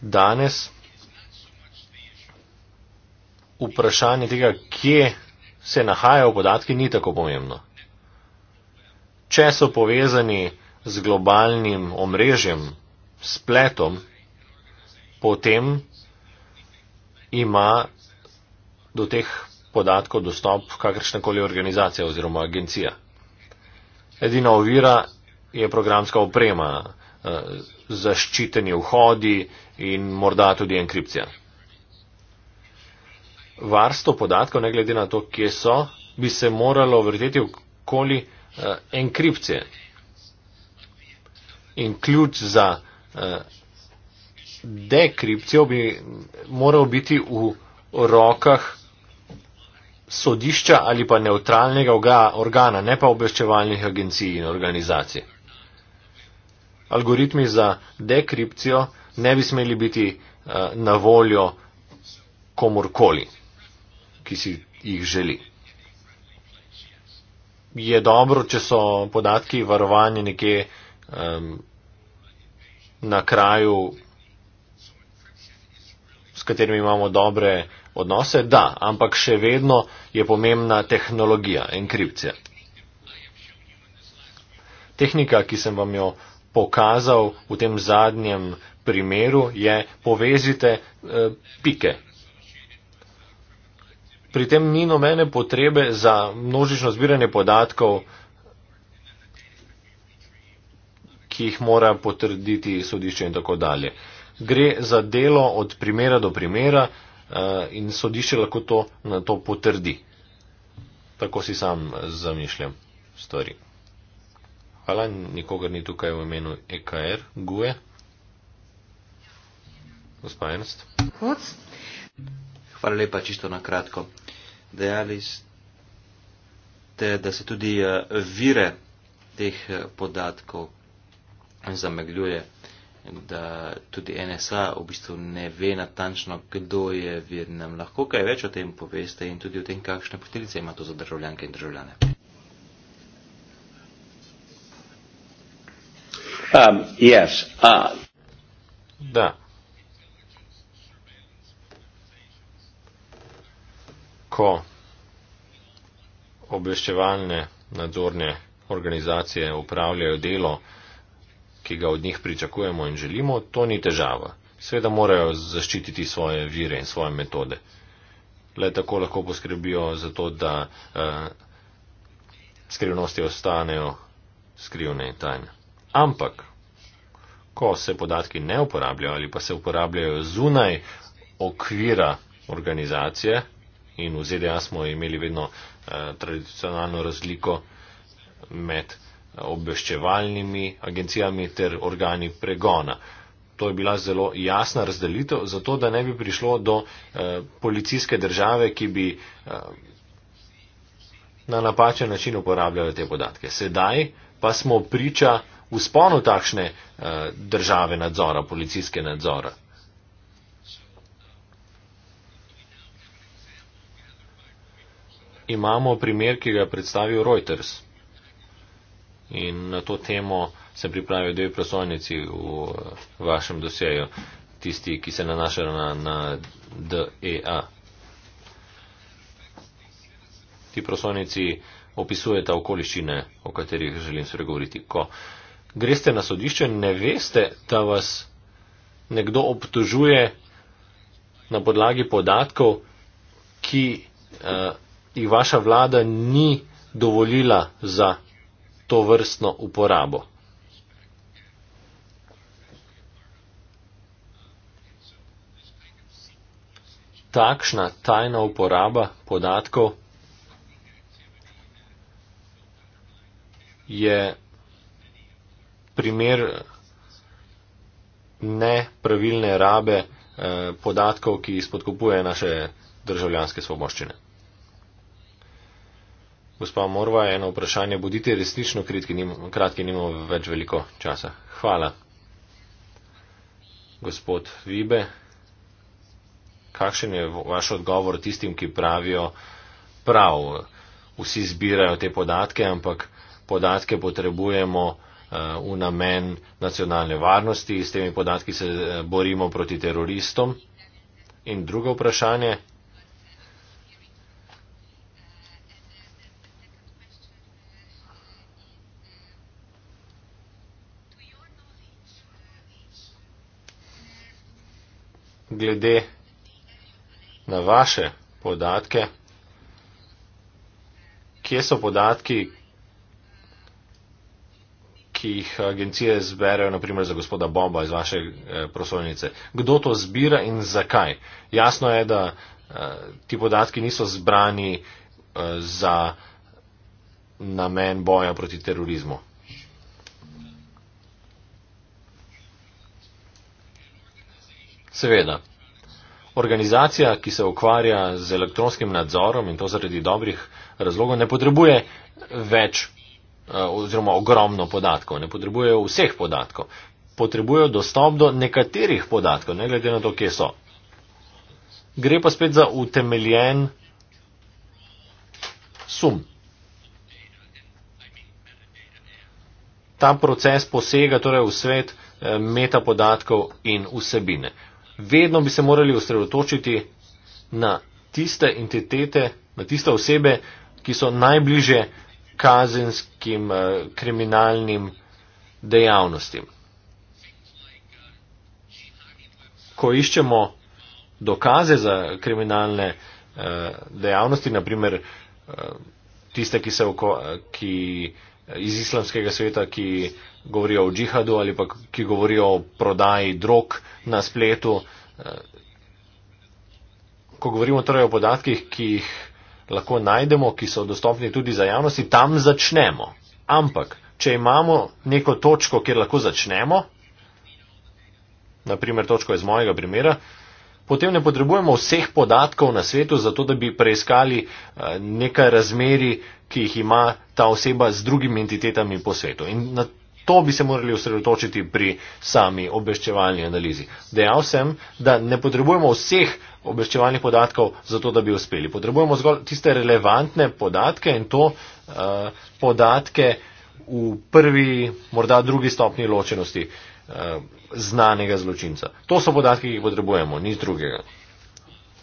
Danes vprašanje tega, kje se nahajajo podatki, ni tako pomembno. Če so povezani z globalnim omrežjem spletom, potem ima do teh podatkov dostop kakršnakoli organizacija oziroma agencija. Edina ovira je programska oprema, eh, zaščiteni vhodi in morda tudi enkripcija. Varstvo podatkov, ne glede na to, kje so, bi se moralo vrteti okoli eh, enkripcije. In ključ za dekripcijo bi moral biti v rokah sodišča ali pa neutralnega organa, ne pa obveščevalnih agencij in organizacij. Algoritmi za dekripcijo ne bi smeli biti eh, na voljo komorkoli, ki si jih želi. Je dobro, če so podatki varovani nekje um, na kraju, s katerimi imamo dobre odnose, da, ampak še vedno je pomembna tehnologija, enkripcija. Tehnika, ki sem vam jo pokazal v tem zadnjem primeru, je povezite eh, pike. Pri tem ni nobene potrebe za množično zbiranje podatkov eh, ki jih mora potrditi sodišče in tako dalje. Gre za delo od primera do primera eh, in sodišče lahko to na to potrdi. Tako si sam eh, zamišljam stvari. Hvala, nikogar ni tukaj v imenu EKR, GUE.
Gospa Ernst. Hvala lepa, čisto na kratko. Dejali ste, da se tudi eh, vire teh podatkov zamegljuje, da tudi NSA v bistvu ne ve natančno, kdo je Vietnam. Lahko kaj več o tem poveste in tudi o tem, kakšne potilice ima to za državljanke in državljane.
Um, yes, uh. Da. Ko obveščevalne nadzorne organizacije upravljajo delo, ki ga od njih pričakujemo in želimo, to ni težava. Seveda morajo zaščititi svoje vire in svoje metode. Le tako lahko poskrbijo za to, da eh, skrivnosti ostanejo skrivne in tajne. Ampak, ko se podatki ne uporabljajo ali pa se uporabljajo zunaj okvira organizacije, in v ZDA smo imeli vedno eh, tradicionalno razliko med obveščevalnimi agencijami ter organi pregona. To je bila zelo jasna razdelitev, zato da ne bi prišlo do eh, policijske države, ki bi eh, na napačen način uporabljala te podatke. Sedaj pa smo priča usponu takšne eh, države nadzora, policijske nadzora. Imamo primer, ki ga je predstavil Reuters. In na to temo sem pripravil dve prosojnici v vašem dosjeju, tisti, ki se nanašajo na, na DEA. Ti prosojnici opisujete okoliščine, o katerih želim spregovoriti. Ko greste na sodišče, ne veste, da vas nekdo obtožuje na podlagi podatkov, ki uh, jih vaša vlada ni dovolila za to vrstno uporabo. Takšna tajna uporaba podatkov je primer nepravilne rabe eh, podatkov, ki spodkupuje naše državljanske svoboščine. Gospa Morva, eno vprašanje. Bodite resnično kratki, nimamo več veliko časa. Hvala. Gospod Vibe, kakšen je vaš odgovor tistim, ki pravijo prav? Vsi zbirajo te podatke, ampak podatke potrebujemo eh, v namen nacionalne varnosti, s temi podatki se eh, borimo proti teroristom. In drugo vprašanje. glede na vaše podatke, kje so podatki, ki jih agencije zberejo, naprimer za gospoda Bomba iz vaše eh, prosojnice. Kdo to zbira in zakaj? Jasno je, da eh, ti podatki niso zbrani eh, za namen boja proti terorizmu. Seveda. Organizacija, ki se ukvarja z elektronskim nadzorom in to zaradi dobrih razlogov, ne potrebuje več eh, oziroma ogromno podatkov, ne potrebuje vseh podatkov, potrebuje dostop do nekaterih podatkov, ne glede na to, kje so. Gre pa spet za utemeljen sum. Ta proces posega torej v svet eh, metapodatkov in vsebine vedno bi se morali osredotočiti na tiste entitete, na tiste osebe, ki so najbliže kazenskim eh, kriminalnim dejavnostim. Ko iščemo dokaze za kriminalne eh, dejavnosti, naprimer eh, tiste, ki se oko, ki iz islamskega sveta, ki govorijo o džihadu ali pa ki govorijo o prodaji drog na spletu. Eh, ko govorimo torej o podatkih, ki jih lahko najdemo, ki so dostopni tudi za javnosti, tam začnemo. Ampak, če imamo neko točko, kjer lahko začnemo, naprimer točko iz mojega primera, potem ne potrebujemo vseh podatkov na svetu, zato da bi preiskali eh, nekaj razmeri, ki jih ima ta oseba z drugimi entitetami po svetu. In na To bi se morali osredotočiti pri sami obveščevalni analizi. Dejal sem, da ne potrebujemo vseh obveščevalnih podatkov za to, da bi uspeli. Potrebujemo zgolj tiste relevantne podatke in to uh, podatke v prvi, morda drugi stopni ločenosti uh, znanega zločinca. To so podatke, ki jih potrebujemo, nič drugega.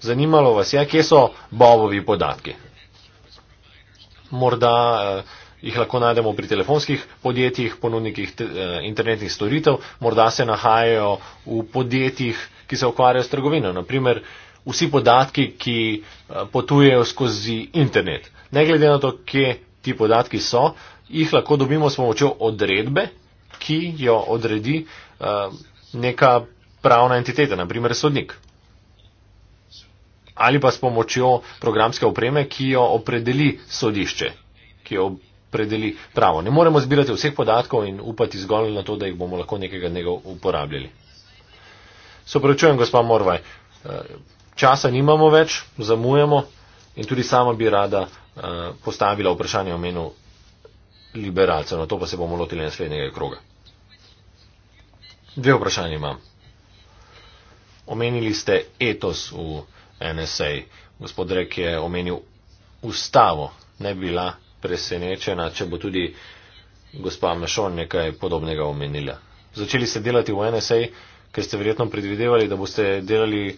Zanimalo vas je, kje so bobovi podatki. Morda. Uh, jih lahko najdemo pri telefonskih podjetjih, ponudnikih eh, internetnih storitev, morda se nahajajo v podjetjih, ki se ukvarjajo s trgovino. Naprimer, vsi podatki, ki eh, potujejo skozi internet. Ne glede na to, kje ti podatki so, jih lahko dobimo s pomočjo odredbe, ki jo odredi eh, neka pravna entiteta, naprimer sodnik. Ali pa s pomočjo programske opreme, ki jo opredeli sodišče, ki jo predeli pravo. Ne moremo zbirati vseh podatkov in upati zgolj na to, da jih bomo lahko nekega dne uporabljali. Sopravičujem, gospa Morvaj, eh, časa nimamo več, zamujamo in tudi sama bi rada eh, postavila vprašanje o menu liberalcev. Na to pa se bomo lotili naslednjega kroga. Dve vprašanje imam. Omenili ste etos v NSA. Gospod Rek je omenil ustavo. Ne bila presenečena, če bo tudi gospa Mešon nekaj podobnega omenila. Začeli ste delati v NSA, ker ste verjetno predvidevali, da boste delali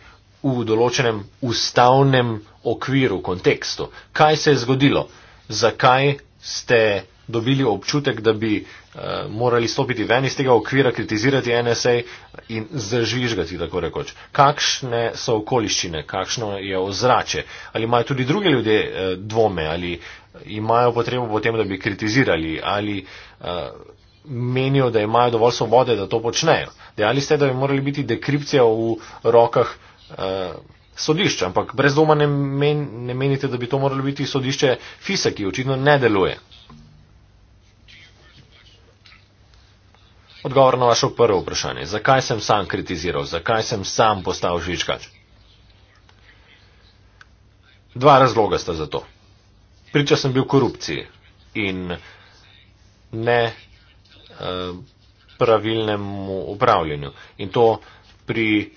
v določenem ustavnem okviru, kontekstu. Kaj se je zgodilo? Zakaj ste dobili občutek, da bi uh, morali stopiti ven iz tega okvira, kritizirati NSA in zažvižgati, tako rekoč. Kakšne so okoliščine, kakšno je ozrače, ali imajo tudi druge ljudje uh, dvome, ali uh, imajo potrebo potem, da bi kritizirali ali eh, menijo, da imajo dovolj svobode, da to počnejo. Dejali ste, da bi morali biti dekripcija v rokah eh, sodišča, ampak brez doma ne, men, ne menite, da bi to moralo biti sodišče FISA, ki očitno ne deluje. Odgovor na vašo prvo vprašanje. Zakaj sem sam kritiziral? Zakaj sem sam postal žvičkač? Dva razloga sta za to priča sem bil korupciji in ne eh, pravilnemu upravljanju. In to pri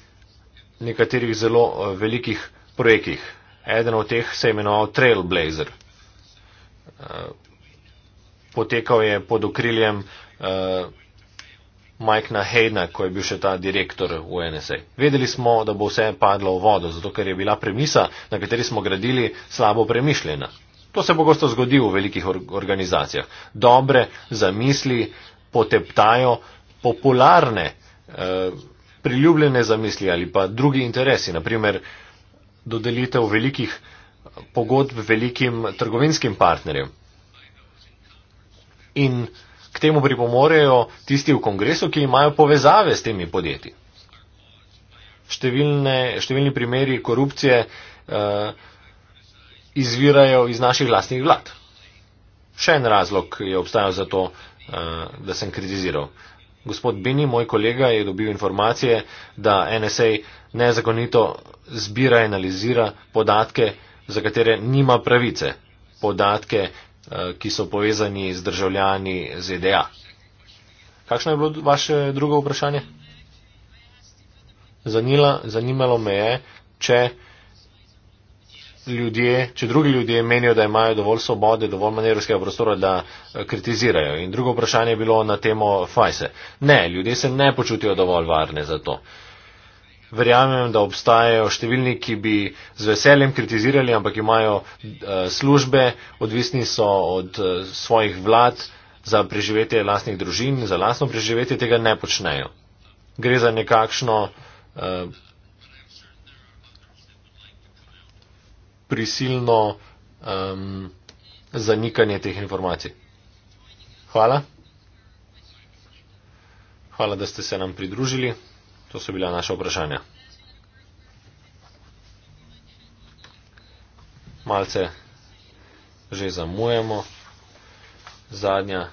nekaterih zelo eh, velikih projektih. Eden od teh se je imenoval Trailblazer. Eh, potekal je pod okriljem Majkna Hejna, ko je bil še ta direktor v NSA. Vedeli smo, da bo vse padlo v vodo, zato ker je bila premisa, na kateri smo gradili, slabo premišljena. To se pogosto zgodi v velikih organizacijah. Dobre zamisli poteptajo popularne, eh, priljubljene zamisli ali pa drugi interesi, naprimer dodelitev velikih eh, pogodb velikim trgovinskim partnerjem. In k temu pripomorejo tisti v kongresu, ki imajo povezave s temi podjetji. Številne, številni primeri korupcije. Uh, izvirajo iz naših vlastnih vlad. Še en razlog je obstajal za to, eh, da sem kritiziral. Gospod Bini, moj kolega, je dobil informacije, da NSA nezakonito zbira in analizira podatke, za katere nima pravice. Podatke, eh, ki so povezani z državljani ZDA. Kakšno je bilo vaše drugo vprašanje? Zanila, zanimalo me je, če ljudje, če drugi ljudje menijo, da imajo dovolj svobode, dovolj manevrskega prostora, da eh, kritizirajo. In drugo vprašanje je bilo na temo fajse. Ne, ljudje se ne počutijo dovolj varne za to. Verjamem, da obstajajo številni, ki bi z veseljem kritizirali, ampak imajo eh, službe, odvisni so od eh, svojih vlad za preživetje lastnih družin, za lastno preživetje tega ne počnejo. Gre za nekakšno prisilno um, zanikanje teh informacij. Hvala. Hvala, da ste se nam pridružili. To so bila naša vprašanja. Malce že zamujamo. Zadnja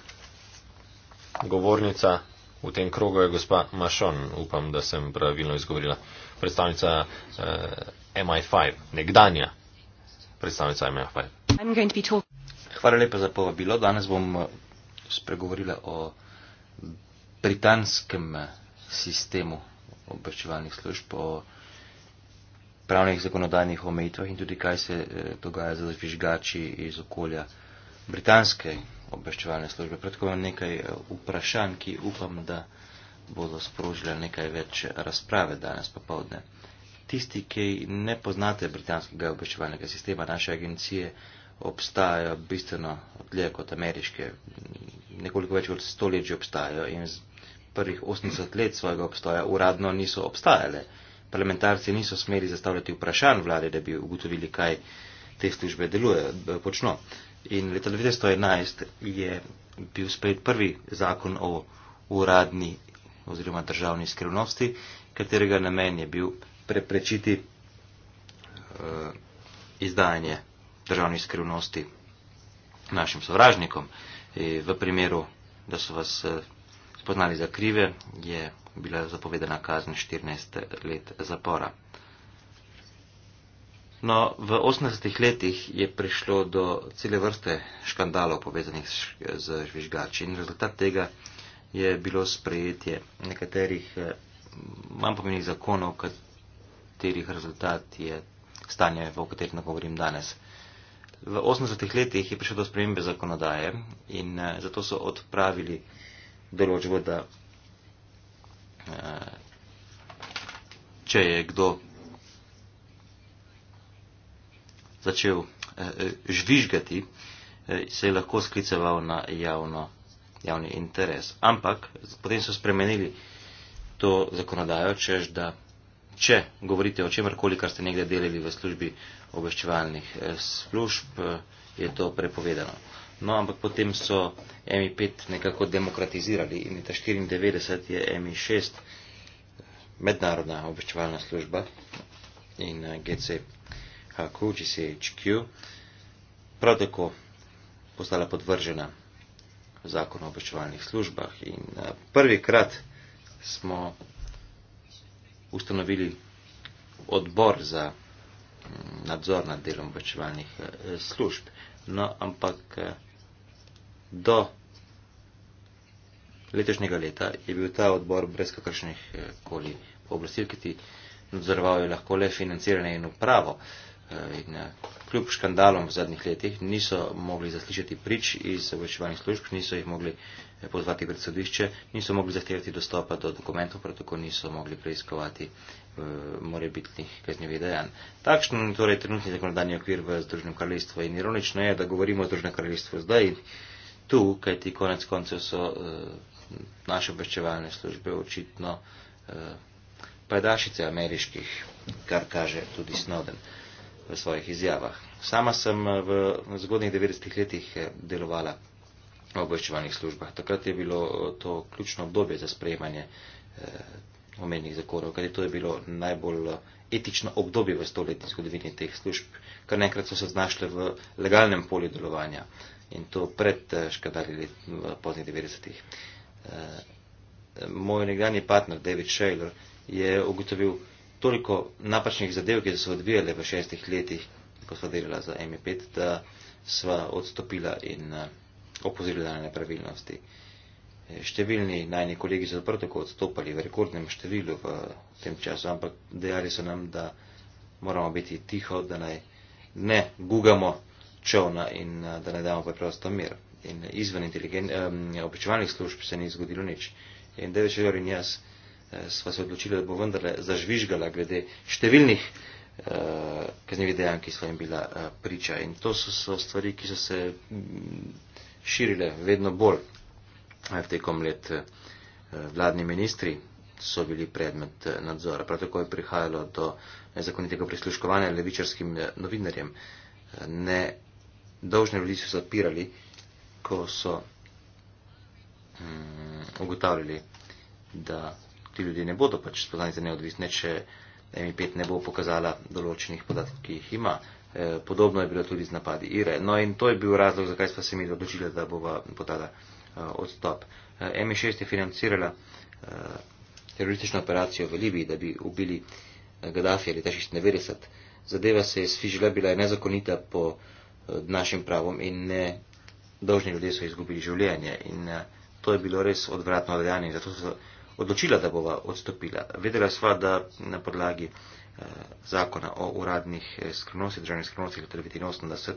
govornica v tem krogu je gospa Mašon. Upam, da sem pravilno izgovorila. Predstavnica eh, MI5, nekdanja
predstavnica IMF. Hvala lepa za povabilo. Danes bom eh, spregovorila o britanskem eh, sistemu obveščevalnih služb, o pravnih zakonodajnih omejitvah in tudi kaj se eh, dogaja za žvižgači iz okolja britanske obveščevalne službe. Predtem imam nekaj vprašanj, ki upam, da bodo sprožile nekaj več razprave danes popovdne. Pa Tisti, ki ne poznate britanskega obveščevalnega sistema, naše agencije obstajajo bistveno dlje kot ameriške. Nekoliko več kot stoletje obstajajo in z prvih 80 let svojega obstoja uradno niso obstajale. Parlamentarci niso smeli zastavljati vprašanj vlade, da bi ugotovili, kaj te službe delujejo, počno. In leta 1911 je bil sprejet prvi zakon o uradni oziroma državni skrivnosti, katerega namen je bil preprečiti uh, izdajanje državnih skrivnosti našim sovražnikom. In v primeru, da so vas eh, spoznali za krive, je bila zapovedana kazen 14 let zapora. No, v 80 letih je prišlo do cele vrste škandalov povezanih z žvižgači in rezultat tega je bilo sprejetje nekaterih eh, manj pomenih zakonov, katerih rezultat je stanje, o katerem govorim danes. V 80-ih letih je prišlo do spremembe zakonodaje in eh, zato so odpravili določbo, da eh, če je kdo začel eh, žvižgati, se je lahko skliceval na javno, javni interes. Ampak potem so spremenili to zakonodajo, čež da če govorite o čemarkoli, kar ste nekaj delali v službi obveščevalnih eh, služb, eh, je to prepovedano. No, ampak potem so MI5 nekako demokratizirali in leta 94 je MI6 eh, mednarodna obveščevalna služba in GCHQ, GCHQ, prav tako postala podvržena zakonu o obveščevalnih službah in prvi krat smo ustanovili odbor za mm, nadzor nad delom obveščevalnih eh, služb. No, ampak eh, do letošnjega leta je bil ta odbor brez kakršnih eh, koli pooblastil, ki ti nadzoroval je lahko le financiranje in upravo. In kljub škandalom v zadnjih letih niso mogli zaslišati prič iz obveščevalnih služb, niso jih mogli uh, Eh, pozvati pred sodišče, niso mogli zahtevati dostopa do dokumentov, prav tako niso mogli preiskovati e, morebitnih kaznjivih dejanj. Takšen je torej trenutni zakonodajni okvir v Združenem kraljestvu in ironično je, da govorimo o Združenem kraljestvu zdaj in tu, kajti konec koncev so e, naše obveščevalne službe očitno e, pajdašice ameriških, kar kaže tudi Snowden v svojih izjavah. Sama sem v zgodnjih 90-ih letih delovala v obveščevalnih službah. Takrat je bilo eh, to ključno obdobje za sprejemanje eh, omenjenih zakonov, kajti to je bilo najbolj eh, etično obdobje v stoletni zgodovini teh služb, kar naenkrat so se znašle v legalnem polju delovanja in to pred eh, škadali let v poznih 90-ih. Moj nekdani partner David Shaler je ugotovil toliko napačnih zadev, ki so se odvijale v šestih letih, ko sva delala za M5, da sva odstopila in opozorili na nepravilnosti. Eh, številni najni kolegi so prav tako odstopali v rekordnem številu v tem času, ampak dejali so nam, da moramo biti tiho, da naj ne gugamo čovna in eh, da naj damo preprosto mir. In izven um, običajnih služb se ni zgodilo nič. In devet šeljor in jaz eh, sva se odločili, da bo vendarle zažvižgala glede številnih uh, kaznevih dejanj, ki so jim bila uh, priča. In to so, so stvari, ki so se. Um, širile vedno bolj. V tekom let eh, vladni ministri so bili predmet eh, nadzora. Prav tako je prihajalo do nezakonitega prisluškovanja levičarskim eh, novinarjem. Ne dolžne ljudi so zapirali, ko so mm, ugotavljali, da ti ljudje ne bodo pač spoznani za neodvisne, če MI5 ne bo pokazala določenih podatkov, ki jih ima. Eh, podobno je bilo tudi z napadi Ire. No in to je bil razlog, zakaj smo se mi odločili, da bova podala eh, odstop. Eh, M6 e je financirala teroristično operacijo v Libiji, da bi ubili Gaddafi ali ta 96. Zadeva se je sfižila, bila je nezakonita po našim pravom in ne dolžni ljudje so izgubili življenje. In to je bilo res odvratno dejanje, zato so odločila, da bova odstopila. Vedela sva, da na podlagi Eh, zakona o uradnih eh, skrivnosti, državnih skrivnosti leta 1989,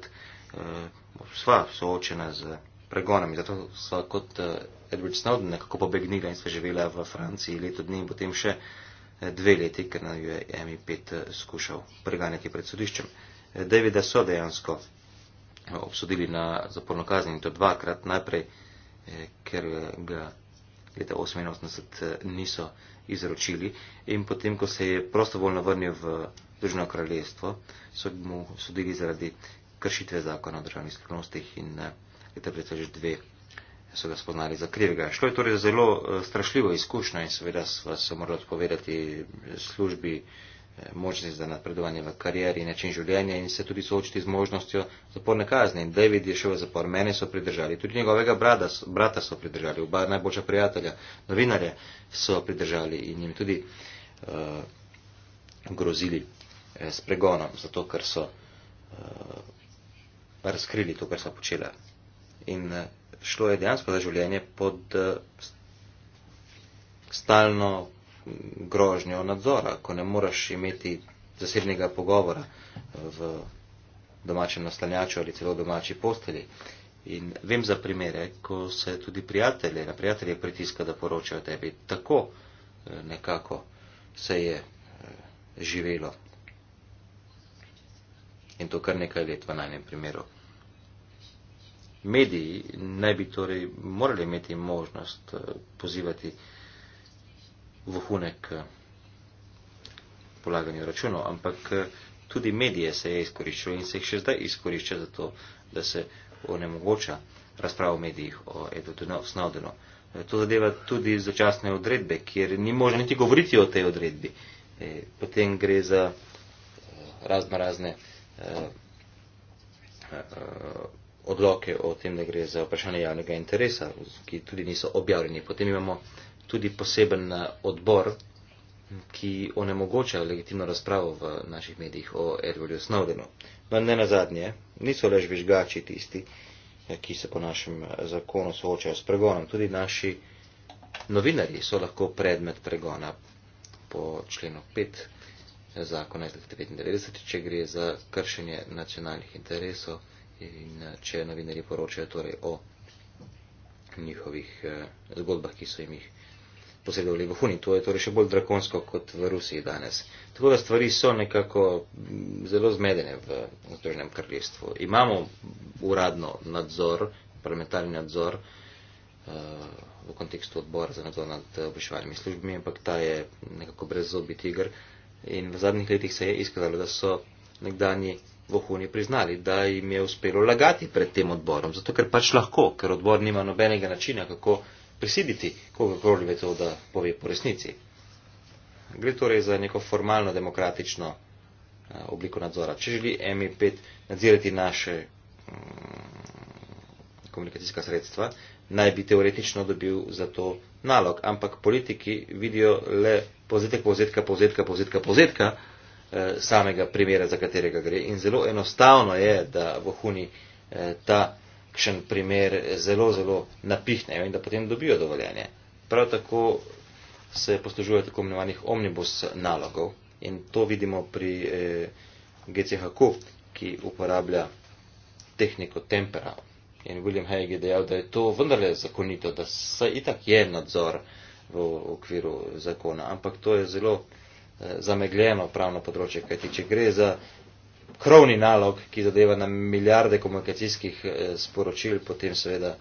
sva soočena z pregonami. Zato sva kot eh, Edward Snowden nekako pobegnila in sva živela v Franciji leto dni in potem še dve leti, ker nam jo je MI5 skušal preganjati pred sodiščem. Davida so dejansko obsodili na zaporno kazen in to dvakrat. Najprej, ker ga leta 88 eh, niso izročili. In potem, ko se je prostovoljno vrnil v Združeno kraljestvo, so mu sodili zaradi kršitve zakona o državnih skupnostih in eh, leta 2002 so ga spoznali za krivega. Šlo je torej za zelo eh, strašljivo izkušnjo in seveda so morali odpovedati službi možnost za napredovanje v karieri in način življenja in se tudi soočiti z možnostjo zaporne kazni. In David je šel v zapor, mene so pridržali, tudi njegovega brada, brata so pridržali, oba najboljša prijatelja, novinarje so pridržali in jim tudi uh, grozili eh, s pregonom, zato ker so uh, razkrili to, kar so počela. In uh, šlo je dejansko za življenje pod uh, stalno grožnjo nadzora, ko ne moreš imeti zasebnega pogovora eh, v domačem nastanjaču ali celo domači postelji. In vem za primere, ko se tudi prijatelje, na prijatelje pritiska, da poročajo tebi. Tako eh, nekako se je eh, živelo. In to kar nekaj let v najnem primeru. Mediji naj bi torej morali imeti možnost pozivati vohunek eh, polaganju računov, ampak eh, tudi medije se je izkoriščalo in se jih še zdaj izkorišča za to, da se onemogoča razprava v medijih o Edwardu Snowdenu. Eh, to zadeva tudi začasne odredbe, kjer ni možno niti govoriti o tej odredbi. Potem gre za razno razne odloke o tem, da gre za vprašanje javnega interesa, ki tudi niso objavljeni. Potem imamo tudi poseben eh, odbor, ki onemogoča legitimno razpravo v naših medijih o Edwardu Snowdenu. Vendar no, ne na zadnje, niso lež vižgači tisti, eh, ki se po našem eh, zakonu soočajo s pregonom. Tudi naši novinari so lahko predmet pregona po členu 5 zakona iz 1999, če gre za kršenje nacionalnih interesov in če novinari poročajo torej o njihovih zgodbah, ki so jim jih posredovali vohuni. To je torej še bolj drakonsko kot v Rusiji danes. Tako da stvari so nekako mm, zelo zmedene v Združenem kraljestvu. Imamo uradno nadzor, parlamentarni nadzor eh, v kontekstu odbora za nadzor nad eh, obveščevalnimi službami, ampak ta je nekako brezzobi tiger. In v zadnjih letih se je izkazalo, da so nekdani vohuni priznali, da jim je uspelo lagati pred tem odborom, zato ker pač lahko, ker odbor nima nobenega načina, kako prisiliti kogarkoli v to, da pove po resnici. Gre torej za neko formalno demokratično eh, obliko nadzora. Če želi MI5 e nadzirati naše mm, komunikacijska sredstva, naj bi teoretično dobil za to nalog, ampak politiki vidijo le povzetek povzetka, povzetka, povzetka, povzetka eh, samega primera, za katerega gre. In zelo enostavno je, da vohuni eh, ta takšen primer zelo, zelo napihnejo in da potem dobijo dovoljenje. Prav tako se poslužuje tako imenovanih omnibus nalogov in to vidimo pri eh, GCHQ, ki uporablja tehniko tempera. In William Hague je dejal, da je to vendarle zakonito, da se itak je nadzor v okviru zakona, ampak to je zelo eh, zamegljeno pravno področje, kajti če gre za eh, krovni nalog, ki zadeva na milijarde komunikacijskih eh, sporočil, potem seveda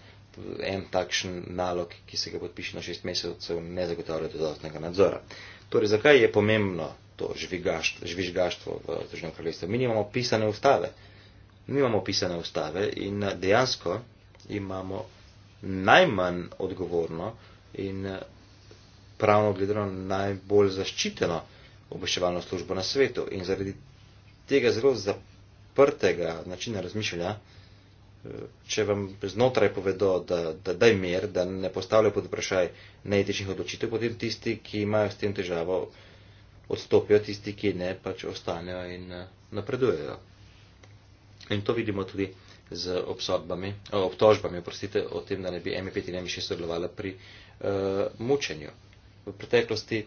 en takšen nalog, ki se ga podpiše na šest mesecev, ne zagotavlja dodatnega nadzora. Torej, zakaj je pomembno to žvižgaštvo v Združenem kraljestvu? Mi nimamo pisane ustave. Mi imamo pisane ustave in eh, dejansko imamo najmanj odgovorno in eh, pravno gledano najbolj zaščiteno obveščevalno službo na svetu. In zaradi tega zelo zaprtega načina razmišljanja, eh, če vam znotraj povedo, da, da daj mir, da ne postavljajo pod vprašaj neetičnih odločitev, potem tisti, ki imajo s tem težavo, odstopijo, tisti, ki ne, pač ostanejo in eh, napredujejo. In to vidimo tudi z obsodbami, obtožbami, oprostite, o tem, da ne bi M5 in M6 sodelovala pri uh, mučenju. V preteklosti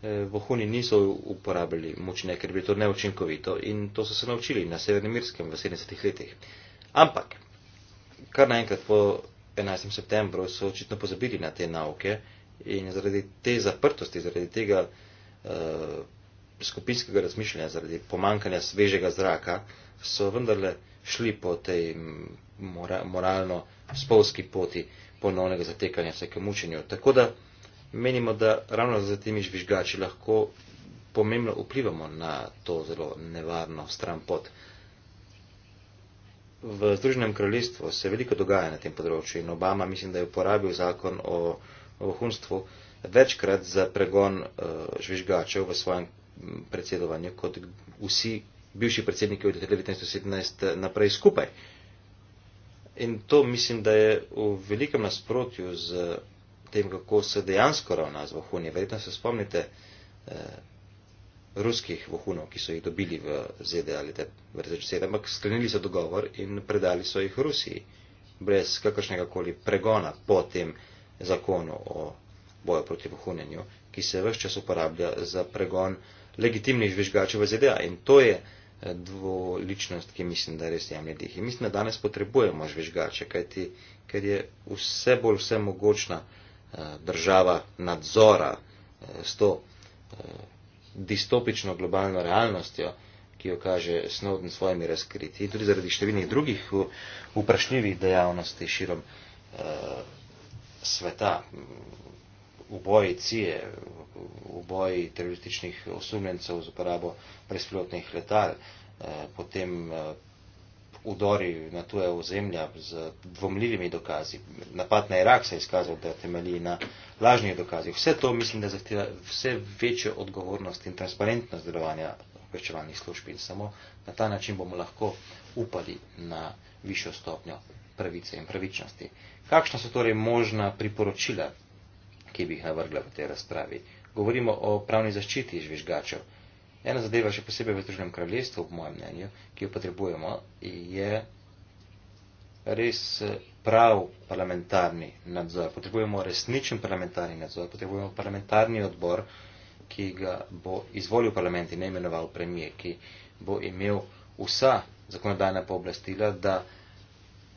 Eh, vohuni niso uporabili močne, ker bi to neučinkovito in to so se naučili na Severnem Irskem v 70-ih letih. Ampak, kar naenkrat po 11. septembru so očitno pozabili na te nauke in zaradi te zaprtosti, zaradi tega uh, skupinskega razmišljanja, zaradi pomankanja svežega zraka, so vendarle šli po tej mora, moralno spolski poti ponovnega zatekanja vsekem učenju. Tako da, menimo, da ravno z temi žvižgači lahko pomembno vplivamo na to zelo nevarno stran pot. V Združenem kraljestvu se veliko dogaja na tem področju in Obama mislim, da je uporabil zakon o vohunstvu večkrat za pregon uh, žvižgačev v svojem predsedovanju, kot vsi bivši predsedniki od 1917 eh, naprej skupaj. In to mislim, da je v velikem nasprotju z tem, kako se dejansko ravna z vohunje. Verjetno se spomnite eh, ruskih vohunov, ki so jih dobili v ZDA ali te vrteče sedem, ampak sklenili so dogovor in predali so jih Rusiji brez kakršnega koli pregona po tem zakonu o boju proti vohunjenju, ki se vse čas uporablja za pregon legitimnih žvižgačev v ZDA. In to je eh, dvoličnost, ki mislim, da res jemlje dih. In mislim, da danes potrebujemo žvižgače, kajti, ker je vse bolj vse mogočna Eh, država nadzora eh, s to eh, distopično globalno realnostjo, ki jo kaže Snowden svojimi razkriti, tudi zaradi številnih drugih vprašljivih dejavnosti širom sveta, uboji cije, uboji terorističnih osumljencev z uporabo brezpilotnih letal, potem vdori na tuje ozemlja z dvomljivimi dokazi. Napad na Irak se je izkazal, da temelji na lažnih dokazih. Vse to mislim, da zahteva vse večjo odgovornost in transparentnost delovanja obveščevalnih služb in samo na ta način bomo lahko upali na višjo stopnjo pravice in pravičnosti. Kakšna so torej možna priporočila, ki bi jih navrgla v tej razpravi? Govorimo o pravni zaščiti žvižgačev. Ena zadeva, še posebej v Združenem kraljestvu, po mojem mnenju, ki jo potrebujemo, je res eh, prav parlamentarni nadzor. Potrebujemo resničen parlamentarni nadzor, potrebujemo parlamentarni odbor, ki ga bo izvolil parlament in imenoval premije, ki bo imel vsa zakonodajna pooblastila, da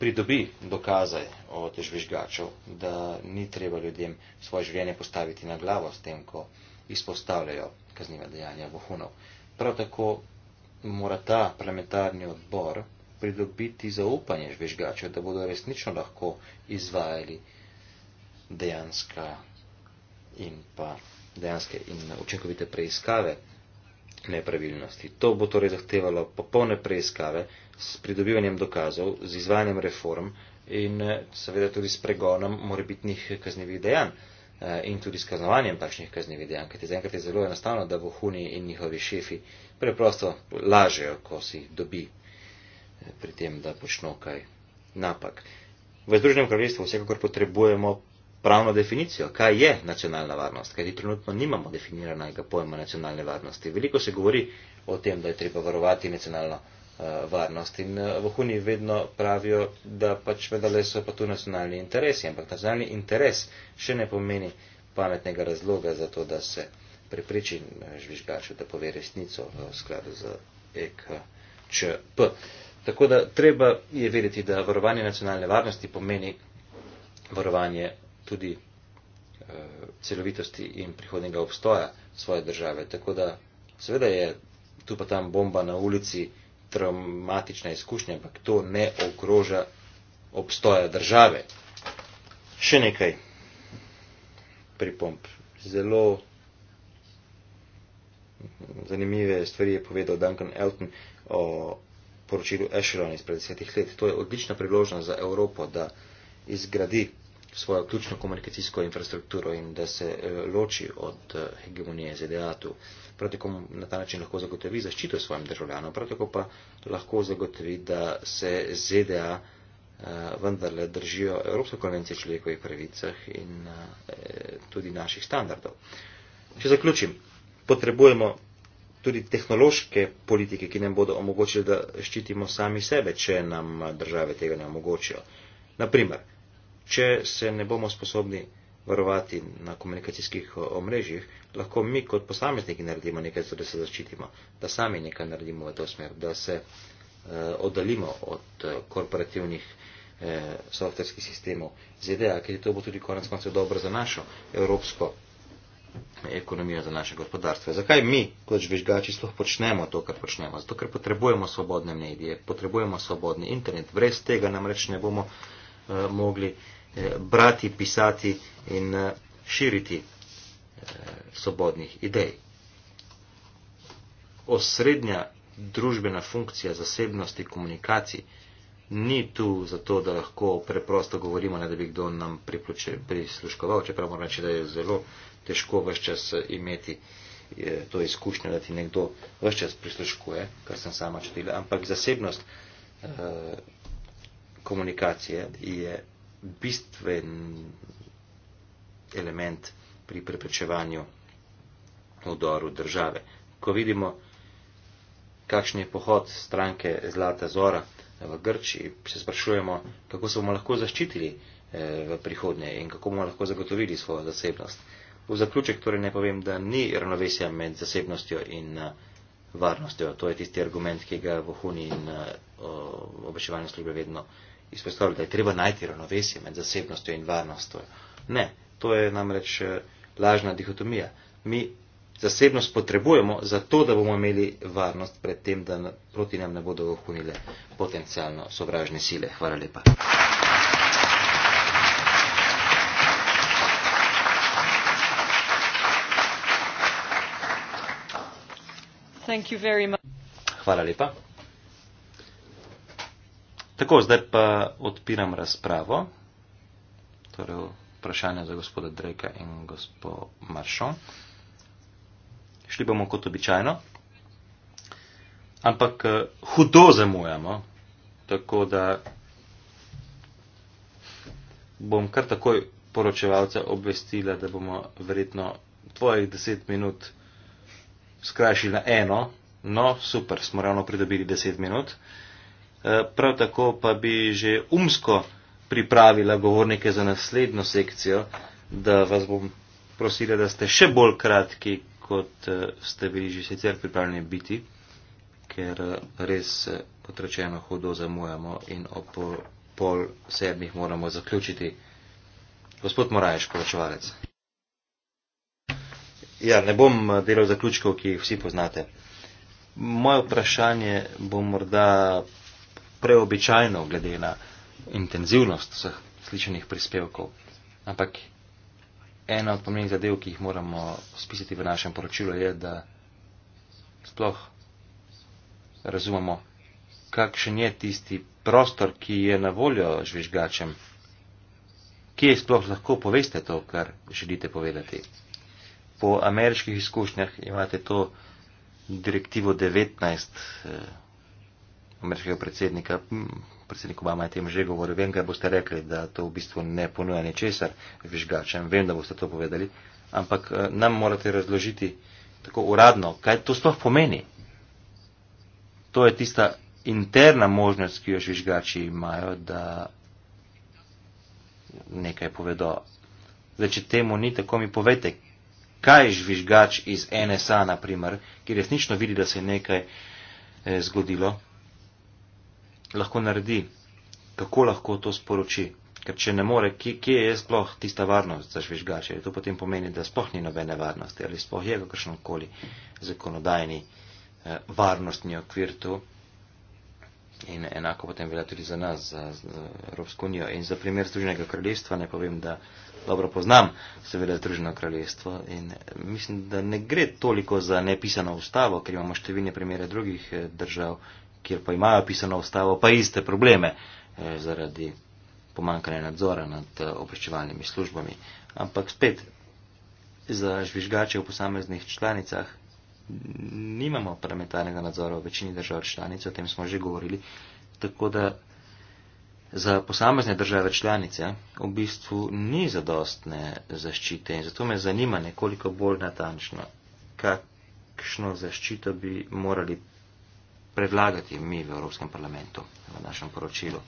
pridobi dokaze o težvižgačev, da ni treba ljudem svoje življenje postaviti na glavo s tem, ko izpostavljajo kazniva dejanja vohunov. Prav tako mora ta parlamentarni odbor pridobiti zaupanje žvižgačev, da bodo resnično lahko izvajali dejanska in pa dejanske in učinkovite preiskave nepravilnosti. To bo torej zahtevalo popolne preiskave s pridobivanjem dokazov, z izvajanjem reform in eh, seveda tudi s pregonom morebitnih kaznevih dejanj. Eh, in tudi s kaznovanjem takšnih kaznjivih dejanj, kajti zaenkrat je zelo enostavno, da vohuni in njihovi šefi preprosto lažejo, ko si dobi eh, pri tem, da počno kaj napak. V Združenem kraljestvu vsekakor potrebujemo pravno definicijo, kaj je nacionalna varnost, kajti trenutno nimamo definiranega pojma nacionalne varnosti. Veliko se govori o tem, da je treba varovati nacionalno varnost. Eh, varnost. In eh, vohuni vedno pravijo, da pač vendarle so pa tu nacionalni interesi, ampak nacionalni interes še ne pomeni pametnega razloga za to, da se prepriči eh, žvižgaču, da pove resnico v skladu z EKČP. Tako da treba je vedeti, da varovanje nacionalne varnosti pomeni varovanje tudi uh, celovitosti in prihodnega obstoja svoje države. Tako da seveda je tu pa tam bomba na ulici, uh, traumatična izkušnja, ampak to ne ogroža obstoja države. Še nekaj pripomp. Zelo zanimive stvari je povedal Duncan Elton o poročilu Echelon iz pred desetih let. To je odlična priložnost za Evropo, da izgradi svojo ključno komunikacijsko infrastrukturo in da se eh, loči od eh, hegemonije ZDA tu prav tako na ta način lahko zagotovi zaščito svojim državljanom, prav tako pa lahko zagotovi, da se ZDA eh, vendarle držijo Evropske konvencije o človekovih pravicah in eh, tudi naših standardov. Če zaključim, potrebujemo tudi tehnološke politike, ki nam bodo omogočile, da ščitimo sami sebe, če nam države tega ne omogočijo. Naprimer, če se ne bomo sposobni varovati na komunikacijskih omrežjih, lahko mi kot posamezniki naredimo nekaj, da se zaščitimo, da sami nekaj naredimo v to smer, da se eh, oddalimo od eh, korporativnih eh, softverskih sistemov ZDA, ker to bo tudi konec koncev dobro za našo evropsko eh, ekonomijo, za naše gospodarstvo. Zakaj mi kot žvižgači sploh počnemo to, kar počnemo? Zato, ker potrebujemo svobodne medije, potrebujemo svobodni internet. Brez tega namreč ne bomo eh, mogli eh, brati, pisati, in eh, širiti eh, svobodnih idej. Osrednja družbena funkcija zasebnosti komunikacij ni tu zato, da lahko preprosto govorimo, ne da bi kdo nam prisluškoval, čeprav moram reči, da je zelo težko vse čas eh, imeti to izkušnjo, da ti nekdo vse čas prisluškuje, kar sem sama čutila, ampak zasebnost komunikacije je bistven element pri preprečevanju udoru države. Ko vidimo, kakšen je pohod stranke Zlata Zora v Grčiji, se sprašujemo, kako se bomo lahko zaščitili eh, v prihodnje in kako bomo lahko zagotovili svojo zasebnost. V zaključek torej ne povem, da ni ravnovesja med zasebnostjo in eh, varnostjo. To je tisti argument, ki ga vohuni in eh, obveščevalne službe vedno izpostavljajo, da je treba najti ravnovesje med zasebnostjo in varnostjo. Ne, To je namreč eh, lažna dihotomija. Mi zasebnost potrebujemo zato, da bomo imeli varnost pred tem, da proti nam ne bodo ohunile potencialno sovražne sile. Hvala lepa.
Thank you very much.
Hvala lepa. Tako, zdaj pa odpiram razpravo. Torej, vprašanja za gospoda Dreka in gospod Maršon. Šli bomo kot običajno, ampak eh, hudo zamujamo, tako da bom kar takoj poročevalca obvestila, da bomo verjetno tvojih deset minut skrajšili na eno. No, super, smo ravno pridobili deset minut. Eh, prav tako pa bi že umsko pripravila govornike za naslednjo sekcijo, da vas bom prosila, da ste še bolj kratki, kot eh, ste bili že sicer pripravljeni biti, ker eh, res, eh, kot rečeno, hudo zamujamo in o pol, pol sedmih moramo zaključiti. Gospod Morajš, poročevalec. Ja, ne bom delal zaključkov, ki jih vsi poznate. Moje vprašanje bo morda preobičajno glede na intenzivnost vseh slišanih prispevkov. Ampak ena od pomembnih zadev, ki jih moramo spisati v našem poročilu, je, da sploh razumemo, kakšen je tisti prostor, ki je na voljo žvižgačem, ki je sploh lahko poveste to, kar želite povedati. Po ameriških izkušnjah imate to direktivo 19 eh, ameriškega predsednika, predsednik Obama je tem že govoril, vem, kaj boste rekli, da to v bistvu ne ponuja ničesar žvižgačem, vem, da boste to povedali, ampak eh, nam morate razložiti tako uradno, kaj to sploh pomeni. To je tista interna možnost, ki jo žvižgači imajo, da nekaj povedo. Zdaj, če temu ni tako, mi povete, kaj žvižgač iz NSA, naprimer, ki resnično vidi, da se je nekaj eh, zgodilo lahko naredi, kako lahko to sporoči. Ker če ne more, kje, kje je sploh tista varnost za žvižgače, to potem pomeni, da sploh ni nobene varnosti ali sploh je kakršenkoli zakonodajni eh, varnostni okvir tu. In enako potem velja tudi za nas, za, za Evropsko unijo. In za primer Združenega kraljestva ne povem, da dobro poznam seveda Združeno kraljestvo in eh, mislim, da ne gre toliko za nepisano ustavo, ker imamo številne primere drugih eh, držav, kjer pa imajo pisano ustavo, pa iste probleme eh, zaradi pomankanja nadzora nad eh, obveščevalnimi službami. Ampak spet, za žvižgače v posameznih članicah nimamo parlamentarnega nadzora v večini držav članic, o tem smo že govorili. Tako da za posamezne države članice v bistvu ni zadostne zaščite in zato me zanima nekoliko bolj natančno, kakšno zaščito bi morali predlagati mi v Evropskem parlamentu v našem poročilu.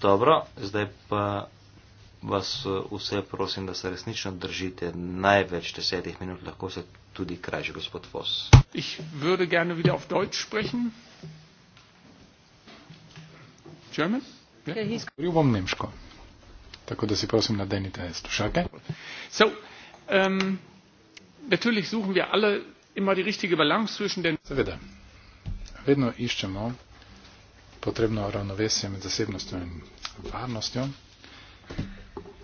Dobro, zdaj pa vas vse prosim, da se resnično držite največ desetih minut, lahko se tudi krajše, gospod Vos.
Ich würde gerne wieder auf Deutsch sprechen. German? Ja. Ja, Govoril bom nemško. Tako da si prosim nadenite slušalke. So, um, natürlich suchen wir alle immer die richtige Balance zwischen den... Seveda. So vedno iščemo potrebno ravnovesje med zasebnostjo in varnostjo,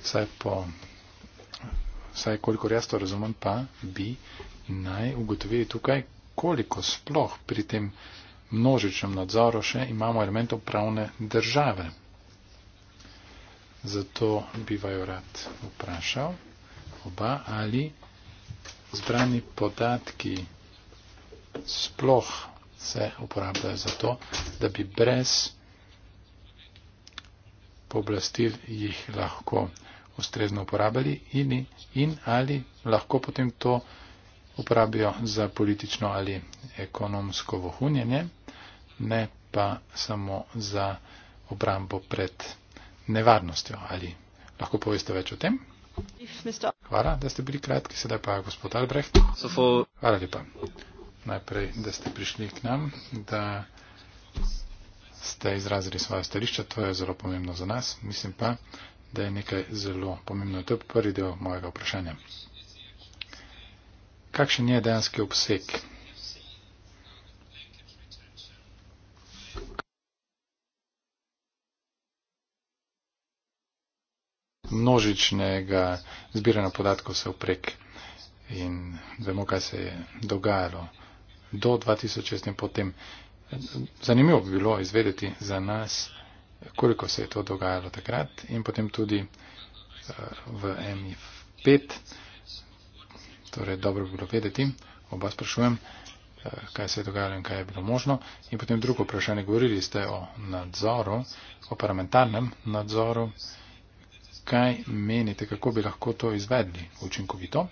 saj po saj kolikor jaz to razumem, pa bi naj ugotovili tukaj, koliko sploh pri tem množičnem nadzoru še imamo elementov pravne države. Zato bi vaju rad vprašal oba, ali zbrani podatki sploh se uporabljajo za to, da bi brez pooblastil jih lahko ustrezno uporabljali in, in ali lahko potem to uporabijo za politično ali ekonomsko vohunjenje, ne pa samo za obrambo pred nevarnostjo. Ali lahko poveste več o tem? Hvala, da ste bili kratki, sedaj pa gospod Albrecht. Hvala lepa najprej, da ste prišli k nam, da ste izrazili svoje stališče, to je zelo pomembno za nas. Mislim pa, da je nekaj zelo pomembno. To je prvi del mojega vprašanja. Kakšen je dejanski obseg? množičnega zbiranja podatkov vse uprek in vemo, kaj se je dogajalo do 2006 in potem. Zanimivo bi bilo izvedeti za nas, koliko se je to dogajalo takrat in potem tudi eh, v MIF 5. Torej, dobro bi bilo vedeti, oba sprašujem, eh, kaj se je dogajalo in kaj je bilo možno. In potem drugo vprašanje, govorili ste o nadzoru, o parlamentarnem nadzoru. Kaj menite, kako bi lahko to izvedli učinkovito?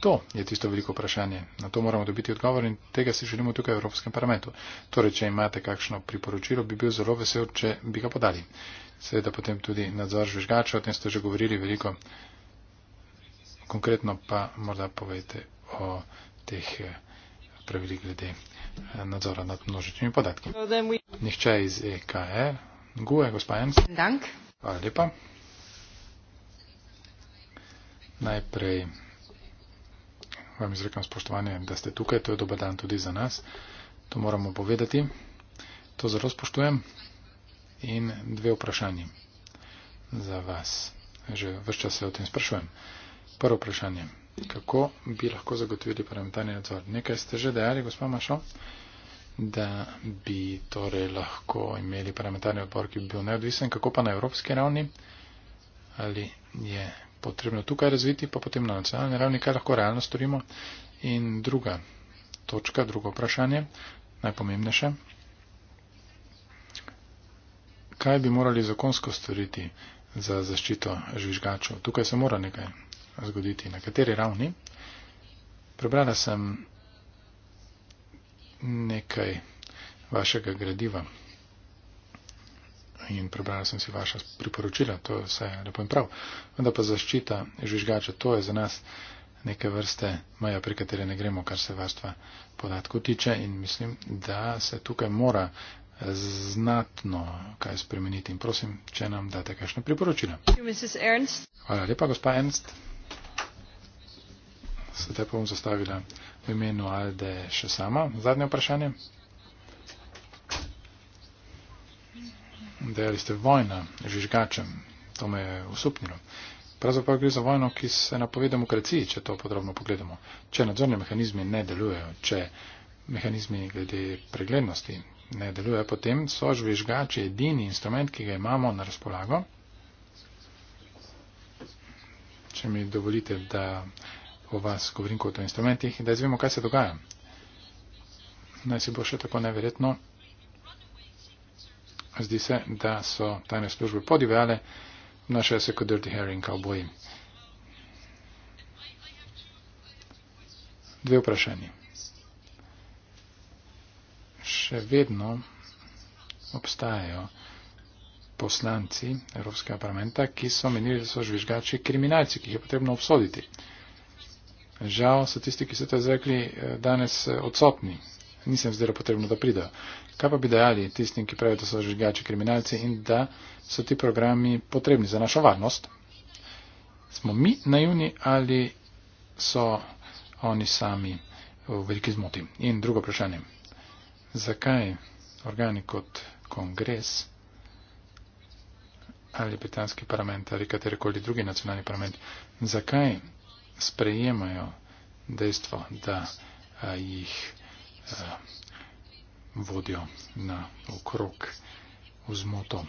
To je tisto veliko vprašanje. Na to moramo dobiti odgovor in tega si želimo tukaj v Evropskem parlamentu. Torej, če imate kakšno priporočilo, bi bil zelo vesel, če bi ga podali. Seveda potem tudi nadzor žvižgača, o tem ste že govorili veliko. Konkretno pa morda povejte o teh eh, pravilih glede eh, nadzora nad množičnimi podatki. Nihče iz EKR. E, Gue, gospa Jens. Hvala lepa. Najprej vam izrekam spoštovanje, da ste tukaj, to je dober dan tudi za nas, to moramo povedati. To zelo spoštujem in dve vprašanje za vas. Že vse čas se o tem sprašujem. Prvo vprašanje. Kako bi lahko zagotovili parlamentarni nadzor? Nekaj ste že dejali, gospod Mašo, da bi torej lahko imeli parlamentarni odbor, ki bi bil neodvisen. Kako pa na evropski ravni? Ali je potrebno tukaj razviti, pa potem na nacionalni ravni, kaj lahko realno storimo. In druga točka, drugo vprašanje, najpomembnejše. Kaj bi morali zakonsko storiti za zaščito žvižgačev? Tukaj se mora nekaj zgoditi. Na kateri ravni? Prebrala sem nekaj vašega gradiva in prebrala sem si vaša priporočila, to je vse lepo in prav. Vendar pa zaščita žvižgača, to je za nas neke vrste meja, pri kateri ne gremo, kar se varstva podatkov tiče in mislim, da se tukaj mora znatno kaj spremeniti. In prosim, če nam date kakšne priporočila. Hvala lepa, gospa Ernst. Sedaj pa bom zastavila v imenu Alde še sama zadnje vprašanje. dejali ste vojna žižgačem, to me je usupnilo. Pravzaprav gre za vojno, ki se napove demokraciji, če to podrobno pogledamo. Če nadzorne mehanizme ne delujejo, če mehanizmi glede preglednosti ne delujejo, potem so žvižgači edini instrument, ki ga imamo na razpolago. Če mi dovolite, da o vas govorim kot o instrumentih, da izvemo, kaj se dogaja. Naj si bo še tako neverjetno zdi se, da so tajne službe podivjale, naše se kot Dirty Harry in kauboji. Dve vprašanje. Še vedno obstajajo poslanci Evropskega parlamenta, ki so menili, da so žvižgači kriminalci, ki jih je potrebno obsoditi. Žal so tisti, ki so to izrekli, eh, danes eh, odsotni nisem zdelo potrebno, da pridejo. Kaj pa bi dejali tistim, ki pravijo, da so žvižgači kriminalci in da so ti programi potrebni za našo varnost? Smo mi naivni ali so oni sami v veliki zmoti? In drugo vprašanje. Zakaj organi kot kongres ali britanski parlament ali katerikoli drugi nacionalni parlament, zakaj sprejemajo dejstvo, da eh, jih eh, vodijo na okrog v zmoto.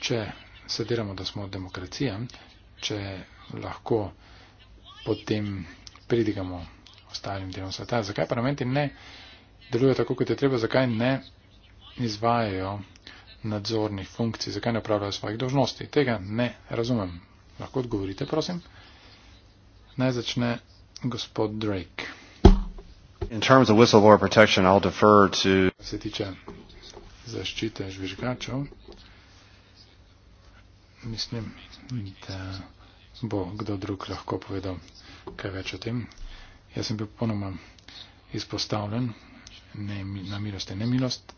Če se delamo, da smo demokracija, če lahko potem pridigamo ostalim delom sveta, zakaj parlamenti ne delujejo tako, kot je treba, zakaj ne izvajajo nadzornih funkcij, zakaj ne upravljajo svojih dožnosti. Tega ne razumem. Lahko odgovorite, prosim. Naj začne gospod Drake.
In terms of whistleblower protection, I'll defer to se tiče
zaščite žvižgačev, mislim, da bo kdo drug lahko povedal kaj več o tem. Jaz sem bil ponoma izpostavljen ne, na milost in nemilost.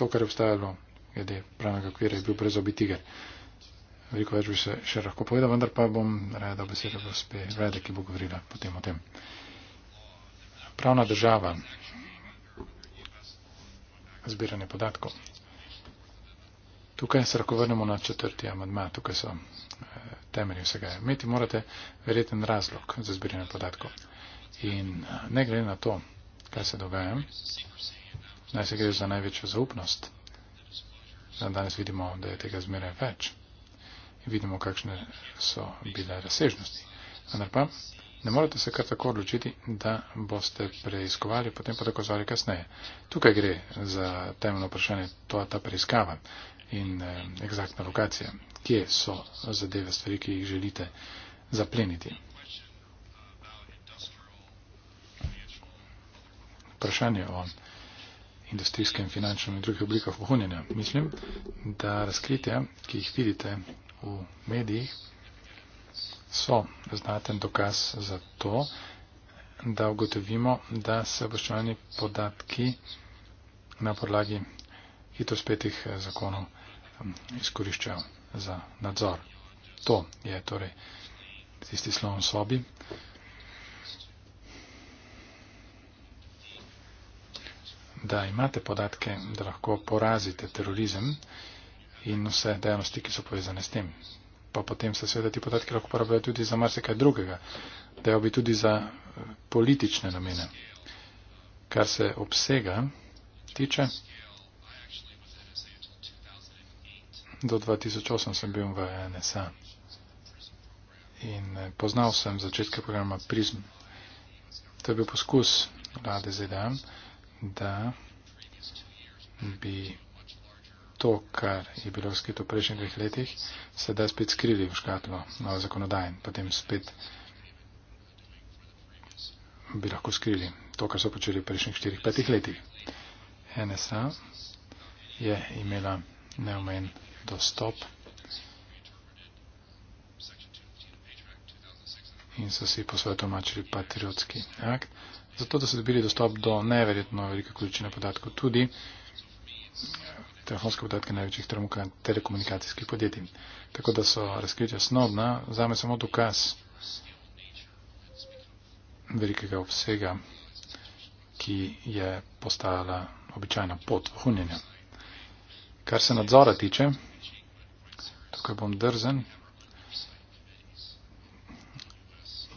To, kar je obstajalo, glede pravnega okvira, je bil prezobi tiger. Veliko več bi se še lahko povedal, vendar pa bom raje dal besedo gospe Vede, ki bo govorila potem o tem pravna država zbiranje podatkov. Tukaj se lahko vrnemo na četrti amadma, tukaj so eh, temelji vsega. Imeti morate verjeten razlog za zbiranje podatkov. In eh, ne glede na to, kaj se dogaja, naj se gre za največjo zaupnost. Danes vidimo, da je tega zmeraj več. In vidimo, kakšne so bile razsežnosti. Vendar pa Ne morete se kar tako odločiti, da boste preiskovali, potem pa tako zvali kasneje. Tukaj gre za temeljno vprašanje, to je ta preiskava in eh, egzaktna lokacija, kje so zadeve, stvari, ki jih želite zapleniti. Vprašanje o industrijskem, finančnem in drugih oblikah pohunjenja. Mislim, da razkritja, ki jih vidite v medijih, so znaten dokaz za to, da ugotovimo, da se obveščevalni podatki na podlagi hitro spetih eh, zakonov izkoriščajo za nadzor. To je torej tisti slovom sobi. da imate podatke, da lahko porazite terorizem in vse dejavnosti, ki so povezane s tem pa potem se seveda ti podatki lahko uporabljajo tudi za marsikaj drugega, da jo bi tudi za eh, politične namene. Kar se obsega tiče, do 2008 sem bil v NSA in eh, poznal sem začetke programa PRISM. To je bil poskus vlade ZDA, da bi to, kar je bilo skrito v prejšnjih letih, sedaj spet skrili v škatlo zakonodaj in potem spet bi lahko skrili to, kar so počeli v prejšnjih 4-5 letih. NSA je imela neomen dostop in so si po svojo tomačili patriotski akt, zato da so dobili dostop do neverjetno velike količine podatkov tudi telefonske podatke največjih telekomunikacijskih podjetij. Tako da so razkritja snodna, zame samo dokaz velikega obsega, ki je postala običajna pot vohunjenja. Kar se nadzora tiče, tukaj bom drzen,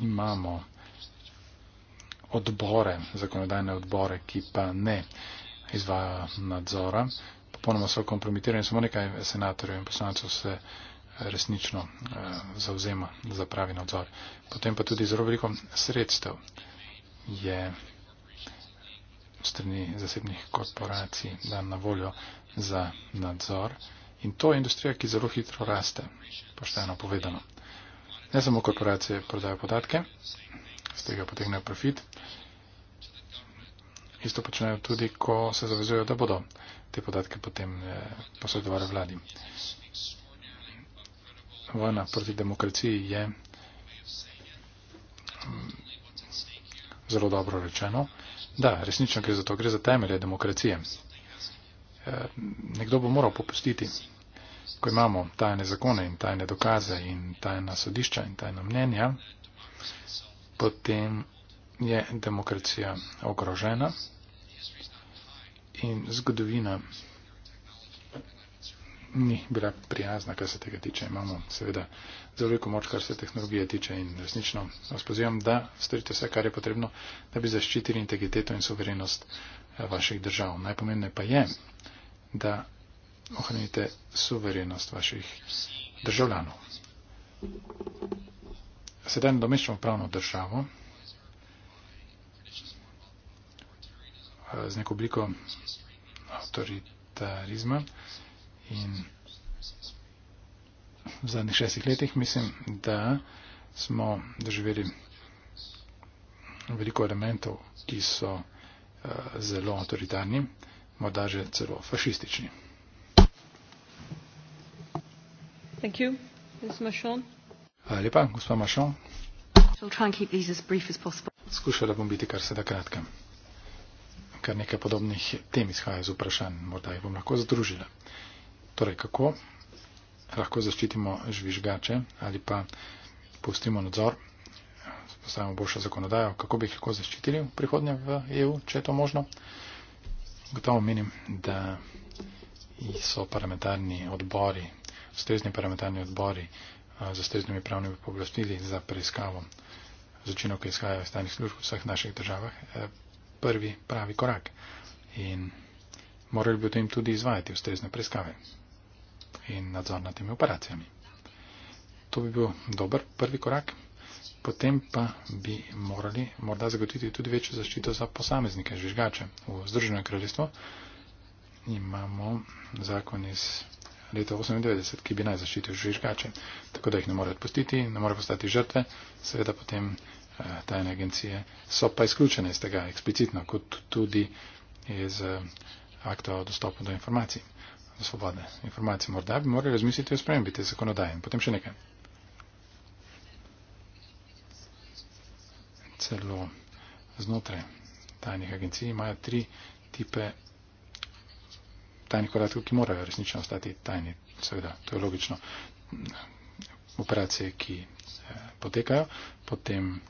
imamo odbore, zakonodajne odbore, ki pa ne izvajo nadzora, popolnoma so kompromitirani, samo nekaj senatorjev in poslancev se eh, resnično uh, eh, zauzema za pravi nadzor. Potem pa tudi zelo veliko sredstev je strani zasebnih korporacij dan na voljo za nadzor in to je industrija, ki zelo hitro raste, pošteno povedano. Ne samo korporacije prodajo podatke, z tega potegnejo profit, isto počnejo tudi, ko se zavezujejo, da bodo uh, te podatke potem eh, posredovali vladi. Vojna proti demokraciji je mm, zelo dobro rečeno. Da, resnično gre za to, gre za temelje demokracije. Eh, nekdo bo moral popustiti, ko imamo tajne zakone in tajne dokaze in tajna sodišča in tajna mnenja, potem je demokracija ogrožena in zgodovina ni bila prijazna, kar se tega tiče. Imamo seveda zelo veliko moč, kar se tehnologije tiče in resnično vas pozivam, da storite vse, kar je potrebno, da bi zaščitili integriteto in soverenost eh, vaših držav. Najpomembne pa je, da ohranite soverenost vaših državljanov. Sedaj nadomeščamo pravno državo. z neko obliko avtoritarizma in v zadnjih šestih letih mislim, da smo doživeli veliko elementov, ki so eh, zelo avtoritarni, morda že celo fašistični.
Thank you. Ms. Machon.
Hvala lepa, gospod Machon. Skušala bom biti kar se da kratka kar nekaj podobnih tem izhaja z vprašanj, morda jih bom lahko združila. Torej, kako lahko zaščitimo žvižgače ali pa pustimo nadzor, postavimo boljšo zakonodajo, kako bi jih lahko zaščitili v prihodnje v EU, če je to možno. Gotovo menim, da so parlamentarni odbori, ustrezni parlamentarni odbori z ustreznimi pravnimi pooblastili za preiskavo zločinov, ki izhajajo iz tajnih služb v vseh naših državah, eh, prvi pravi korak in morali bi v tem tudi izvajati ustrezne preiskave in nadzor nad temi operacijami. To bi bil dober prvi korak, potem pa bi morali morda zagotoviti tudi večjo zaščito za posameznike, žvižgače. V Združenem kraljestvu imamo zakon iz leta 98, ki bi naj zaščitil žvižgače, tako da jih ne more odpustiti, ne more postati žrtve, seveda potem Eh, tajne agencije, so pa izključene iz tega eksplicitno, kot tudi iz eh, akta o dostopu do informacij, do svobode informacij. Morda bi morali razmisliti o spremembi te zakonodaje. Potem še nekaj. Celo znotraj tajnih agencij imajo tri tipe tajnih podatkov, ki morajo resnično ostati tajni. Seveda, to je logično. Operacije, ki potekajo, potem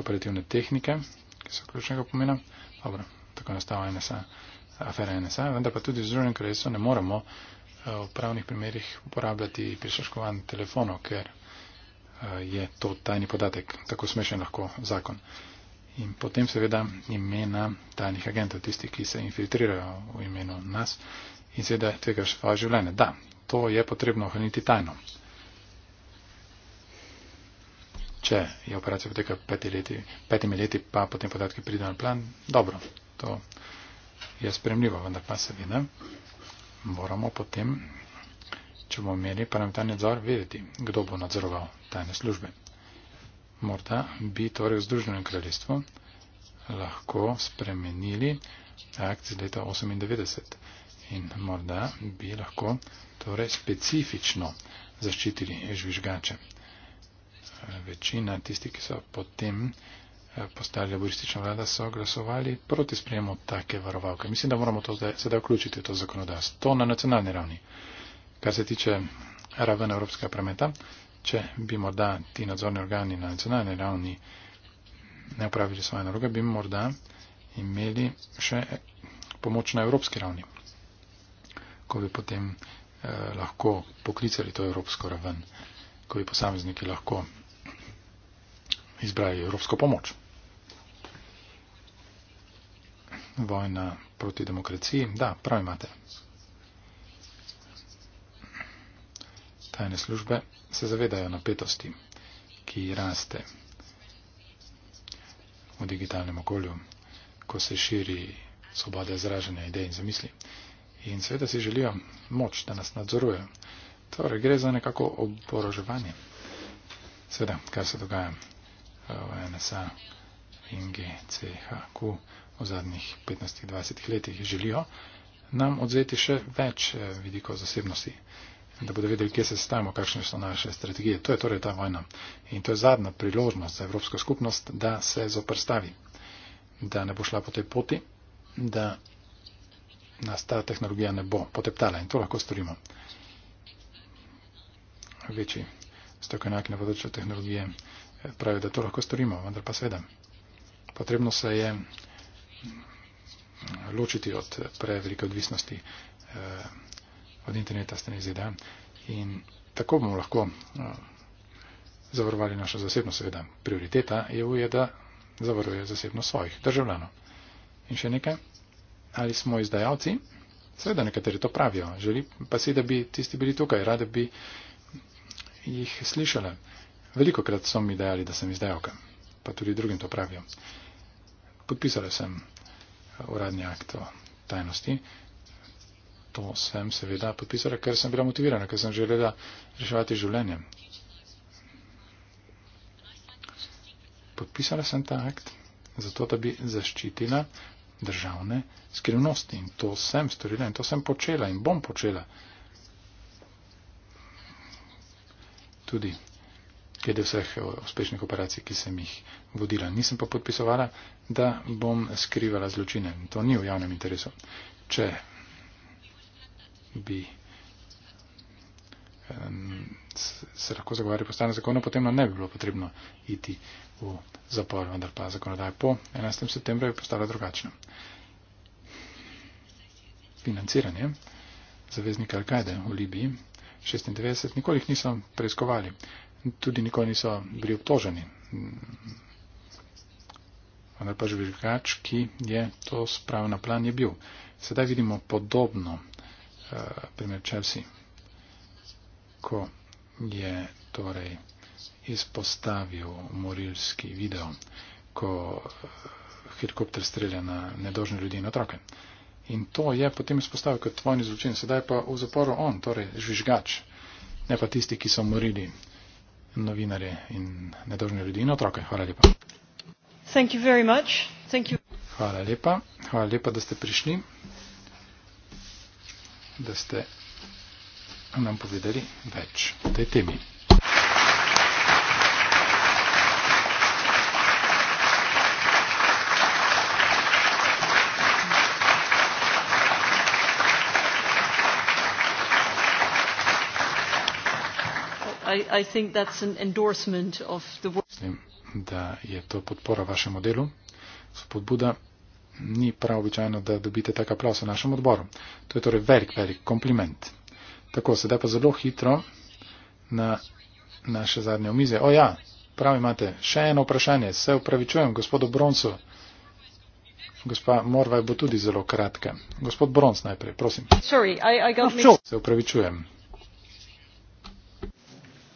operativne tehnike, ki so ključnega pomena. Dobro, tako je nastala NSA, afera NSA, vendar pa tudi v Združenem kraljestvu ne moremo eh, v pravnih primerih uporabljati prisluškovan telefonov, ker eh, je to tajni podatek, tako smešen lahko zakon. In potem seveda imena tajnih agentov, tistih, ki se infiltrirajo v imenu nas in seveda tvega svoje življenje. Da, to je potrebno ohraniti tajno če je operacija poteka peti leti, petimi leti, pa potem podatki pridejo na plan, dobro, to je spremljivo, vendar pa seveda moramo potem, če bomo imeli parlamentarni nadzor, vedeti, kdo bo nadzoroval tajne službe. Morda bi torej v Združenem kraljestvu lahko spremenili akt iz leta 98 in morda bi lahko torej specifično zaščitili žvižgače večina tisti, ki so potem eh, postali laboristična vlada, so glasovali proti sprejemu take varovalke. Mislim, da moramo to zdaj, sedaj vključiti v to zakonodajstvo. To na nacionalni ravni. Kar se tiče raven evropskega prometa, če bi morda ti nadzorni organi na nacionalni ravni ne upravili svoje naloge, bi morda imeli še eh, pomoč na evropski ravni, ko bi potem eh, lahko poklicali to evropsko raven, ko bi posamezniki lahko izbrali evropsko pomoč. Vojna proti demokraciji, da, prav imate. Tajne službe se zavedajo napetosti, ki raste v digitalnem okolju, ko se širi svoboda izražanja idej in zamisli. In seveda si želijo moč, da nas nadzorujejo. Torej, gre za nekako oboroževanje. Seveda, kar se dogaja v NSA, Inge, CHQ v zadnjih 15-20 letih želijo nam odzeti še več eh, vidikov zasebnosti, da bodo vedeli, kje se stajamo, kakšne so naše strategije. To je torej ta vojna. In to je zadnja priložnost za Evropsko skupnost, da se zoprstavi, da ne bo šla po tej poti, da nas ta tehnologija ne bo poteptala in to lahko storimo. Večji strokovnjaki na področju tehnologije pravijo, da to lahko storimo, vendar pa seveda. Potrebno se je ločiti od prevelike odvisnosti eh, od interneta strani ZDA in tako bomo lahko eh, zavarovali našo zasebnost, seveda. Prioriteta EU je, da zavaruje zasebnost svojih državljanov. In še nekaj, ali smo izdajalci? Seveda nekateri to pravijo, želi pa si, da bi tisti bili tukaj, rada bi jih slišala. Veliko krat so mi dejali, da sem izdajalka, pa tudi drugim to pravijo. Podpisala sem eh, uradni akt o tajnosti. To sem seveda podpisala, ker sem bila motivirana, ker sem želela reševati življenje. Podpisala sem ta akt, zato da bi zaščitila državne skrivnosti in to sem storila in to sem počela in bom počela. Tudi glede vseh eh, uspešnih operacij, ki sem jih vodila. Nisem pa podpisovala, da bom skrivala zločine. To ni v javnem interesu. Če bi se lahko zagovarjali postane zakonov, potem nam ne bi bilo potrebno iti v zapor, vendar pa zakonodaja po 11. septembru je postala drugačna. Financiranje zaveznika Al-Kaide v Libiji 96 nikoli jih niso preiskovali tudi nikoli niso bili obtoženi. Vendar pa žvižgač, ki je to spravil na plan, je bil. Sedaj vidimo podobno eh, primer Chelsea, ko je torej izpostavil morilski video, ko eh, helikopter strelja na nedožne ljudi in otroke. In to je potem izpostavil kot vojni zločin. Sedaj pa v zaporu on, torej žvižgač, ne pa tisti, ki so morili novinarje in nedožne ljudi in otroke. Hvala lepa.
Thank you very much. Thank you.
Hvala lepa. Hvala lepa, da ste prišli, da ste nam povedali več o tej temi.
I think that's an endorsement of the
da je to podpora vašemu delu. Spodbuda ni prav običajno, da dobite tak aplaus v našem odboru. To je torej velik, velik kompliment. Tako, sedaj pa zelo hitro na naše zadnje omize. O ja, prav imate, še eno vprašanje. Se upravičujem, gospodu Broncu. Gospa Morvaj bo tudi zelo kratka. Gospod Bronc najprej, prosim.
Sorry, I, I got no, me...
Se upravičujem.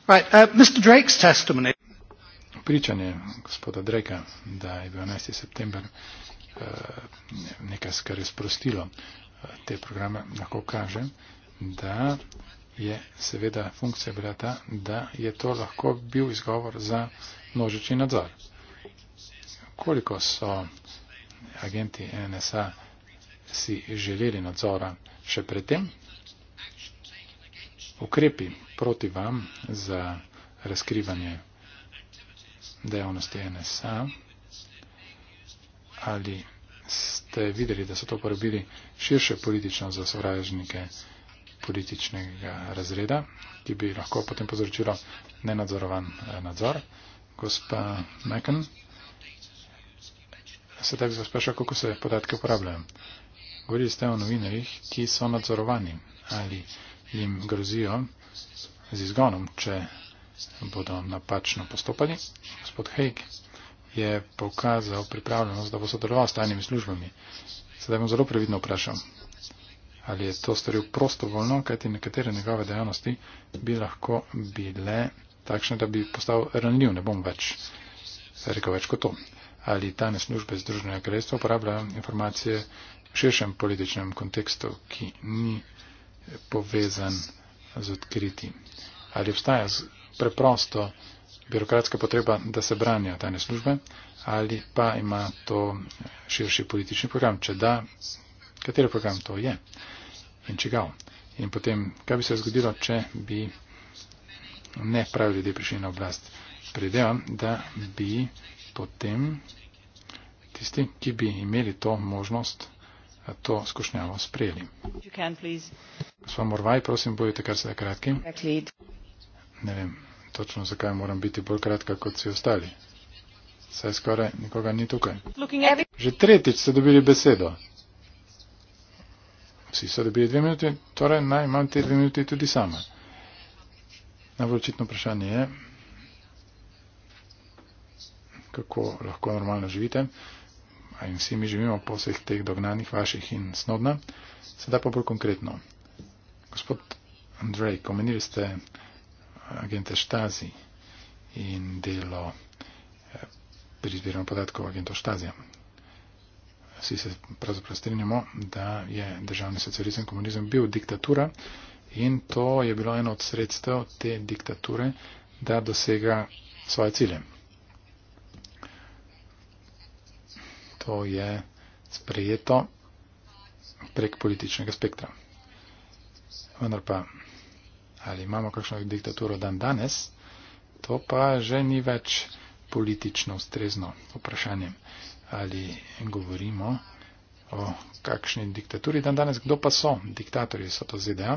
Right, uh, Mr. Drake's testimony. Pričanje gospoda Drakea, da je 12. september uh, nekaj, kar je sprostilo uh, te programe, lahko kaže, da je seveda funkcija bila ta, da je to lahko bil izgovor za množični nadzor. Koliko so agenti NSA si želeli nadzora še predtem, ukrepi proti vam za razkrivanje dejavnosti NSA? Ali ste videli, da so to porobili širše politično za sovražnike političnega razreda, ki bi lahko potem povzročilo nenadzorovan eh, nadzor? Gospa Mekan, sedaj bi se vprašal, kako se podatke uporabljajo. Govorili ste o novinarjih, ki so nadzorovani. Ali jim grozijo z izgonom, če bodo napačno postopali. Gospod Haig je pokazal pripravljenost, da bo sodeloval s tajnimi službami. Sedaj bom zelo previdno vprašal, ali je to storil prostovoljno, kajti nekatere njegove dejavnosti bi lahko bile takšne, da bi postal ranljiv, ne bom več rekel več kot to. Ali tajne službe Združenega kraljestva uporabljajo informacije v širšem političnem kontekstu, ki ni povezan z odkritim. Ali obstaja preprosto birokratska potreba, da se branja tajne službe, ali pa ima to širši politični program, če da, kateri program to je in čigav. In potem, kaj bi se zgodilo, če bi ne pravi ljudje prišli na oblast. Predevam, da bi potem tisti, ki bi imeli to možnost, to skušnjavo sprejeli. Gospod Morvaj, prosim, bojite kar se je kratki. Ne vem točno, zakaj moram biti bolj kratka kot vsi ostali. Saj skoraj nikoga ni tukaj. Že tretjič ste dobili besedo. Vsi so dobili dve minuti, torej naj imam te dve minuti tudi sama. Najbolj očitno vprašanje je, kako lahko normalno živite a in vsi mi živimo po vseh teh dognanjih vaših in snodna. Sedaj pa bolj konkretno. Gospod Andrej, komenili ste eh, agente Štazi in delo eh, pri izbiranju podatkov agentov Štazija. Vsi se pravzaprav strinjamo, da je državni socializem, komunizem bil diktatura in to je bilo eno od sredstev te diktature, da dosega svoje cilje. to je sprejeto prek političnega spektra. Vendar pa, ali imamo kakšno diktaturo dan danes, to pa že ni več politično ustrezno vprašanje. Ali govorimo o kakšni diktaturi dan danes, kdo pa so diktatorji, so to ZDA,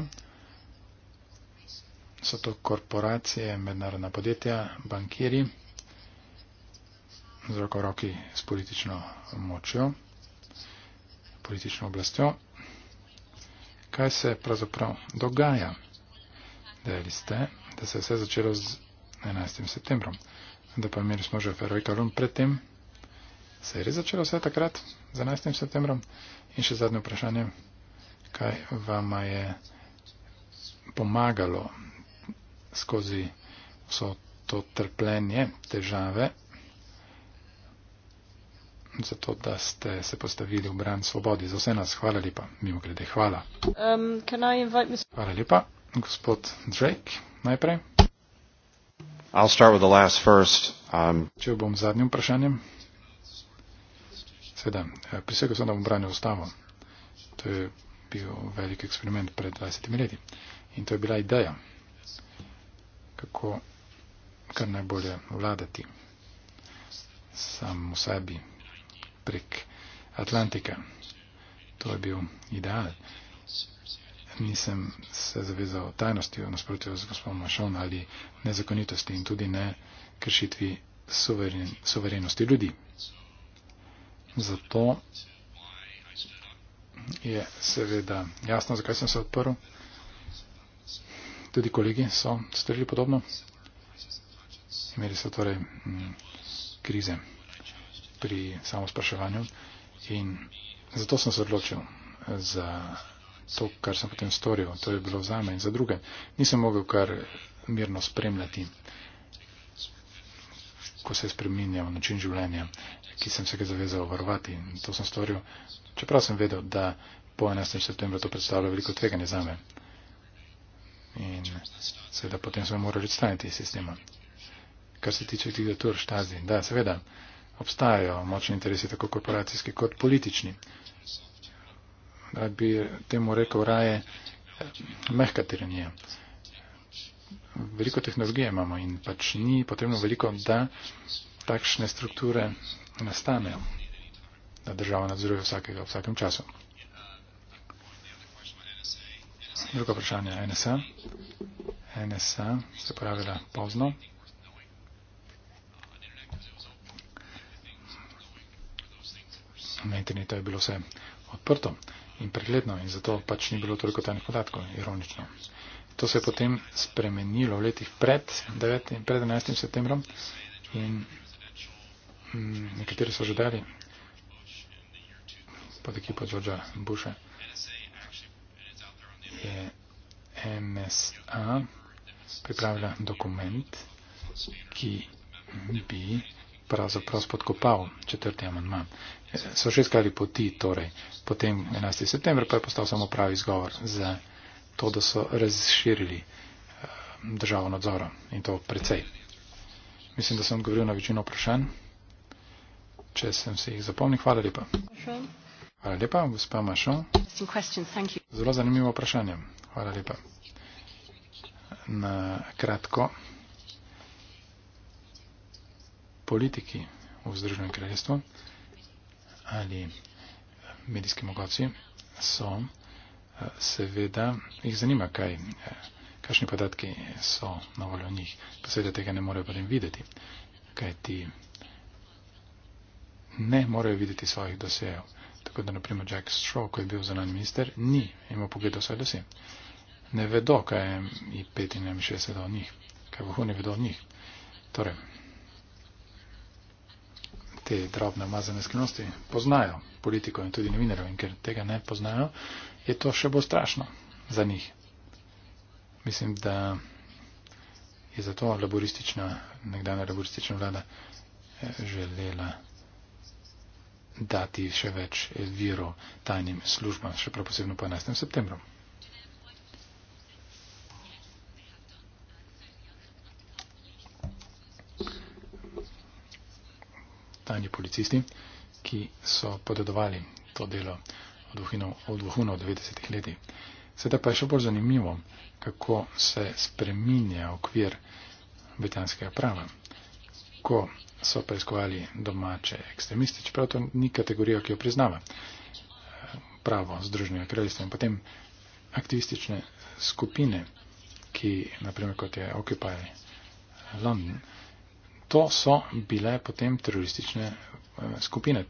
so to korporacije, mednarodna podjetja, bankiri z roko roki s politično močjo, politično oblastjo. Kaj se pravzaprav dogaja? Dejali ste, da se je vse začelo z 11. septembrom. Da pa imeli smo že v Ferojkalum predtem. Se je res začelo vse takrat z 11. septembrom? In še zadnje vprašanje, kaj vama je pomagalo skozi vso to trpljenje, težave, za to, da ste se postavili v bran svobodi. Za vse nas hvala lepa. Mimo grede, hvala.
Um, Ms...
Hvala lepa. Gospod Drake, najprej. Um... Če bom zadnjim vprašanjem. Sedaj, eh, prisegel sem, da bom branil ustavo. To je bil velik eksperiment pred 20 leti. In to je bila ideja, kako kar najbolje vladati sam v sebi, prek Atlantika. To je bil ideal. Nisem se zavezal tajnosti v nasprotju z gospodom Mašon ali nezakonitosti in tudi ne kršitvi suveren, suverenosti ljudi. Zato je seveda jasno, zakaj sem se odprl. Tudi kolegi so storili podobno. Imeli so torej m, mm, krize pri samo spraševanju in zato sem se odločil za to, kar sem potem storil. To je bilo za me in za druge. Nisem mogel kar mirno spremljati, ko se je spreminjal način življenja, ki sem se ga zavezal varovati in to sem storil, čeprav sem vedel, da po 11. septembru to predstavlja veliko tveganje za me. In seveda potem smo morali odstraniti iz sistema. Kar se tiče diktatur, štazi, da, seveda obstajajo močni interesi, tako korporacijski kot politični. Da bi temu rekel raje eh, mehka tiranija. Veliko tehnologije imamo in pač ni potrebno veliko, da takšne strukture nastanejo, da država nadzoruje vsakega v vsakem času. Drugo vprašanje NSA. NSA se pravila pozno. na internetu je bilo vse odprto in pregledno in zato pač ni bilo toliko tajnih podatkov, ironično. To se je potem spremenilo v letih pred, 9, pred 11. septembrom in m, mm, nekateri so že dali pod ekipo George'a Busha je MSA pripravila dokument, ki bi pravzaprav spodkopal četrti amandman so še iskali poti, torej potem 11. september pa je postal samo pravi izgovor za to, da so razširili eh, državo nadzora in to precej. Mislim, da sem odgovoril na večino vprašanj. Če sem se jih zapomnil, hvala lepa.
Hvala
lepa, gospa Mašo. Zelo zanimivo vprašanje. Hvala lepa. Na kratko, politiki v Združenem kraljestvu ali eh, medijski mogoci so, eh, seveda jih zanima, kaj, eh, kakšni podatki so na voljo njih, pa seveda tega ne morejo potem videti, kaj ti ne morejo videti svojih dosejev. Tako da, naprimer, Jack Straw, ko je bil zunanji minister, ni imel pogled vse dosje. Ne vedo, kaj je i 65 od njih, kaj vohu ne vedo od njih. Torej, te drobne umazane skrivnosti poznajo politiko in tudi novinarjev in ker tega ne poznajo, je to še bolj strašno za njih. Mislim, da je zato laboristična, nekdana laboristična vlada eh, želela dati še več virov tajnim službam, še prav posebno po 11. septembru. tajni policisti, ki so podedovali to delo od vohunov od 90. leti. Sveda pa je še bolj zanimivo, kako se spreminja okvir britanskega prava. Ko so preiskovali domače ekstremisti, čeprav to ni kategorija, ki jo priznava eh, pravo Združenega kraljestva in potem aktivistične skupine, ki naprimer kot je Occupy London, to so bile potem teroristične eh, skupine.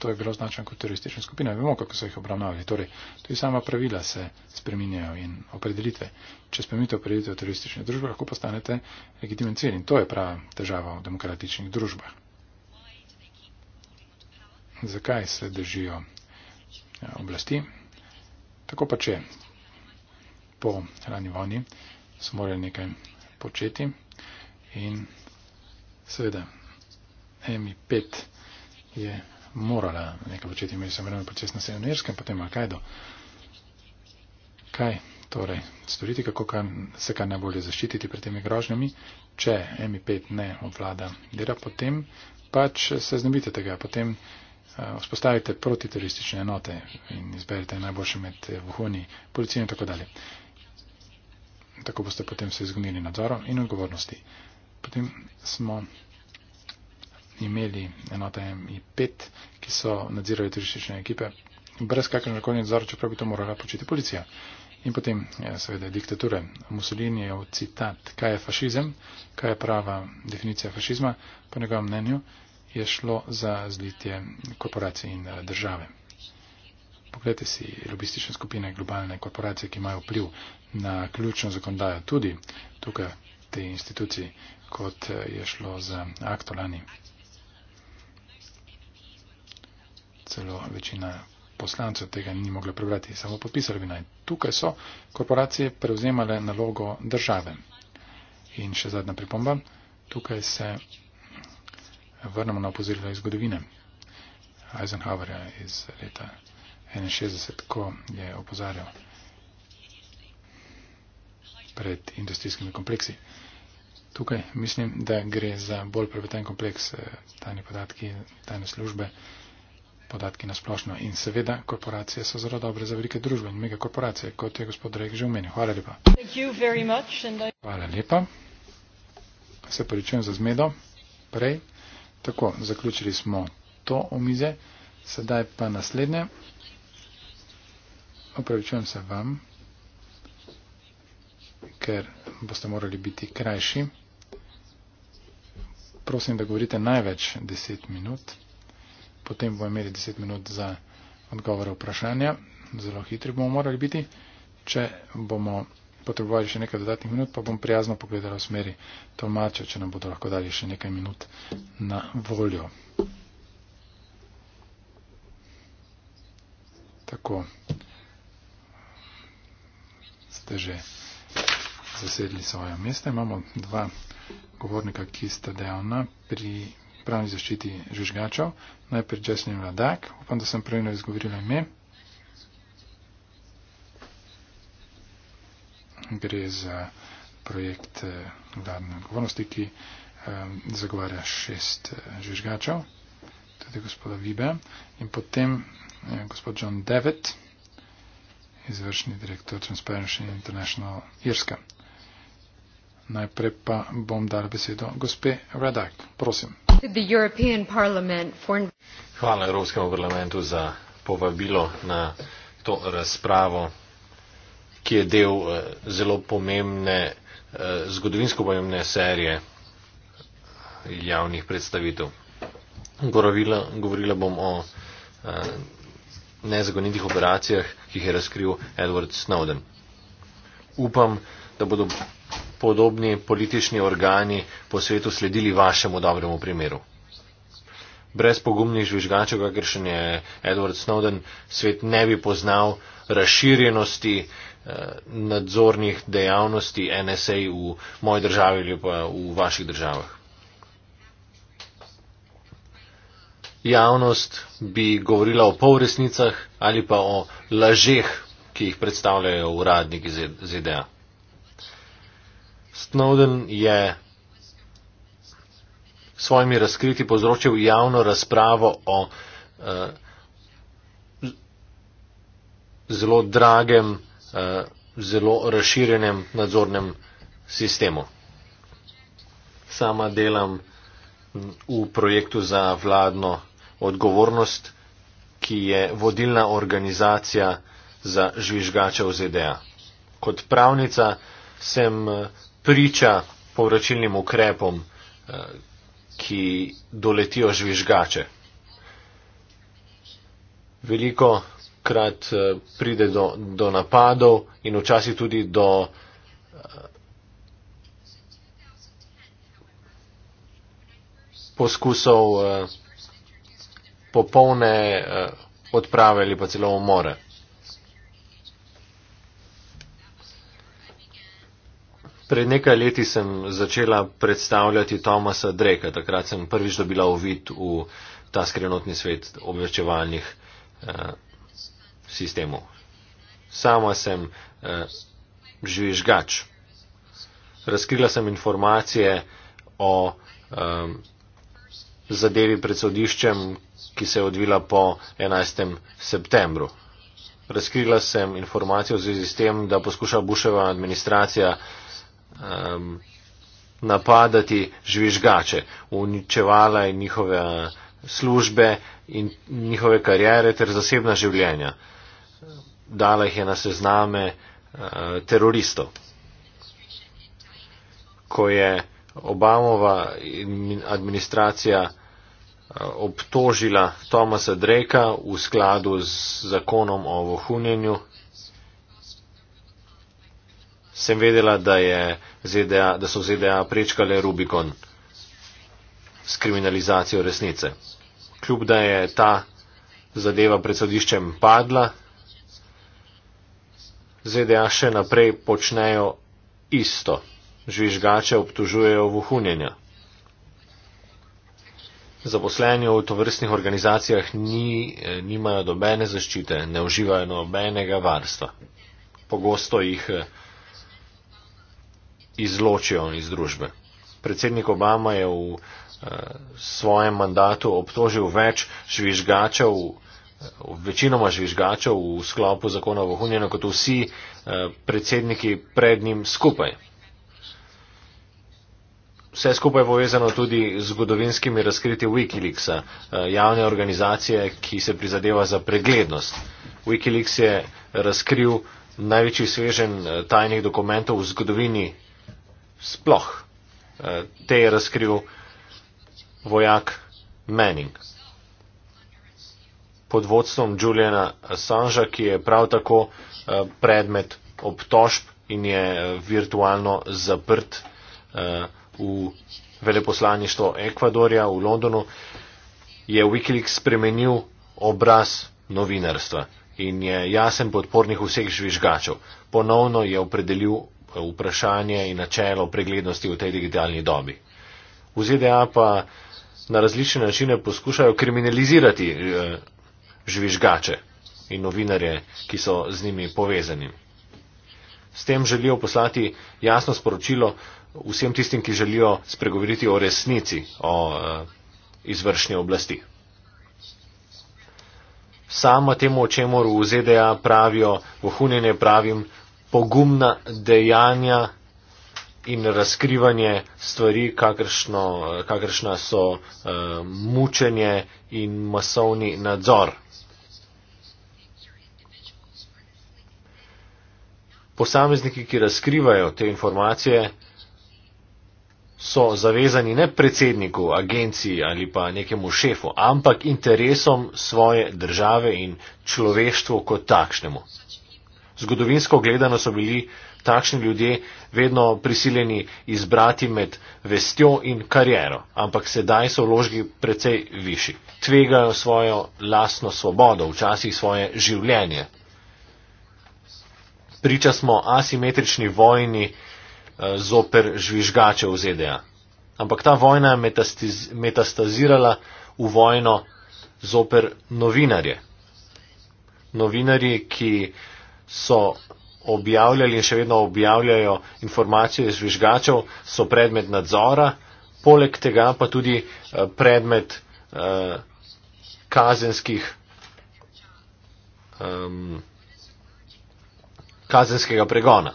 To je bilo označeno kot teroristična skupina. Vemo, kako so jih obravnavali. Torej, tudi sama pravila se spreminjajo in opredelitve. Če spremenite opredelitev teroristične družbe, lahko postanete legitimen cilj. In to je prava težava v demokratičnih družbah. Zakaj se držijo eh, oblasti? Tako pa če po rani vojni so morali nekaj početi in Seveda, MI5 je morala nekaj početi, imeli so vremen proces na Sejonerskem, potem Al-Kaido. Kaj torej storiti, kako kar, se kar najbolje zaščititi pred temi grožnjami, če MI5 ne obvlada dela, potem pač se znebite tega, potem uh, vzpostavite protiteroristične enote in izberite najboljše med eh, vohuni, policijo in tako dalje. Tako boste potem se izgnili nadzorom in odgovornosti. Potem smo imeli enota MI5, ki so nadzirali turistične ekipe, brez kakršnega koli nadzora, čeprav bi to morala početi policija. In potem, ja, seveda, diktature. Mussolini je v citat, kaj je fašizem, kaj je prava definicija fašizma, po njegovem mnenju je šlo za zlitje korporacij in eh, države. Poglejte si lobistične skupine, globalne korporacije, ki imajo vpliv na ključno zakonodajo, tudi tukaj tej instituciji, kot je šlo z aktualni. Celo večina poslancev tega ni mogla prebrati, samo popisali bi naj. Tukaj so korporacije prevzemale nalogo države. In še zadnja pripomba, tukaj se vrnemo na opozorilo iz zgodovine Eisenhowerja iz leta 61, ko je opozarjal pred industrijskimi kompleksi. Tukaj mislim, da gre za bolj prepleten kompleks eh, tajne podatki, tajne službe, podatki na splošno. In seveda, korporacije so zelo dobre za velike družbe in megakorporacije, kot je gospod Drek že omenil. Hvala lepa. Hvala lepa. Se poričujem za zmedo. Prej. Tako, zaključili smo to omize. Sedaj pa naslednje. Opravičujem se vam ker boste morali biti krajši. Prosim, da govorite največ 10 minut, potem bomo imeli 10 minut za odgovore vprašanja. Zelo hitri bomo morali biti. Če bomo potrebovali še nekaj dodatnih minut, pa bom prijazno pogledal v smeri Tomača, če nam bodo lahko dali še nekaj minut na voljo. Tako. Ste že zasedli svoje mesta. Imamo dva govornika, ki sta dejavna pri pravni zaščiti žvižgačev. Najprej Jasmin Vladak, upam, da sem pravilno izgovorila ime. Gre za projekt eh, vladne odgovornosti, ki eh, zagovarja šest eh, žvižgačev, tudi gospoda Vibe. In potem gospod John Devet, izvršni direktor Transparency International Irska. Najprej pa bom dal besedo gospe Radak. Prosim.
Hvala Evropskemu parlamentu za povabilo na to razpravo, ki je del eh, zelo pomembne, eh, zgodovinsko pomembne serije eh, javnih predstavitev. Govorila, govorila bom o nezakonitih operacijah, ki jih je razkril Edward Snowden. Upam, da bodo podobni politični organi po svetu sledili vašemu dobremu primeru. Brez pogumnih žvižgačev, kakršen je Edward Snowden, svet ne bi poznal razširjenosti eh, nadzornih dejavnosti NSA v moji državi ali pa v vaših državah. Javnost bi govorila o polresnicah ali pa o lažeh, ki jih predstavljajo uradniki ZDA. Snowden je svojimi razkriti povzročil javno razpravo o eh, zelo dragem, eh, zelo razširjenem nadzornem sistemu. Sama delam v projektu za vladno odgovornost, ki je vodilna organizacija za žvižgače v ZDA. Kot pravnica sem eh, priča povračilnim ukrepom, eh, ki doletijo žvižgače. Veliko krat eh, pride do, do napadov in včasih tudi do eh, poskusov popolne odprave ali pa celo umore. Pred nekaj leti sem začela predstavljati Tomasa Drake, takrat sem prvič dobila uvid v ta skrenotni svet obveščevalnih eh, sistemov. Sama sem eh, žvižgač. Razkrila sem informacije o eh, zadevi pred sodiščem, ki se je odvila po 11. septembru. Razkrila sem informacije v zvezi s tem, da poskuša Buševa administracija eh, um, napadati žvižgače, uničevala je njihove uh, službe in njihove karijere ter zasebna življenja. Dala jih je na sezname uh, teroristov. Ko je Obamova administracija uh, obtožila Tomasa Dreka v skladu z zakonom o vohunjenju sem vedela, da, ZDA, da so ZDA prečkale Rubikon s kriminalizacijo resnice. Kljub da je ta zadeva pred sodiščem padla, ZDA še naprej počnejo isto. Žvižgače obtužujejo vohunjenja. Zaposlenje v tovrstnih organizacijah ni, nimajo dobene zaščite, ne uživajo nobenega varstva. Pogosto jih izločijo iz družbe. Predsednik Obama je v eh, svojem mandatu obtožil več žvižgačev, večinoma žvižgačev v sklopu zakona o vohunjenju, kot vsi eh, predsedniki pred njim skupaj. Vse skupaj je povezano tudi z zgodovinskimi razkriti Wikileaksa, eh, javne organizacije, ki se prizadeva za preglednost. Wikileaks je razkril največji svežen tajnih dokumentov v zgodovini sploh. Eh, te je razkril vojak Manning pod vodstvom Juliana Assangea, ki je prav tako eh, predmet obtožb in je eh, virtualno zaprt v veleposlaništvo Ekvadorja v Londonu, je Wikileaks spremenil obraz novinarstva in je jasen podpornik vseh žvižgačev. Ponovno je opredelil vprašanje in načelo preglednosti v tej digitalni dobi. V ZDA pa na različne načine poskušajo kriminalizirati eh, žvižgače in novinarje, ki so z njimi povezani. S tem želijo poslati jasno sporočilo vsem tistim, ki želijo spregovoriti o resnici, o eh, izvršni oblasti. Sama temu, o čemu v ZDA pravijo, vohunjenje pravim, pogumna dejanja in razkrivanje stvari, kakršno, kakršna so uh, mučenje in masovni nadzor. Posamezniki, ki razkrivajo te informacije, so zavezani ne predsedniku agenciji ali pa nekemu šefu, ampak interesom svoje države in človeštvu kot takšnemu. Zgodovinsko gledano so bili takšni ljudje vedno prisiljeni izbrati med vestjo in kariero, ampak sedaj so vložki precej višji. Tvegajo svojo lastno svobodo, včasih svoje življenje. Priča smo asimetrični vojni eh, zoper žvižgače v ZDA. Ampak ta vojna je metastazirala v vojno zoper novinarje. Novinarji, ki so objavljali in še vedno objavljajo informacije iz žvižgačev, so predmet nadzora, poleg tega pa tudi eh, predmet eh, kazenskih, eh, kazenskega pregona.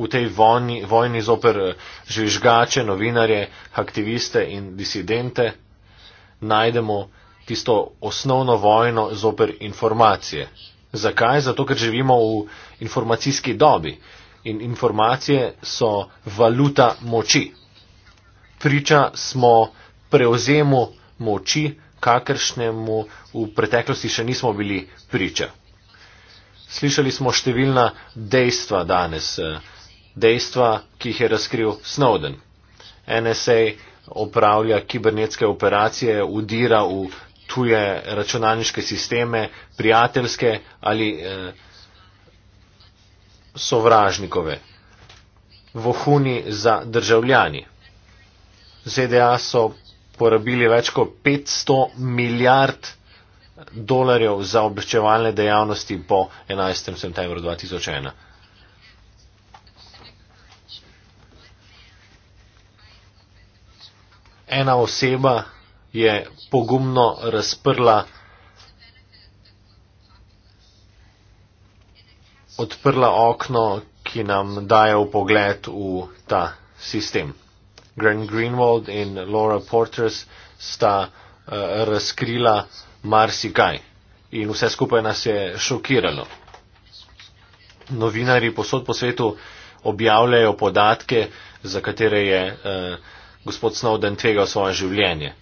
V tej vojni, vojni zoper eh, žvižgače, novinarje, aktiviste in disidente najdemo tisto osnovno vojno zoper informacije. Zakaj? Zato, ker živimo v informacijski dobi in informacije so valuta moči. Priča smo prevzemu moči, kakršnemu v preteklosti še nismo bili priča. Slišali smo številna dejstva danes, dejstva, ki jih je razkril Snowden. NSA opravlja kibernetske operacije, udira v tuje računalniške sisteme, prijateljske ali eh, sovražnikove. Vohuni za državljani. ZDA so porabili več kot 500 milijard dolarjev za obveščevalne dejavnosti po 11. septembru 2001. Ena oseba je pogumno razprla, odprla okno, ki nam daje pogled v ta sistem. Grant Greenwald in Laura Porters sta uh, razkrila marsikaj in vse skupaj nas je šokiralo. Novinari posod po svetu objavljajo podatke, za katere je uh, gospod Snowden tvegal svoje življenje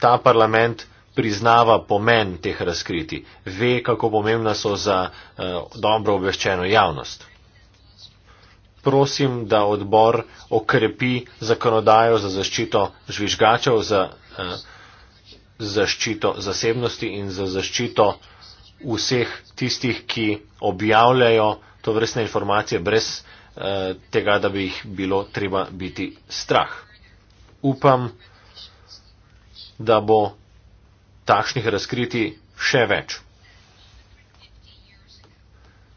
ta parlament priznava pomen teh razkriti, ve, kako pomembna so za uh, dobro obveščeno javnost. Prosim, da odbor okrepi zakonodajo za zaščito žvižgačev, za uh, zaščito zasebnosti in za zaščito vseh tistih, ki objavljajo to vrstne informacije brez uh, tega, da bi jih bilo treba biti strah. Upam, da bo takšnih razkriti še več.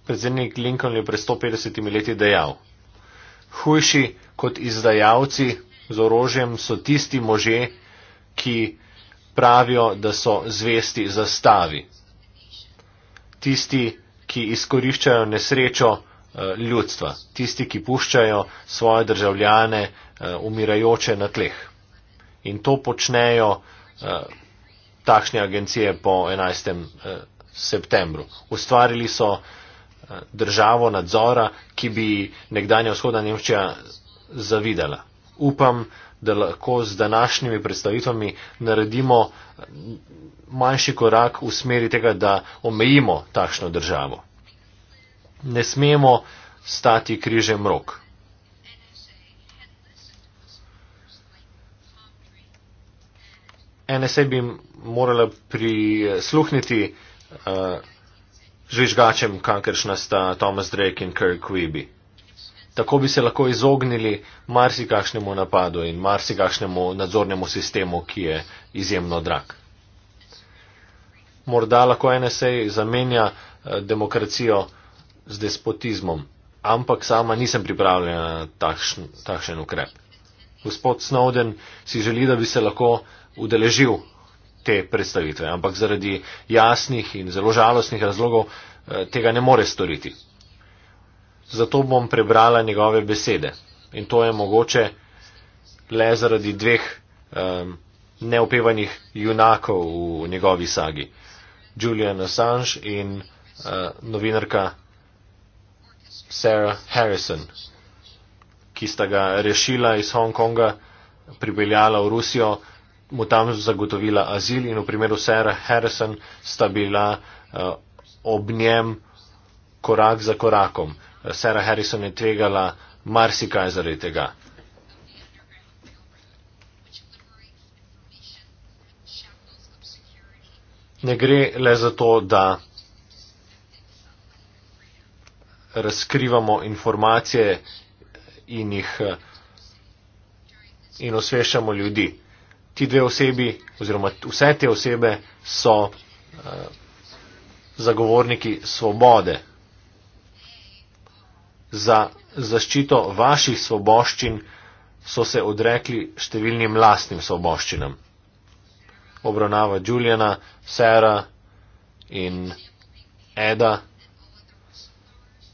Predsednik Lincoln je pred 150 leti dejal, hujši kot izdajalci z orožjem so tisti može, ki pravijo, da so zvesti zastavi. Tisti, ki izkoriščajo nesrečo eh, ljudstva, tisti, ki puščajo svoje državljane eh, umirajoče na tleh in to počnejo eh, takšne agencije po 11. Eh, septembru. Ustvarili so eh, državo nadzora, ki bi nekdanja vzhoda Nemčija zavidala. Upam, da lahko z današnjimi predstavitvami naredimo eh, manjši korak v smeri tega, da omejimo takšno državo. Ne smemo stati križem rok. NSA bi morala prisluhniti uh, žvižgačem, kakršna sta Thomas Drake in Kirk Weeby. Tako bi se lahko izognili marsikakšnemu napadu in marsikakšnemu nadzornemu sistemu, ki je izjemno drag. Morda lahko NSA zamenja uh, demokracijo z despotizmom, ampak sama nisem pripravljena na takšen, takšen ukrep. Gospod Snowden si želi, da bi se lahko udeležil te predstavitve, ampak zaradi jasnih in zelo žalostnih razlogov eh, tega ne more storiti. Zato bom prebrala njegove besede in to je mogoče le zaradi dveh um, neopevanih junakov v njegovi sagi, Julian Assange in uh, novinarka Sarah Harrison, ki sta ga rešila iz Hongkonga, pribeljala v Rusijo, mu tam zagotovila azil in v primeru Sarah Harrison sta bila eh, ob njem korak za korakom. Sarah Harrison je tvegala marsikaj zaradi tega. Ne gre le za to, da razkrivamo informacije in, jih, eh, in osvešamo ljudi ti dve osebi oziroma vse te osebe so uh, zagovorniki svobode. Za zaščito vaših svoboščin so se odrekli številnim lastnim svoboščinam. Obravnava Juliana, Sara in Eda,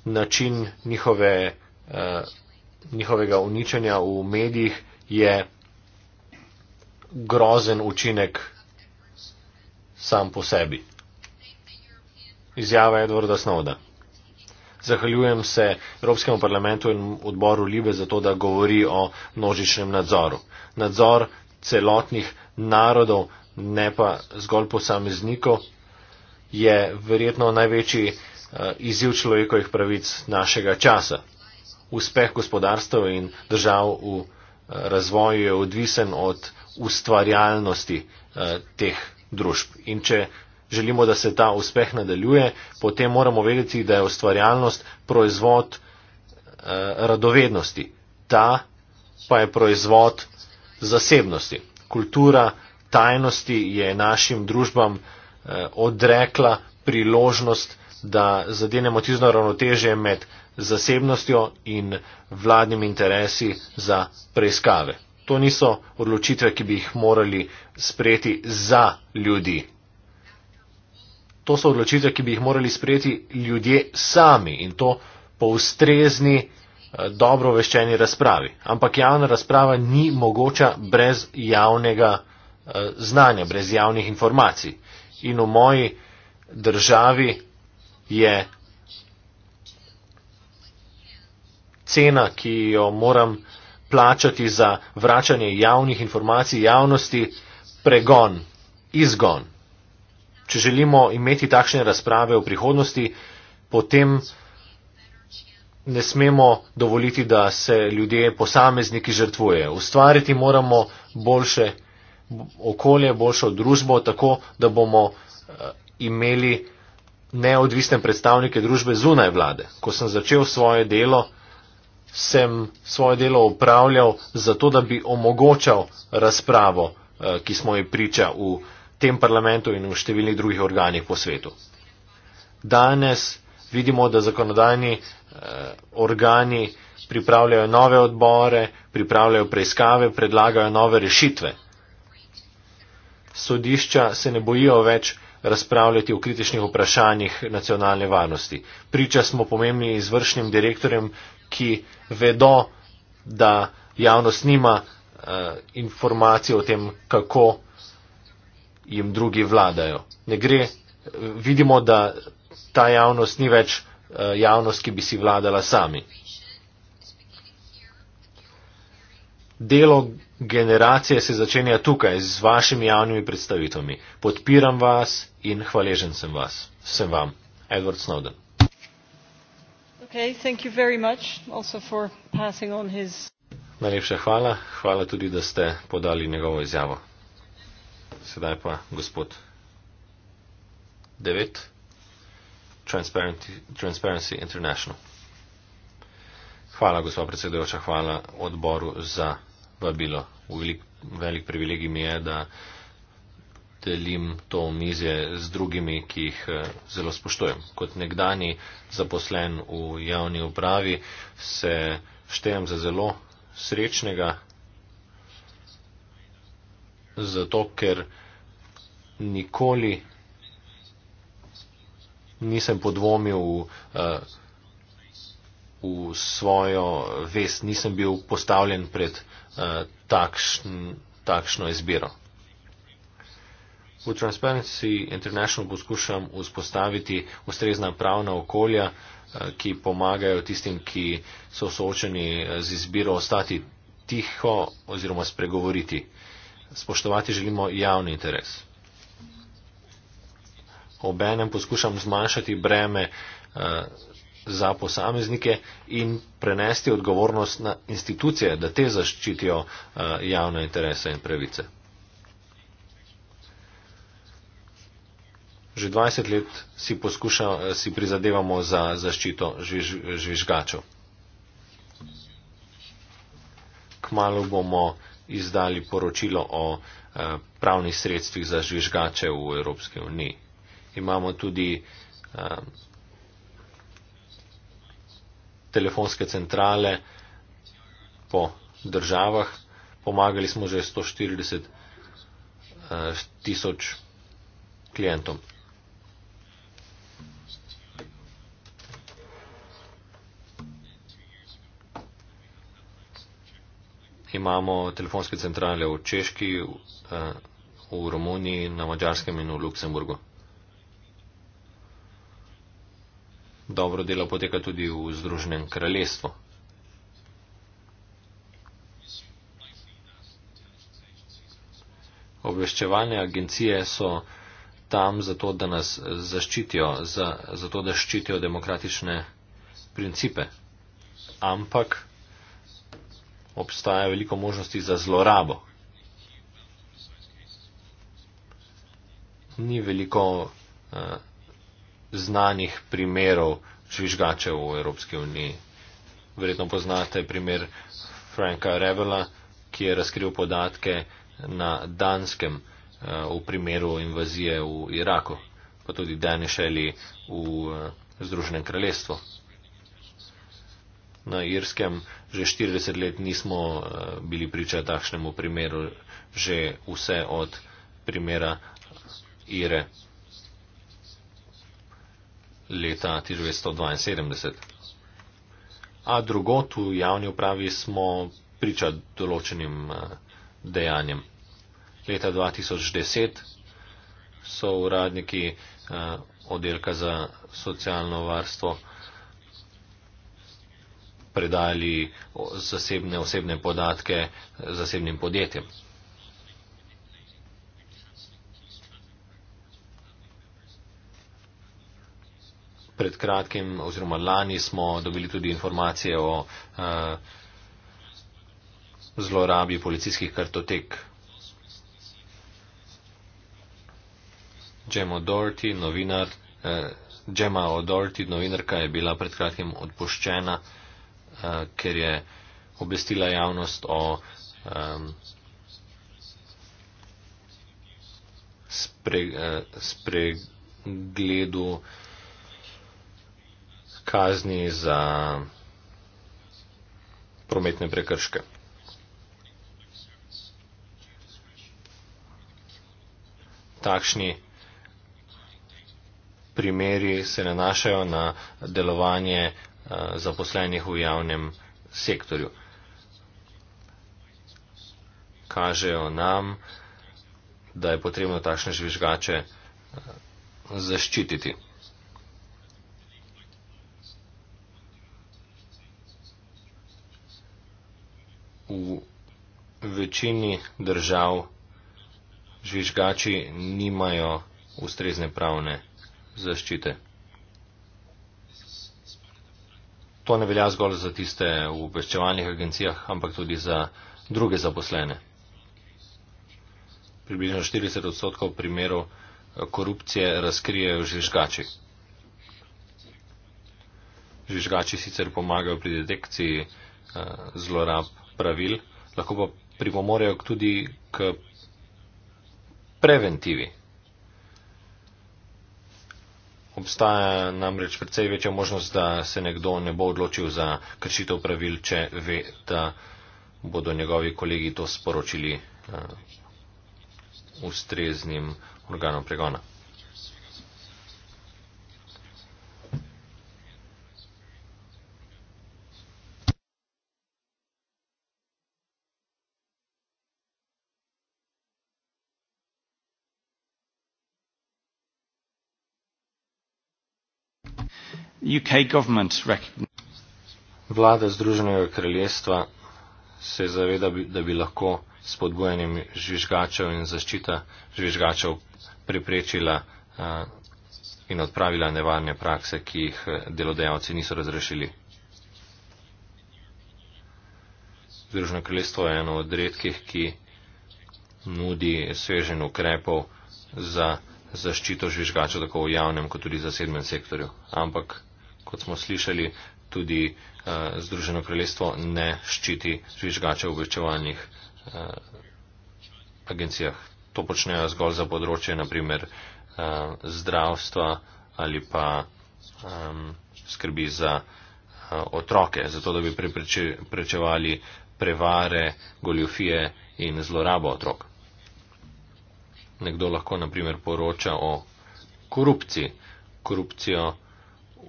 način njihove, uh, njihovega uničenja v medijih je grozen učinek sam po sebi. Izjava Edwarda Snowda. Zahvaljujem se Evropskemu parlamentu in odboru Libe za to, da govori o množičnem nadzoru. Nadzor celotnih narodov, ne pa zgolj posameznikov, je verjetno največji eh, izziv človekovih pravic našega časa. Uspeh gospodarstva in držav v eh, razvoju je odvisen od ustvarjalnosti eh, teh družb. In če želimo, da se ta uspeh nadaljuje, potem moramo vedeti, da je ustvarjalnost proizvod eh, radovednosti, ta pa je proizvod zasebnosti. Kultura tajnosti je našim družbam eh, odrekla priložnost, da zadenemo tisto ravnoteže med zasebnostjo in vladnim interesi za preiskave to niso odločitve, ki bi jih morali sprejeti za ljudi. To so odločitve, ki bi jih morali sprejeti ljudje sami in to po ustrezni, eh, dobro veščeni razpravi. Ampak javna razprava ni mogoča brez javnega eh, znanja, brez javnih informacij. In v moji državi je cena, ki jo moram plačati za vračanje javnih informacij javnosti pregon, izgon. Če želimo imeti takšne razprave v prihodnosti, potem ne smemo dovoliti, da se ljudje, posamezniki žrtvuje. Ustvariti moramo boljše okolje, boljšo družbo, tako da bomo eh, imeli neodvisne predstavnike družbe zunaj vlade. Ko sem začel svoje delo, sem svoje delo upravljal zato, da bi omogočal razpravo, eh, ki smo ji priča v tem parlamentu in v številnih drugih organih po svetu. Danes vidimo, da zakonodajni eh, organi pripravljajo nove odbore, pripravljajo preiskave, predlagajo nove rešitve. Sodišča se ne bojijo več razpravljati o kritičnih vprašanjih nacionalne varnosti. Priča smo pomembni izvršnim direktorjem, ki vedo, da javnost nima uh, informacij o tem, kako jim drugi vladajo. Ne gre, vidimo, da ta javnost ni več uh, javnost, ki bi si vladala sami. Delo generacije se začenja tukaj z vašimi javnimi predstavitvami. Podpiram vas in hvaležen sem vas. Sem vam. Edward Snowden. Najlepša hvala. Hvala tudi, da ste podali njegovo izjavo. Sedaj pa gospod. 9. Transparency International. Hvala, gospod predsedujoča. Hvala odboru za vabilo. Velik, velik privilegij mi je, da delim to mizje z drugimi, ki jih eh, zelo spoštujem. Kot nekdani zaposlen v javni upravi se štejem za zelo srečnega, zato ker nikoli nisem podvomil v, eh, v svojo vest, nisem bil postavljen pred eh, takšn, takšno izbiro. V Transparency International poskušam vzpostaviti ustrezna pravna okolja, eh, ki pomagajo tistim, ki so soočeni eh, z izbiro ostati tiho oziroma spregovoriti. Spoštovati želimo javni interes. Obenem poskušam zmanjšati breme eh, za posameznike in prenesti odgovornost na institucije, da te zaščitijo javne interese in pravice. že 20 let si, poskuša, eh, si prizadevamo za zaščito žvež, žvižgačev. Kmalo bomo izdali poročilo o eh, pravnih sredstvih za žvižgače v Evropski uniji. Imamo tudi eh, telefonske centrale po državah. Pomagali smo že 140 tisoč klientom. imamo telefonske centrale v Češki, eh, v Romuniji, na Mačarskem in v Luksemburgu. Dobro delo poteka tudi v Združenem kraljestvu. Obveščevalne agencije so tam zato, da nas zaščitijo, zato, da ščitijo demokratične principe. Ampak obstaja veliko možnosti za zlorabo. Ni veliko uh, znanih primerov žvižgačev v Evropski uniji. Verjetno poznate primer Franka Revela, ki je razkril podatke na Danskem uh, v primeru invazije v Iraku, pa tudi Danišeli v uh, Združenem kraljestvu na Irskem. Že 40 let nismo eh, bili priča takšnemu primeru, že vse od primera Ire leta 1972. A drugot v javni upravi smo priča določenim eh, dejanjem. Leta 2010 so uradniki eh, oddelka za socialno varstvo predali zasebne osebne podatke zasebnim podjetjem. Pred kratkim oziroma lani smo dobili tudi informacije o uh, zlorabi policijskih kartotek. Džemo Dorti, novinar, uh, Džema Odorti, novinarka, je bila pred kratkim odpuščena. Uh, Eh, ker je obvestila javnost o eh, spregledu kazni za prometne prekrške. Takšni primeri se nanašajo na delovanje Eh, zaposlenih v javnem sektorju. Kažejo nam, da je potrebno takšne žvižgače eh, zaščititi. V večini držav žvižgači nimajo ustrezne pravne zaščite. to ne velja zgolj za tiste v obveščevalnih agencijah, ampak tudi za druge zaposlene. Približno 40 odstotkov primerov eh, korupcije razkrijejo žvižgači. Žvižgači sicer pomagajo pri detekciji eh, zlorab pravil, lahko pa pripomorejo tudi k preventivi Obstaja namreč precej večja možnost, da se nekdo ne bo odločil za kršitev pravil, če ve, da bodo njegovi kolegi to sporočili uh, ustreznim organom pregona.
UK government
Vlada Združenega kraljestva se zaveda, da bi lahko s podbojanjem žvižgačev in zaščita žvižgačev preprečila in odpravila nevarne prakse, ki jih e, delodajalci niso razrešili. Združeno kraljestvo je eno od redkih, ki nudi svežen ukrepov za zaščito žvižgačev tako v javnem kot tudi zasebnem sektorju. Ampak kot smo slišali, tudi uh, Združeno kraljestvo ne ščiti zvižgače v obveščevalnih uh, agencijah. To počnejo zgolj za področje, naprimer, uh, eh, zdravstva ali pa um, skrbi za uh, otroke, zato da bi preprečevali prevare, goljofije in zlorabo otrok. Nekdo lahko, naprimer, poroča o korupciji. Korupcijo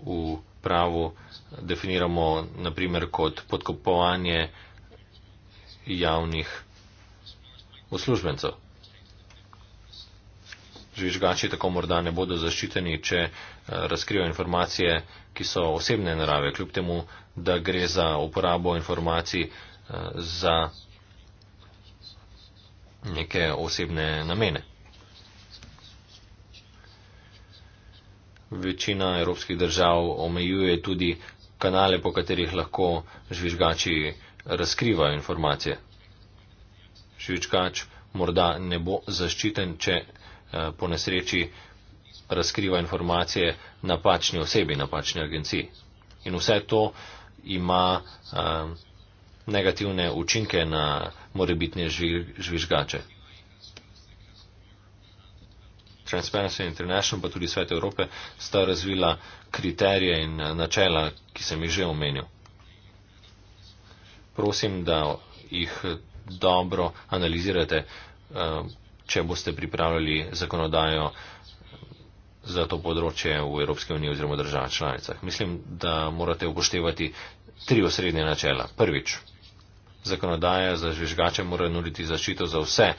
v pravu definiramo naprimer kot podkopovanje javnih uslužbencev. Žvižgači tako morda ne bodo zaščiteni, če eh, razkrijo informacije, ki so osebne narave, kljub temu, da gre za uporabo informacij eh, za neke osebne namene. večina evropskih držav omejuje tudi kanale, po katerih lahko žvižgači razkrivajo informacije. Žvižgač morda ne bo zaščiten, če eh, po nesreči razkriva informacije napačni osebi, napačni agenciji. In vse to ima eh, negativne učinke na morebitne žvižgače. Transparency International, pa tudi Svet Evrope, sta razvila kriterije in eh, načela, ki sem jih že omenil. Prosim, da jih eh, dobro analizirate, eh, če boste pripravljali zakonodajo za to področje v Evropski uniji oziroma državah članicah. Mislim, da morate upoštevati tri osrednje načela. Prvič, zakonodaja za žvižgače mora nuditi zaščito za vse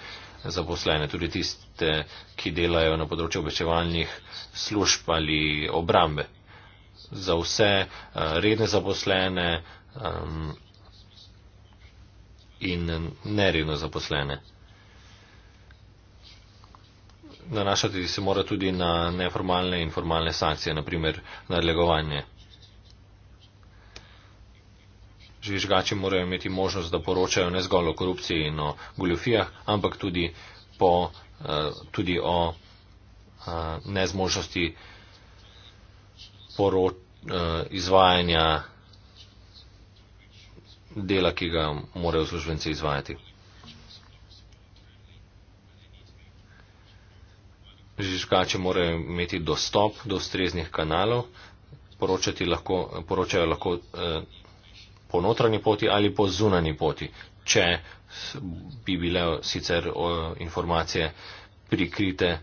zaposlene, tudi tiste, ki delajo na področju obveščevalnih služb ali obrambe. Za vse eh, redne zaposlene ehm, in neredno zaposlene. Nanašati se mora tudi na neformalne in formalne sankcije, naprimer nadlegovanje. Na žvižgači morajo imeti možnost, da poročajo ne zgolj o korupciji in o goljofijah, ampak tudi, po, eh, tudi o eh, nezmožnosti poroč, eh, izvajanja dela, ki ga morajo službenci izvajati. Žvižgači morajo imeti dostop do ustreznih kanalov, poročati lahko, poročajo lahko eh, po notranji poti ali po zunanji poti, če bi bile sicer informacije prikrite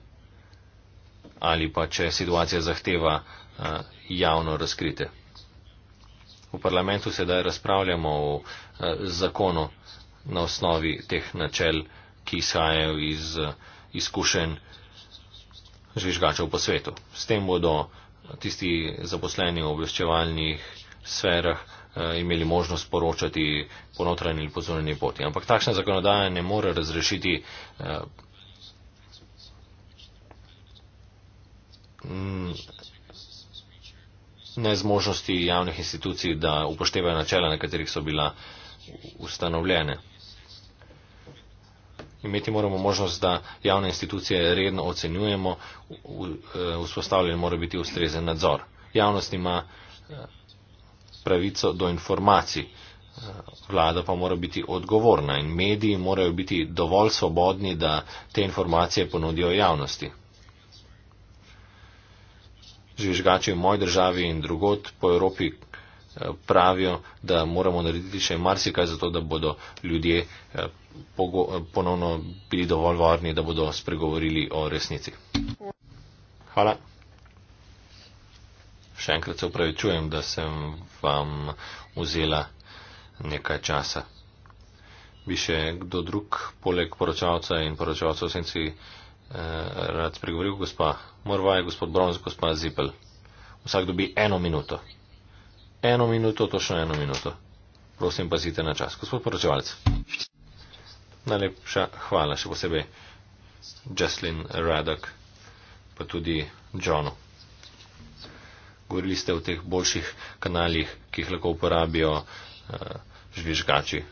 ali pa če situacija zahteva javno razkrite. V parlamentu sedaj razpravljamo o zakonu na osnovi teh načel, ki izhajajo iz izkušenj žvižgačev po svetu. S tem bodo tisti zaposleni v obveščevalnih sferah Eh, imeli možnost poročati po notranji ali po zunanji poti. Ampak takšna zakonodaja ne more razrešiti eh, mm, nezmožnosti javnih institucij, da upoštevajo načela, na katerih so bila ustanovljene. Imeti moramo možnost, da javne institucije redno ocenjujemo, eh, vzpostavljen mora biti ustrezen nadzor. Javnost ima pravico do informacij. Eh, vlada pa mora biti odgovorna in mediji morajo biti dovolj svobodni, da te informacije ponudijo javnosti. Žvižgači v moji državi in drugot po Evropi eh, pravijo, da moramo narediti še marsikaj za to, da bodo ljudje eh, ponovno bili dovolj varni, da bodo spregovorili o resnici. Hvala še enkrat se upravičujem, da sem vam vzela nekaj časa. Bi še kdo drug, poleg poročavca in poročavca v senci, eh, rad spregovoril, gospa Morvaj, gospod Bronz, gospa Zipel. Vsak dobi eno minuto. Eno minuto, točno eno minuto. Prosim, pazite na čas. Gospod poročevalec. Najlepša hvala, še posebej Jaslin Radak, pa tudi Johnu govorili ste o teh boljših kanalih, ki jih lahko uporabijo uh, žvižgači.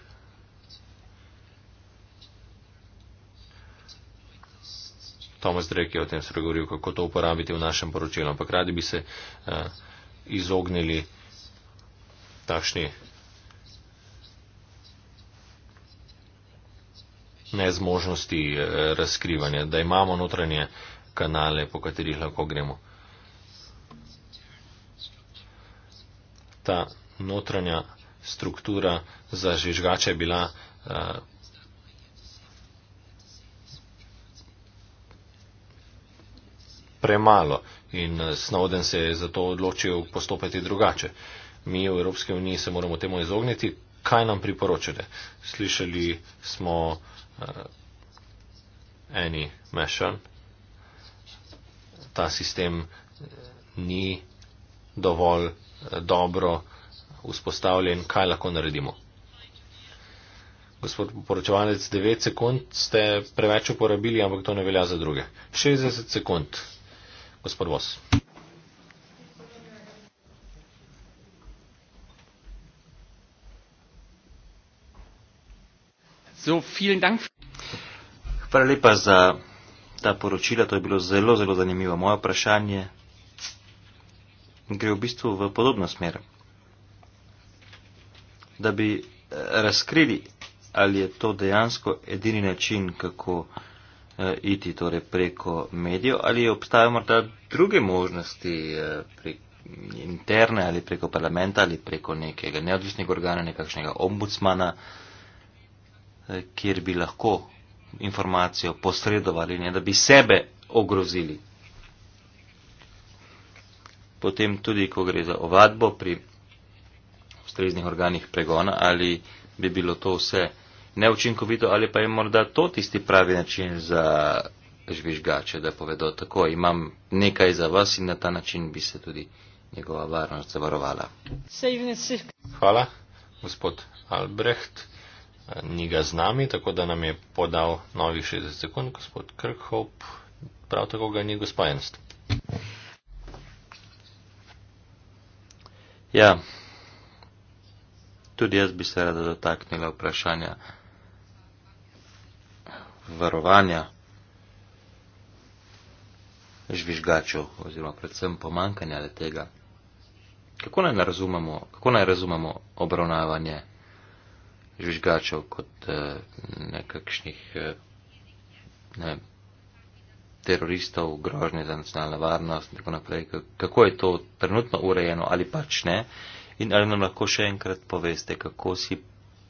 Tomas Drek je o tem spregovoril, kako to uporabiti v našem poročilu, ampak radi bi se uh, izognili takšni nezmožnosti uh, razkrivanja, da imamo notranje kanale, po katerih lahko gremo. ta notranja struktura za žvižgače je bila eh, premalo in eh, Snowden se je zato odločil postopati drugače. Mi v Evropske unije se moramo temu izogniti. Kaj nam priporočate? Slišali smo uh, any mission. Ta sistem eh, ni dovolj dobro vzpostavljen, kaj lahko naredimo. Gospod poročevalec, 9 sekund ste preveč uporabili, ampak to ne velja za druge. 60 sekund, gospod
Vos. So,
Hvala lepa za ta poročila, to je bilo zelo, zelo zanimivo. Moje vprašanje gre v bistvu v podobno smer. Da bi eh, razkrili, ali je to dejansko edini način, kako uh, iti torej preko medijev, ali obstajajo morda druge možnosti uh, eh, prek interne ali preko parlamenta ali preko nekega neodvisnega organa, nekakšnega ombudsmana, kjer bi lahko informacijo posredovali, ne da bi sebe ogrozili potem tudi, ko gre za ovadbo pri ustreznih organih pregona, ali bi bilo to vse neučinkovito, ali pa je morda to tisti pravi način za žvižgače, da povedo tako, imam nekaj za vas in na ta način bi se tudi njegova varnost zavarovala.
Hvala, gospod Albrecht. Ni ga z nami, tako da nam je podal novih 60 sekund, gospod Krkhop, prav tako ga ni gospodinstvo.
Ja, tudi jaz bi se rada dotaknila vprašanja varovanja žvižgačev oziroma predvsem pomankanja le tega. Kako naj, kako naj razumemo obravnavanje žvižgačev kot eh, nekakšnih eh, ne, teroristov, grožnje za nacionalno varnost in tako naprej. Kako je to trenutno urejeno ali pač ne? In ali nam lahko še enkrat poveste, kako si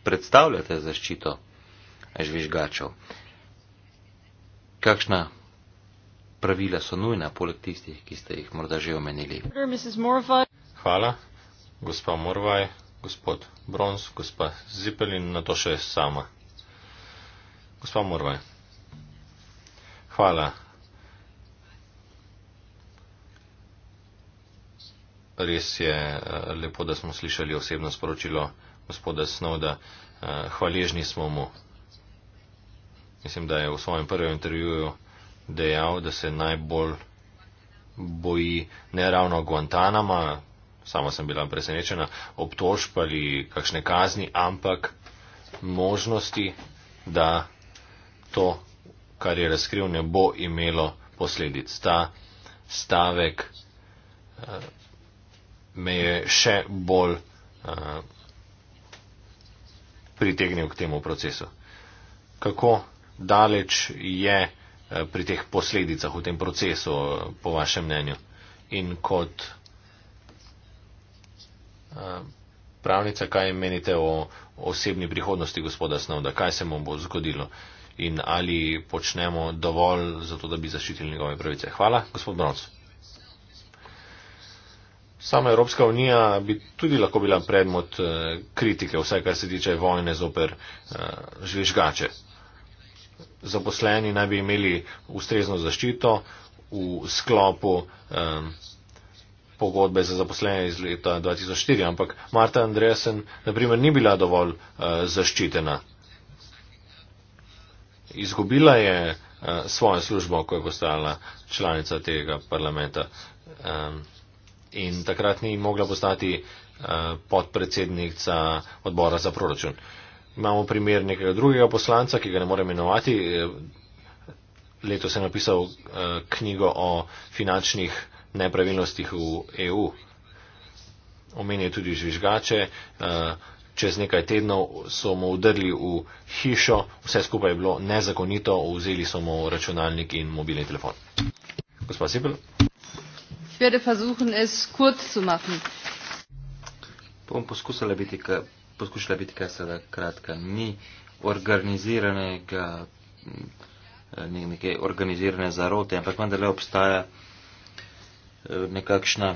predstavljate zaščito žvižgačev? Kakšna pravila so nujna, poleg tistih, ki ste jih morda že omenili? Hvala, gospa Morvaj,
gospod Brons, gospa Zipelin, na to še sama. Gospa Morvaj. Hvala res je eh, lepo, da smo slišali osebno sporočilo gospoda Snowda. Eh, hvaležni smo mu. Mislim, da je v svojem prvem intervjuju dejal, da se najbolj boji ne ravno Guantanama, sama sem bila presenečena, obtožb ali kakšne kazni, ampak možnosti, da to, kar je razkril, ne bo imelo posledic. Ta stavek eh, me je še bolj uh, pritegnil k temu procesu. Kako daleč je uh, pri teh posledicah v tem procesu, uh, po vašem mnenju? In kot uh, pravnica, kaj menite o osebni prihodnosti gospoda Snovda, kaj se mu bo zgodilo in ali počnemo dovolj za to, da bi zaščitili njegove pravice? Hvala, gospod Bronson. Sama Evropska unija bi tudi lahko bila predmet eh, kritike, vsaj kar se tiče vojne zoper eh, žvižgače. Zaposleni naj bi imeli ustrezno zaščito v sklopu eh, pogodbe za zaposlene iz leta 2004, ampak Marta Andresen, naprimer, ni bila dovolj zaščitena. Izgubila je svojo službo, ko je postala članica tega parlamenta in takrat ni mogla postati eh, podpredsednica odbora za proračun. Imamo primer nekega drugega poslanca, ki ga ne morem imenovati. Eh, Leto se je napisal eh, knjigo o finančnih nepravilnostih v EU. Omenil je tudi žvižgače. Čez nekaj tednov so mu udrli v hišo, vse skupaj je bilo nezakonito, vzeli so mu računalnik in mobilni telefon. Gospod Sibel
werde versuchen, es kurz zu machen.
Bom poskušala biti, poskušala biti kaj sedaj kratka. Ni organiziranega, mm, ne, neke organizirane zarote, ampak vendarle obstaja eh, nekakšna,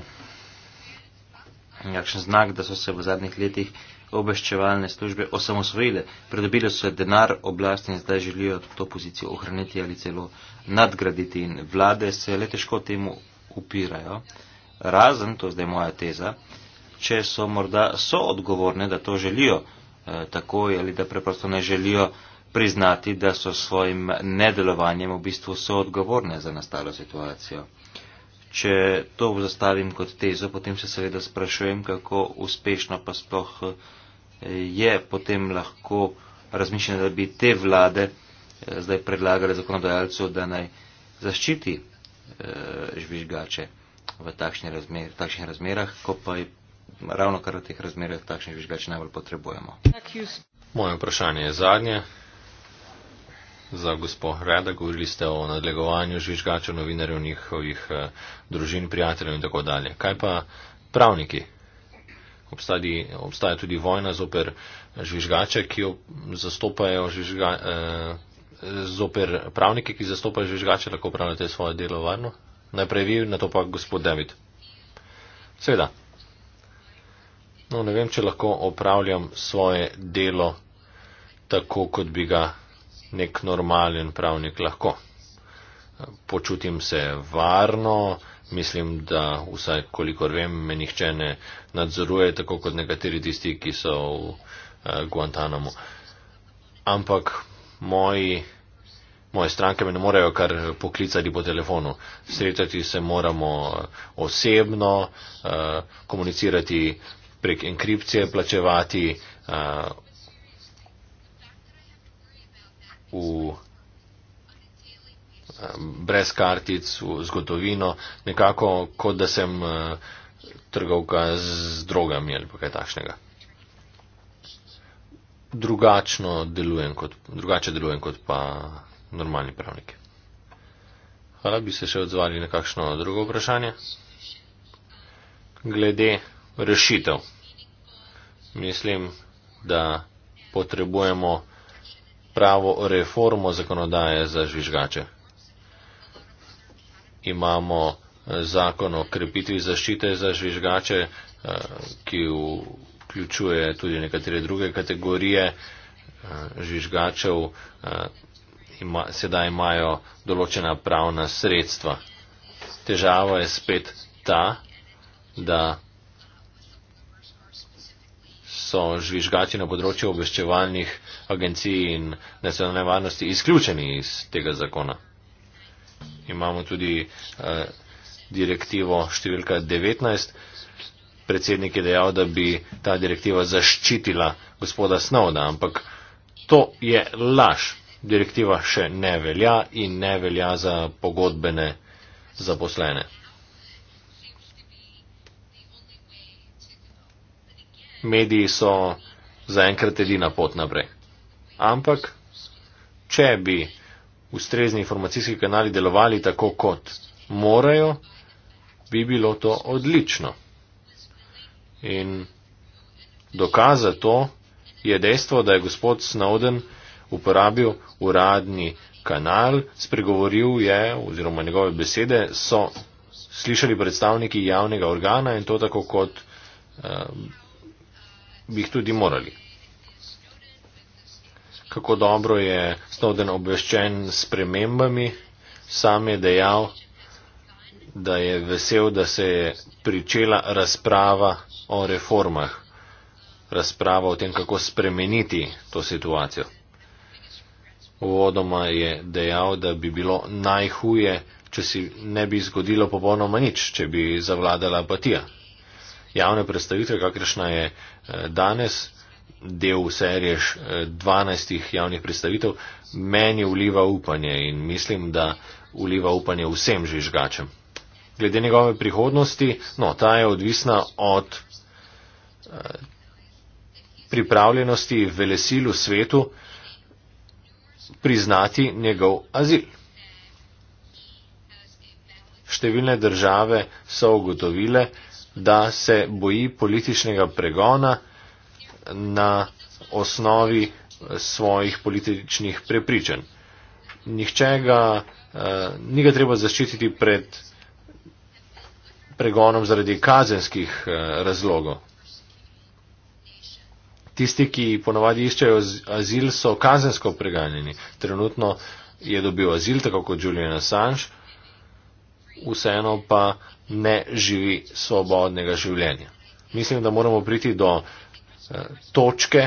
nekakšen znak, da so se v zadnjih letih obveščevalne službe osamosvojile. Predobile so denar oblasti in zdaj želijo to pozicijo ohraniti ali celo nadgraditi. In vlade se le težko temu upirajo, razen, to zdaj moja teza, če so morda so odgovorne, da to želijo eh, tako ali da preprosto ne želijo priznati, da so svojim nedelovanjem v bistvu so odgovorne za nastalo situacijo. Če to zastavim kot tezo, potem se seveda sprašujem, kako uspešno pa sploh eh, je potem lahko razmišljanje, da bi te vlade eh, zdaj predlagali zakonodajalcu, da naj zaščiti Eh, žvižgače v takšnih razmer, takšni razmerah, ko pa je ravno kar v teh razmerah takšnih žvižgač najbolj potrebujemo. Moje vprašanje je zadnje.
Za gospod Reda, govorili ste o nadlegovanju žvižgačev, novinarjev, njihovih eh, družin, prijateljev in tako dalje. Kaj pa pravniki? Obstadi, obstaja tudi vojna zoper žvižgače, ki jo zastopajo žvižga, eh, zoper pravnike, ki zastopajo žvižgače, lahko upravljate svoje delo varno? Najprej vi, na to pa gospod David. Seveda. No, ne vem, če lahko opravljam svoje delo tako, kot bi ga nek normalen pravnik lahko. Počutim se varno, mislim, da vsaj kolikor vem, me nihče ne nadzoruje, tako kot nekateri tisti, ki so v eh, Guantanamo. Ampak moji, moje stranke me ne morejo kar poklicati po telefonu. Srečati se moramo eh, osebno, eh, komunicirati prek enkripcije, plačevati eh, v brez kartic v zgodovino, nekako kot da sem trgovka z drogami ali pa kaj takšnega drugačno delujem kot, drugače delujem kot pa normalni pravniki. Hvala, bi se še odzvali na kakšno drugo vprašanje. Glede rešitev. Mislim, da potrebujemo pravo reformo zakonodaje za žvižgače. Imamo eh, zakon o krepitvi zaščite za žvižgače, eh, ki v vključuje tudi nekatere druge kategorije eh, žvižgačev, eh, ima, sedaj imajo določena pravna sredstva. Težava je spet ta, da so žvižgači na področju obveščevalnih agencij in nacionalne varnosti izključeni iz tega zakona. Imamo tudi eh, direktivo številka 19, predsednik je dejal, da bi ta direktiva zaščitila gospoda Snowda, ampak to je laž. Direktiva še ne velja in ne velja za pogodbene zaposlene. Mediji so zaenkrat edina pot naprej. Ampak, če bi ustrezni informacijski kanali delovali tako, kot morajo, bi bilo to odlično. In dokaz za to je dejstvo, da je gospod Snowden uporabil uradni kanal, spregovoril je oziroma njegove besede so slišali predstavniki javnega organa in to tako kot eh, bi jih tudi morali. Kako dobro je Snowden obveščen s premembami, sam je dejal, da je vesel, da se je pričela razprava o reformah, razprava o tem, kako spremeniti to situacijo. Uvodoma je dejal, da bi bilo najhuje, če si ne bi zgodilo popolnoma nič, če bi zavladala apatija. Javne predstavitve, kakršna je eh, danes, del serije 12 eh, javnih predstavitev, meni vliva upanje in mislim, da vliva upanje vsem žvižgačem. Glede njegove prihodnosti, no, ta je odvisna od pripravljenosti velesil v svetu priznati njegov azil. Številne države so ugotovile, da se boji političnega pregona na osnovi svojih političnih prepričanj. Nihče ga eh, ni ga treba zaščititi pred pregonom zaradi kazenskih eh, razlogov. Tisti, ki ponavadi iščejo azil, so kazensko preganjeni. Trenutno je dobil azil, tako kot Julian Assange, vseeno pa ne živi svobodnega življenja. Mislim, da moramo priti do eh, točke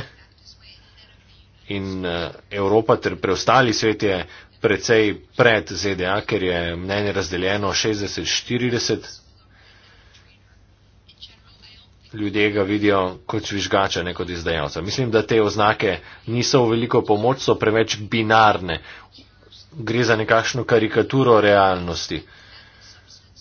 in eh, Evropa ter preostali svet je precej pred ZDA, ker je mnenje razdeljeno 60-40 ljudje ga vidijo kot žvižgača, ne kot izdajalca. Mislim, da te oznake niso v veliko pomoč, so preveč binarne. Gre za nekakšno karikaturo realnosti.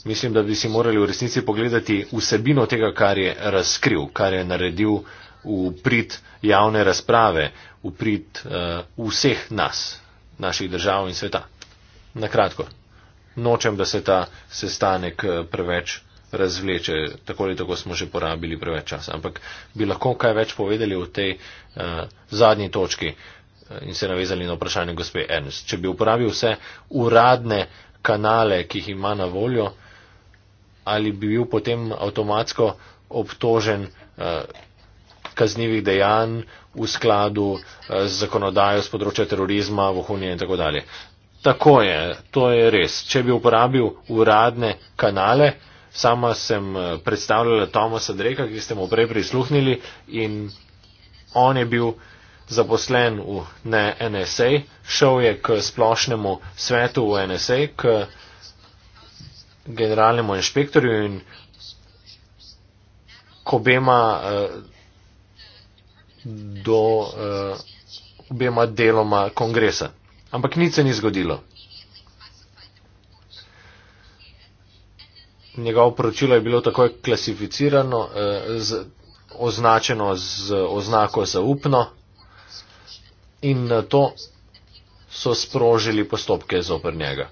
Mislim, da bi si morali v resnici pogledati vsebino tega, kar je razkril, kar je naredil v prid javne razprave, v prid uh, vseh nas, naših držav in sveta. Na kratko, nočem, da se ta sestanek eh, preveč razvleče, tako ali tako smo že porabili preveč časa. Ampak bi lahko kaj več povedali o tej uh, zadnji točki eh, in se navezali na vprašanje gospe Ernst. Če bi uporabil vse uradne kanale, ki jih ima na voljo, ali bi bil potem avtomatsko obtožen uh, eh, kaznjivih dejanj v skladu uh, z zakonodajo z področja terorizma, vohunje in tako dalje. Tako je, to je res. Če bi uporabil uradne kanale, uh, Sama sem eh, predstavljala Tomasa Dreka, ki ste mu prej prisluhnili in on je bil zaposlen v ne NSA, šel je k splošnemu svetu v NSA, k generalnemu inšpektorju in k obema, eh, do, eh, obema deloma kongresa. Ampak nič se ni zgodilo. njegovo poročilo je bilo takoj klasificirano, eh, z, označeno z oznako zaupno in na to so sprožili postopke zopr njega.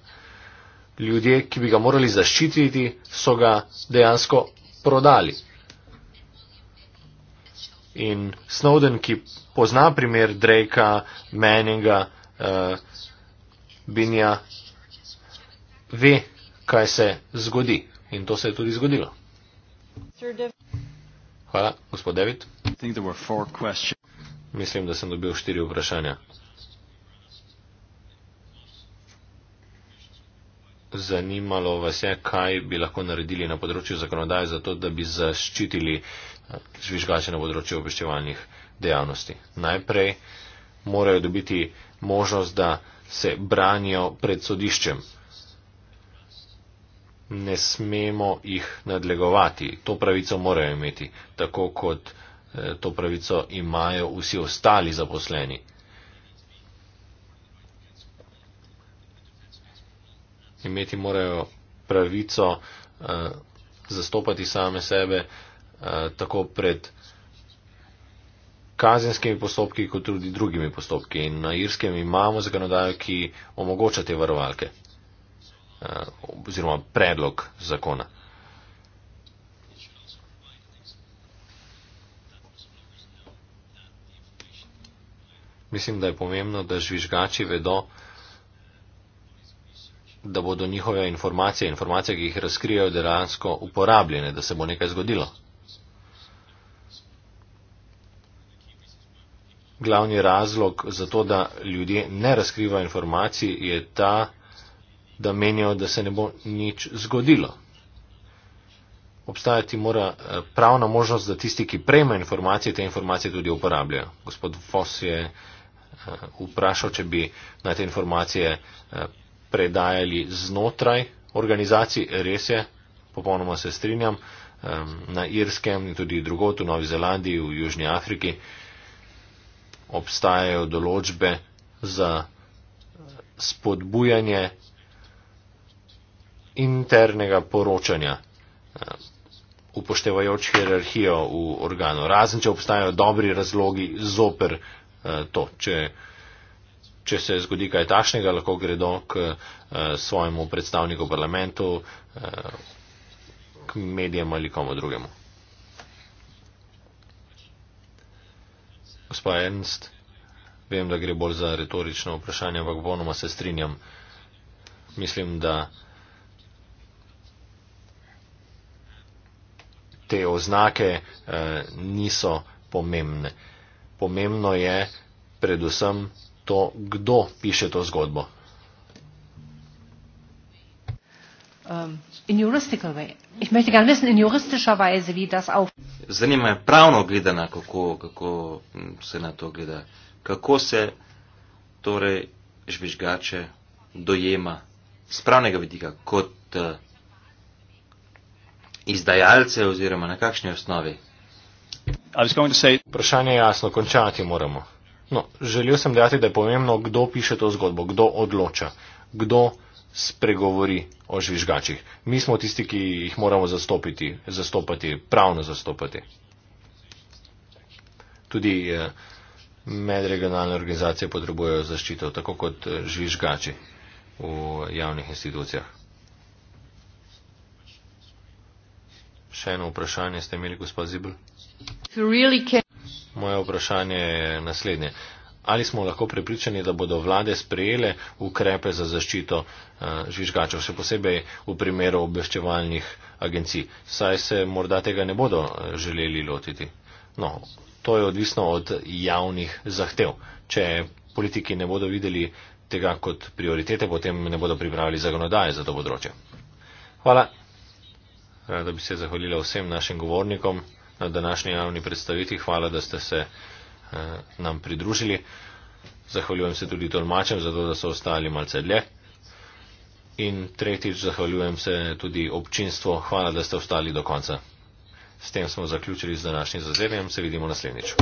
Ljudje, ki bi ga morali zaščititi, so ga dejansko prodali. In Snowden, ki pozna primer Drakea, Manninga, eh, Binja, ve, kaj se zgodi. In to se je tudi zgodilo. Hvala, gospod David. Mislim, da sem dobil štiri vprašanja. Zanimalo vas je, kaj bi lahko naredili na področju zakonodaje, zato da bi zaščitili eh, žvižgače na področju obveščevalnih dejavnosti. Najprej morajo dobiti možnost, da se branijo pred sodiščem ne smemo jih nadlegovati. To pravico morajo imeti, tako kot eh, to pravico imajo vsi ostali zaposleni. Imeti morajo pravico uh, zastopati same sebe uh, tako pred kazenskimi postopki, kot tudi drugimi postopki. In na Irskem imamo zakonodajo, ki omogoča te varovalke. Eh, oziroma predlog zakona. Mislim, da je pomembno, da žvižgači vedo, da bodo njihove informacije, informacije, ki jih razkrijajo, dejansko uporabljene, da se bo nekaj zgodilo. Glavni razlog za to, da ljudje ne razkrivajo informacij, je ta, da menijo, da se ne bo nič zgodilo. Obstajati mora eh, pravna možnost, da tisti, ki prejme informacije, te informacije tudi uporabljajo. Gospod Fos je eh, vprašal, če bi naj te informacije eh, predajali znotraj organizacij. Res je, popolnoma se strinjam, ehm, na Irskem in tudi drugot v Novi Zelandiji, v Južni Afriki obstajajo določbe za spodbujanje internega poročanja, eh, upoštevajoč hierarhijo v organu. Razen, če obstajajo dobri razlogi zoper eh, to. Če, če se zgodi kaj tašnega, lahko gredo k eh, svojemu predstavniku parlamentu, k medijem ali komu drugemu. Gospod Ernst, vem, da gre bolj za retorično vprašanje, ampak bonoma se strinjam. Mislim, da te oznake eh, niso pomembne. Pomembno je predvsem to, kdo piše to zgodbo.
Um,
Zanima me pravno gledana, kako, kako hm, se na to gleda. Kako se torej žvižgače dojema z pravnega vidika kot uh, izdajalce oziroma na kakšni osnovi? Vprašanje je jasno,
končati moramo. No, želel sem dejati, da je pomembno, kdo piše to zgodbo, kdo odloča, kdo spregovori o žvižgačih. Mi smo tisti, ki jih moramo zastopiti, zastopati, pravno zastopati. Tudi eh, medregionalne organizacije potrebujejo zaščito, tako kot eh, žvižgači v javnih institucijah. Še eno vprašanje ste imeli, gospod Zibel?
Really can...
Moje vprašanje je naslednje. Ali smo lahko prepričani, da bodo vlade sprejele ukrepe za zaščito uh, žvižgačev, še posebej v primeru obveščevalnih agencij? Saj se morda tega ne bodo eh, želeli lotiti. No, to je odvisno od javnih zahtev. Če politiki ne bodo videli tega kot prioritete, potem ne bodo pripravili zakonodaje za to področje. Hvala da bi se zahvalila vsem našim govornikom na današnji javni predstavitvi. Hvala, da ste se eh, nam pridružili. Zahvaljujem se tudi tolmačem, zato da so ostali malce dlje. In tretjič, zahvaljujem se tudi občinstvo. Hvala, da ste ostali do konca. S tem smo zaključili z današnjim zazemljem. Se vidimo naslednjič.